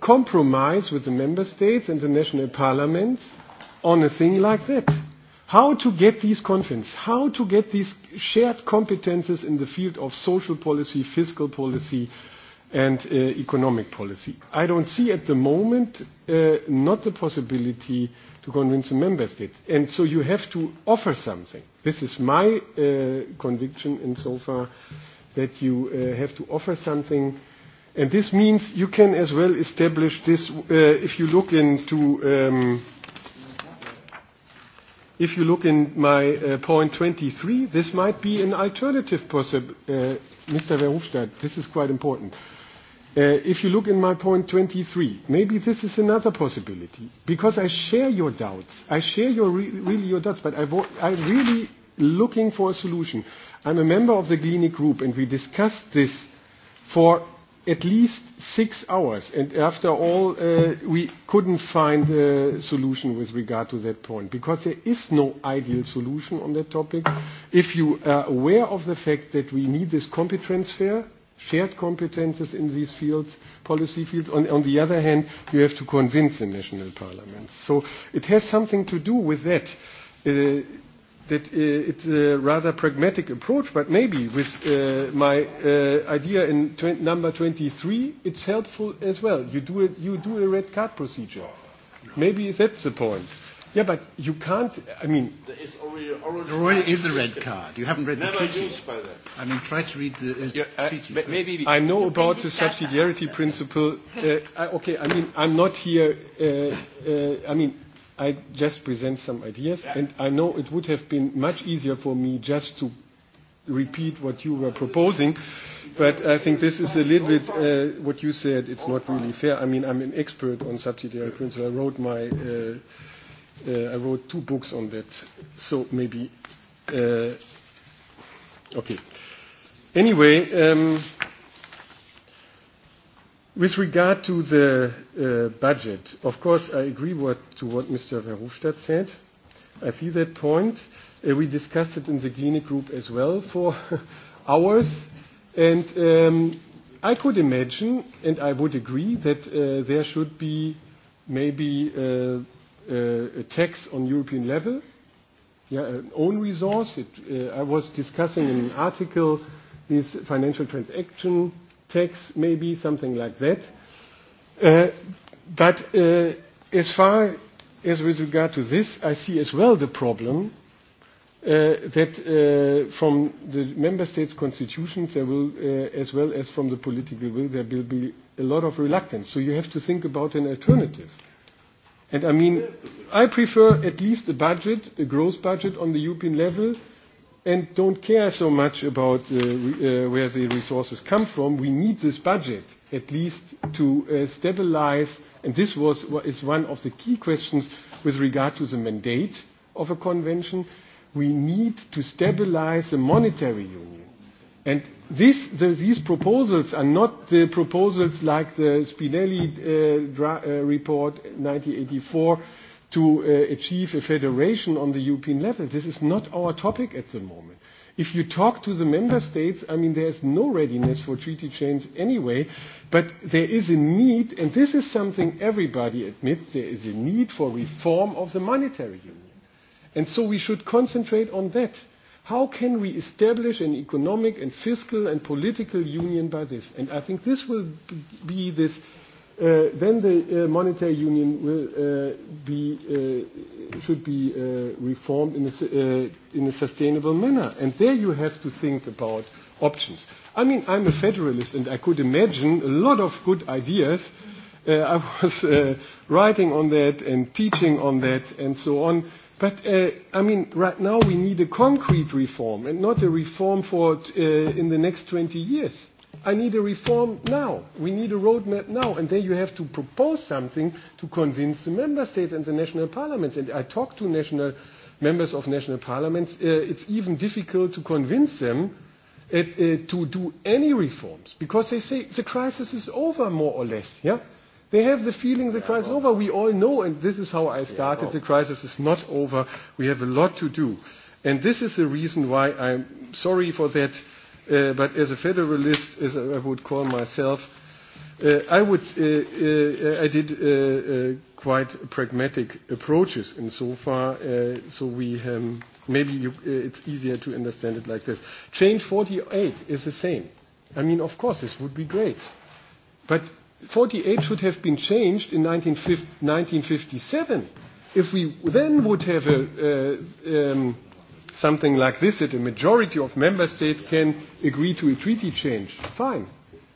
compromise with the member states and the national parliaments on a thing like that. How to get these confidence, how to get these shared competences in the field of social policy, fiscal policy, and uh, economic policy. I don't see at the moment uh, not the possibility uh, to convince the member states. And so you have to offer something. This is my uh, conviction insofar that you uh, have to offer something. And this means you can as well establish this, uh, if you look into, um, if you look in my uh, point 23, this might be an alternative possible, uh, Mr. Verhofstadt, this is quite important. Uh, if you look in my point 23, maybe this is another possibility because I share your doubts. I share your re- really your doubts, but I vo- I'm really looking for a solution. I'm a member of the Gleanic group, and we discussed this for at least six hours. And after all, uh, we couldn't find a solution with regard to that point because there is no ideal solution on that topic. If you are aware of the fact that we need this competence transfer, shared competences in these fields, policy fields. On, on the other hand, you have to convince the national parliaments. So it has something to do with that. Uh, that uh, it's a rather pragmatic approach, but maybe with uh, my uh, idea in tw- number 23, it's helpful as well. You do, a, you do a red card procedure. Maybe that's the point Yeah, but you can't. I mean, there is already, already there is a red card. You haven't read Never the treaty. Used by that. I mean, try to read the uh, yeah, treaty. First. Maybe I know about the subsidiarity principle. Uh, I, okay, I mean, I'm not here. Uh, uh, I mean, I just present some ideas, yeah. and I know it would have been much easier for me just to repeat what you were proposing, but I think this is a little bit uh, what you said. It's not really fair. I mean, I'm an expert on subsidiary principle. I wrote my. Uh, Uh, I wrote two books on that, so maybe. Uh, okay. Anyway, um, with regard to the uh, budget, of course, I agree what, to what Mr. Verhofstadt said. I see that point. Uh, we discussed it in the clinic group as well for hours. And um, I could imagine, and I would agree, that uh, there should be maybe uh, uh, a tax on European level, yeah, an own resource. It, uh, I was discussing in an article this financial transaction tax, maybe something like that. Uh, but uh, as far as with regard to this, I see as well the problem uh, that uh, from the member states' constitutions, there will, uh, as well as from the political will, there will be a lot of reluctance. So you have to think about an alternative. Mm-hmm And I mean, I prefer at least a budget, a growth budget on the European level, and don't care so much about uh, re, uh, where the resources come from. We need this budget at least to uh, stabilize, and this was is one of the key questions with regard to the mandate of a convention. We need to stabilize the monetary union And this, the, these proposals are not the proposals like the Spinelli uh, dra- uh, report 1984 to uh, achieve a federation on the European level. This is not our topic at the moment. If you talk to the member states, I mean, there is no readiness for treaty change anyway, but there is a need, and this is something everybody admits, there is a need for reform of the monetary union. And so we should concentrate on that How can we establish an economic and fiscal and political union by this? And I think this will be this. Uh, then the uh, monetary union will uh, be uh, should be uh, reformed in a, uh, in a sustainable manner. And there you have to think about options. I mean, I'm a federalist, and I could imagine a lot of good ideas. Uh, I was uh, writing on that and teaching on that and so on But uh, I mean, right now we need a concrete reform and not a reform for uh, in the next 20 years. I need a reform now. We need a roadmap now. And then you have to propose something to convince the member states and the national parliaments. And I talk to national members of national parliaments. Uh, it's even difficult to convince them uh, uh, to do any reforms because they say the crisis is over more or less. Yeah? They have the feeling the crisis is over. We all know, and this is how I started, the crisis is not over. We have a lot to do. And this is the reason why I'm sorry for that, uh, but as a federalist, as I would call myself, uh, I, would, uh, uh, I did uh, uh, quite pragmatic approaches in so far, uh, so we um, maybe you, uh, it's easier to understand it like this. Change 48 is the same. I mean, of course, this would be great. But 48 should have been changed in 1957. If we then would have a, uh, um, something like this, that a majority of member states can agree to a treaty change, fine.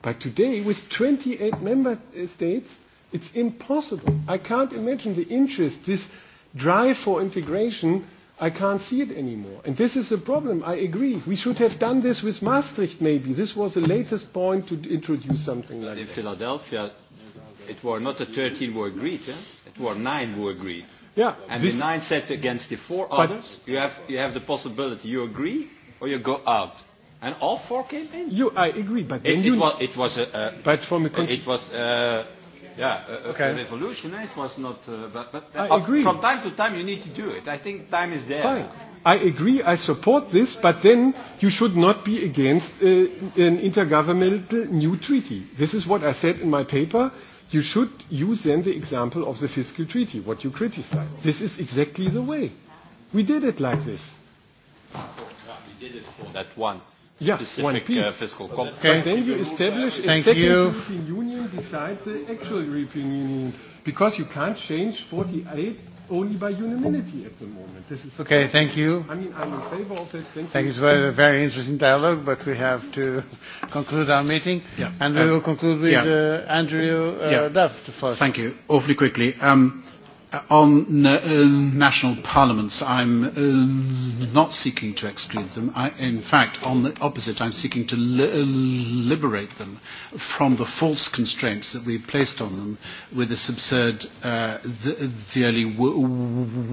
But today, with 28 member states, it's impossible. I can't imagine the interest this drive for integration I can't see it anymore. And this is a problem. I agree. We should have done this with Maastricht, maybe. This was the latest point to introduce something like in that. In Philadelphia, it were not the 13 who agreed. Eh? It were nine who agreed. Yeah. And this, the nine said against the four others, you have, you have the possibility. You agree or you go out. And all four came in. You, I agree, but then it, you, it was, it was a, a, but from a it was. Uh, Yeah, uh, okay. a revolution. It was not. Uh, but but uh, I agree. From time to time, you need to do it. I think time is there. Fine. I agree. I support this, but then you should not be against uh, an intergovernmental new treaty. This is what I said in my paper. You should use then the example of the fiscal treaty, what you criticize. This is exactly the way. We did it like this. We did it for that once yeah, one piece. Uh, fiscal compact. Okay. But then you establish a Thank second you. European Union beside the actual European Union, because you can't change 48 only by unanimity at the moment. This is okay, question. thank you. I mean, I'm in favor of it. Thank, thank you. Thank you for a very interesting dialogue, but we have to conclude our meeting. Yeah. And we um, will conclude with yeah. uh, Andrew uh, yeah. Duff. First. Thank you. Awfully quickly. Um, on uh national parliaments, I'm not seeking to exclude them. I, in fact, on the opposite, I'm seeking to liberate them from the false constraints that we've placed on them with this absurd uh, the, the early w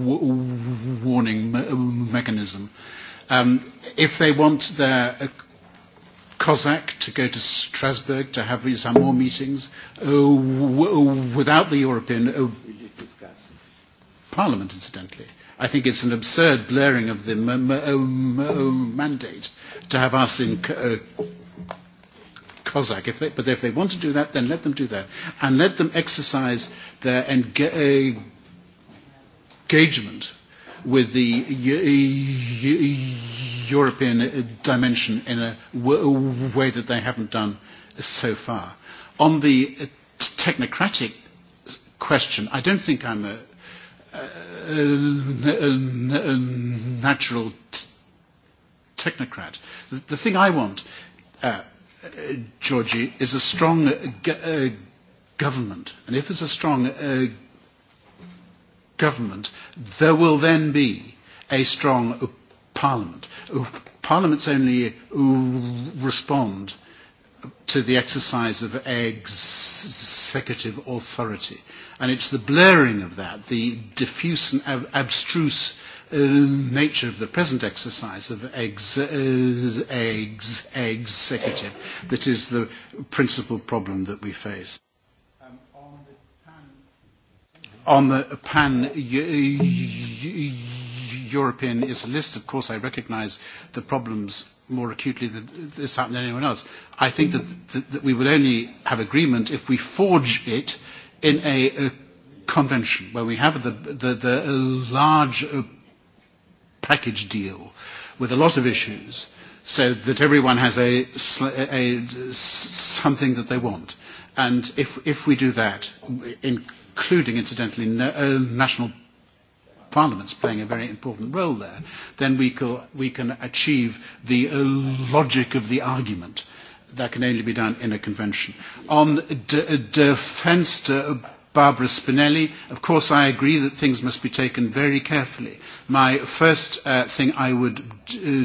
w warning mechanism. Um, if they want their uh, Cossack to go to Strasbourg to have some more meetings uh, without the European Parliament, incidentally. I think it's an absurd blurring of the m- m- m- mandate to have us in uh, COSAC. If they, but if they want to do that, then let them do that. And let them exercise their engagement with the European dimension in a w way that they haven't done so far. On the technocratic question, I don't think I'm a natural technocrat. The, the thing I want, uh, Georgie, is a strong uh, government. And if there's a strong uh, government, there will then be a strong parliament. Parliaments only respond to the exercise of executive authority. And it's the blurring of that, the diffuse and ab- abstruse uh, nature of the present exercise of eggs uh, eggs executive that is the principal problem that we face. On the pan European is a list, of course, I recognise the problems more acutely than this happened than anyone else. I think that, that, that we will only have agreement if we forge it in a uh, convention where we have the, the, the large uh, package deal with a lot of issues so that everyone has a, a, something that they want. And if, if we do that, including, incidentally, no, uh, national parliaments playing a very important role there, then we can, we can achieve the uh, logic of the argument that can only be done in a convention. On defence to Barbara Spinelli, of course I agree that things must be taken very carefully. My first uh, thing I would uh,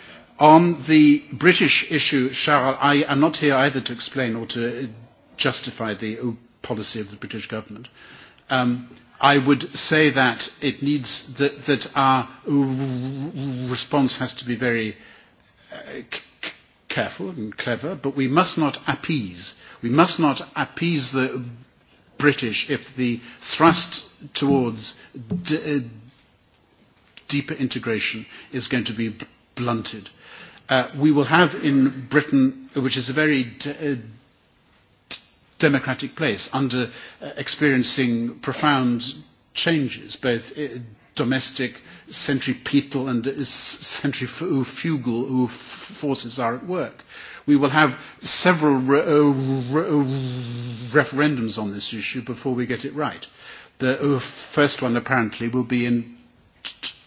On the British issue, Charles, I am not here either to explain or to justify the policy of the British government. Um, I would say that it needs that, that our response has to be very uh, careful and clever, but we must not appease. We must not appease the British if the thrust towards d- deeper integration is going to be blunted we will have in Britain, which is a very d- democratic place, under uh, experiencing profound changes, both uh, domestic, centripetal and centrifugal forces are at work. We will have several re- re- referendums on this issue before we get it right. The first one apparently will be in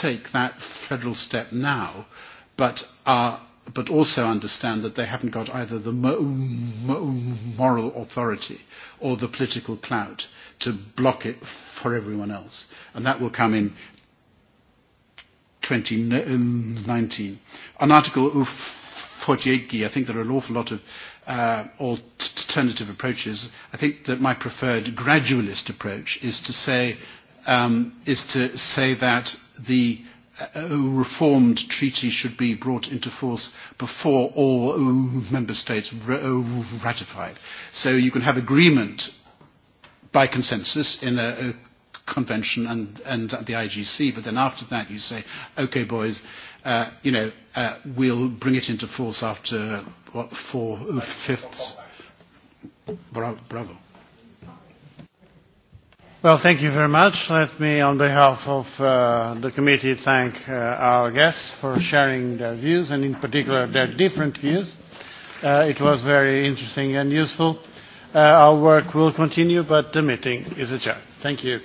take that federal step now, but are but also understand that they haven't got either the mo- mo- moral authority or the political clout to block it for everyone else. And that will come in 2019. On Article 48, I think there are an awful lot of uh, alternative approaches. I think that my preferred gradualist approach is to say, um, is to say that the reformed treaty should be brought into force before all member states ratify it. So you can have agreement by consensus in a, a convention and, and at the IGC, but then after that you say, okay, boys, uh, you know, uh, we'll bring it into force after what, four fifths. bravo. Well, thank you very much. Let me, on behalf of uh, the committee, thank uh, our guests for sharing their views and, in particular, their different views. Uh, it was very interesting and useful. Uh, our work will continue, but the meeting is adjourned. Thank you.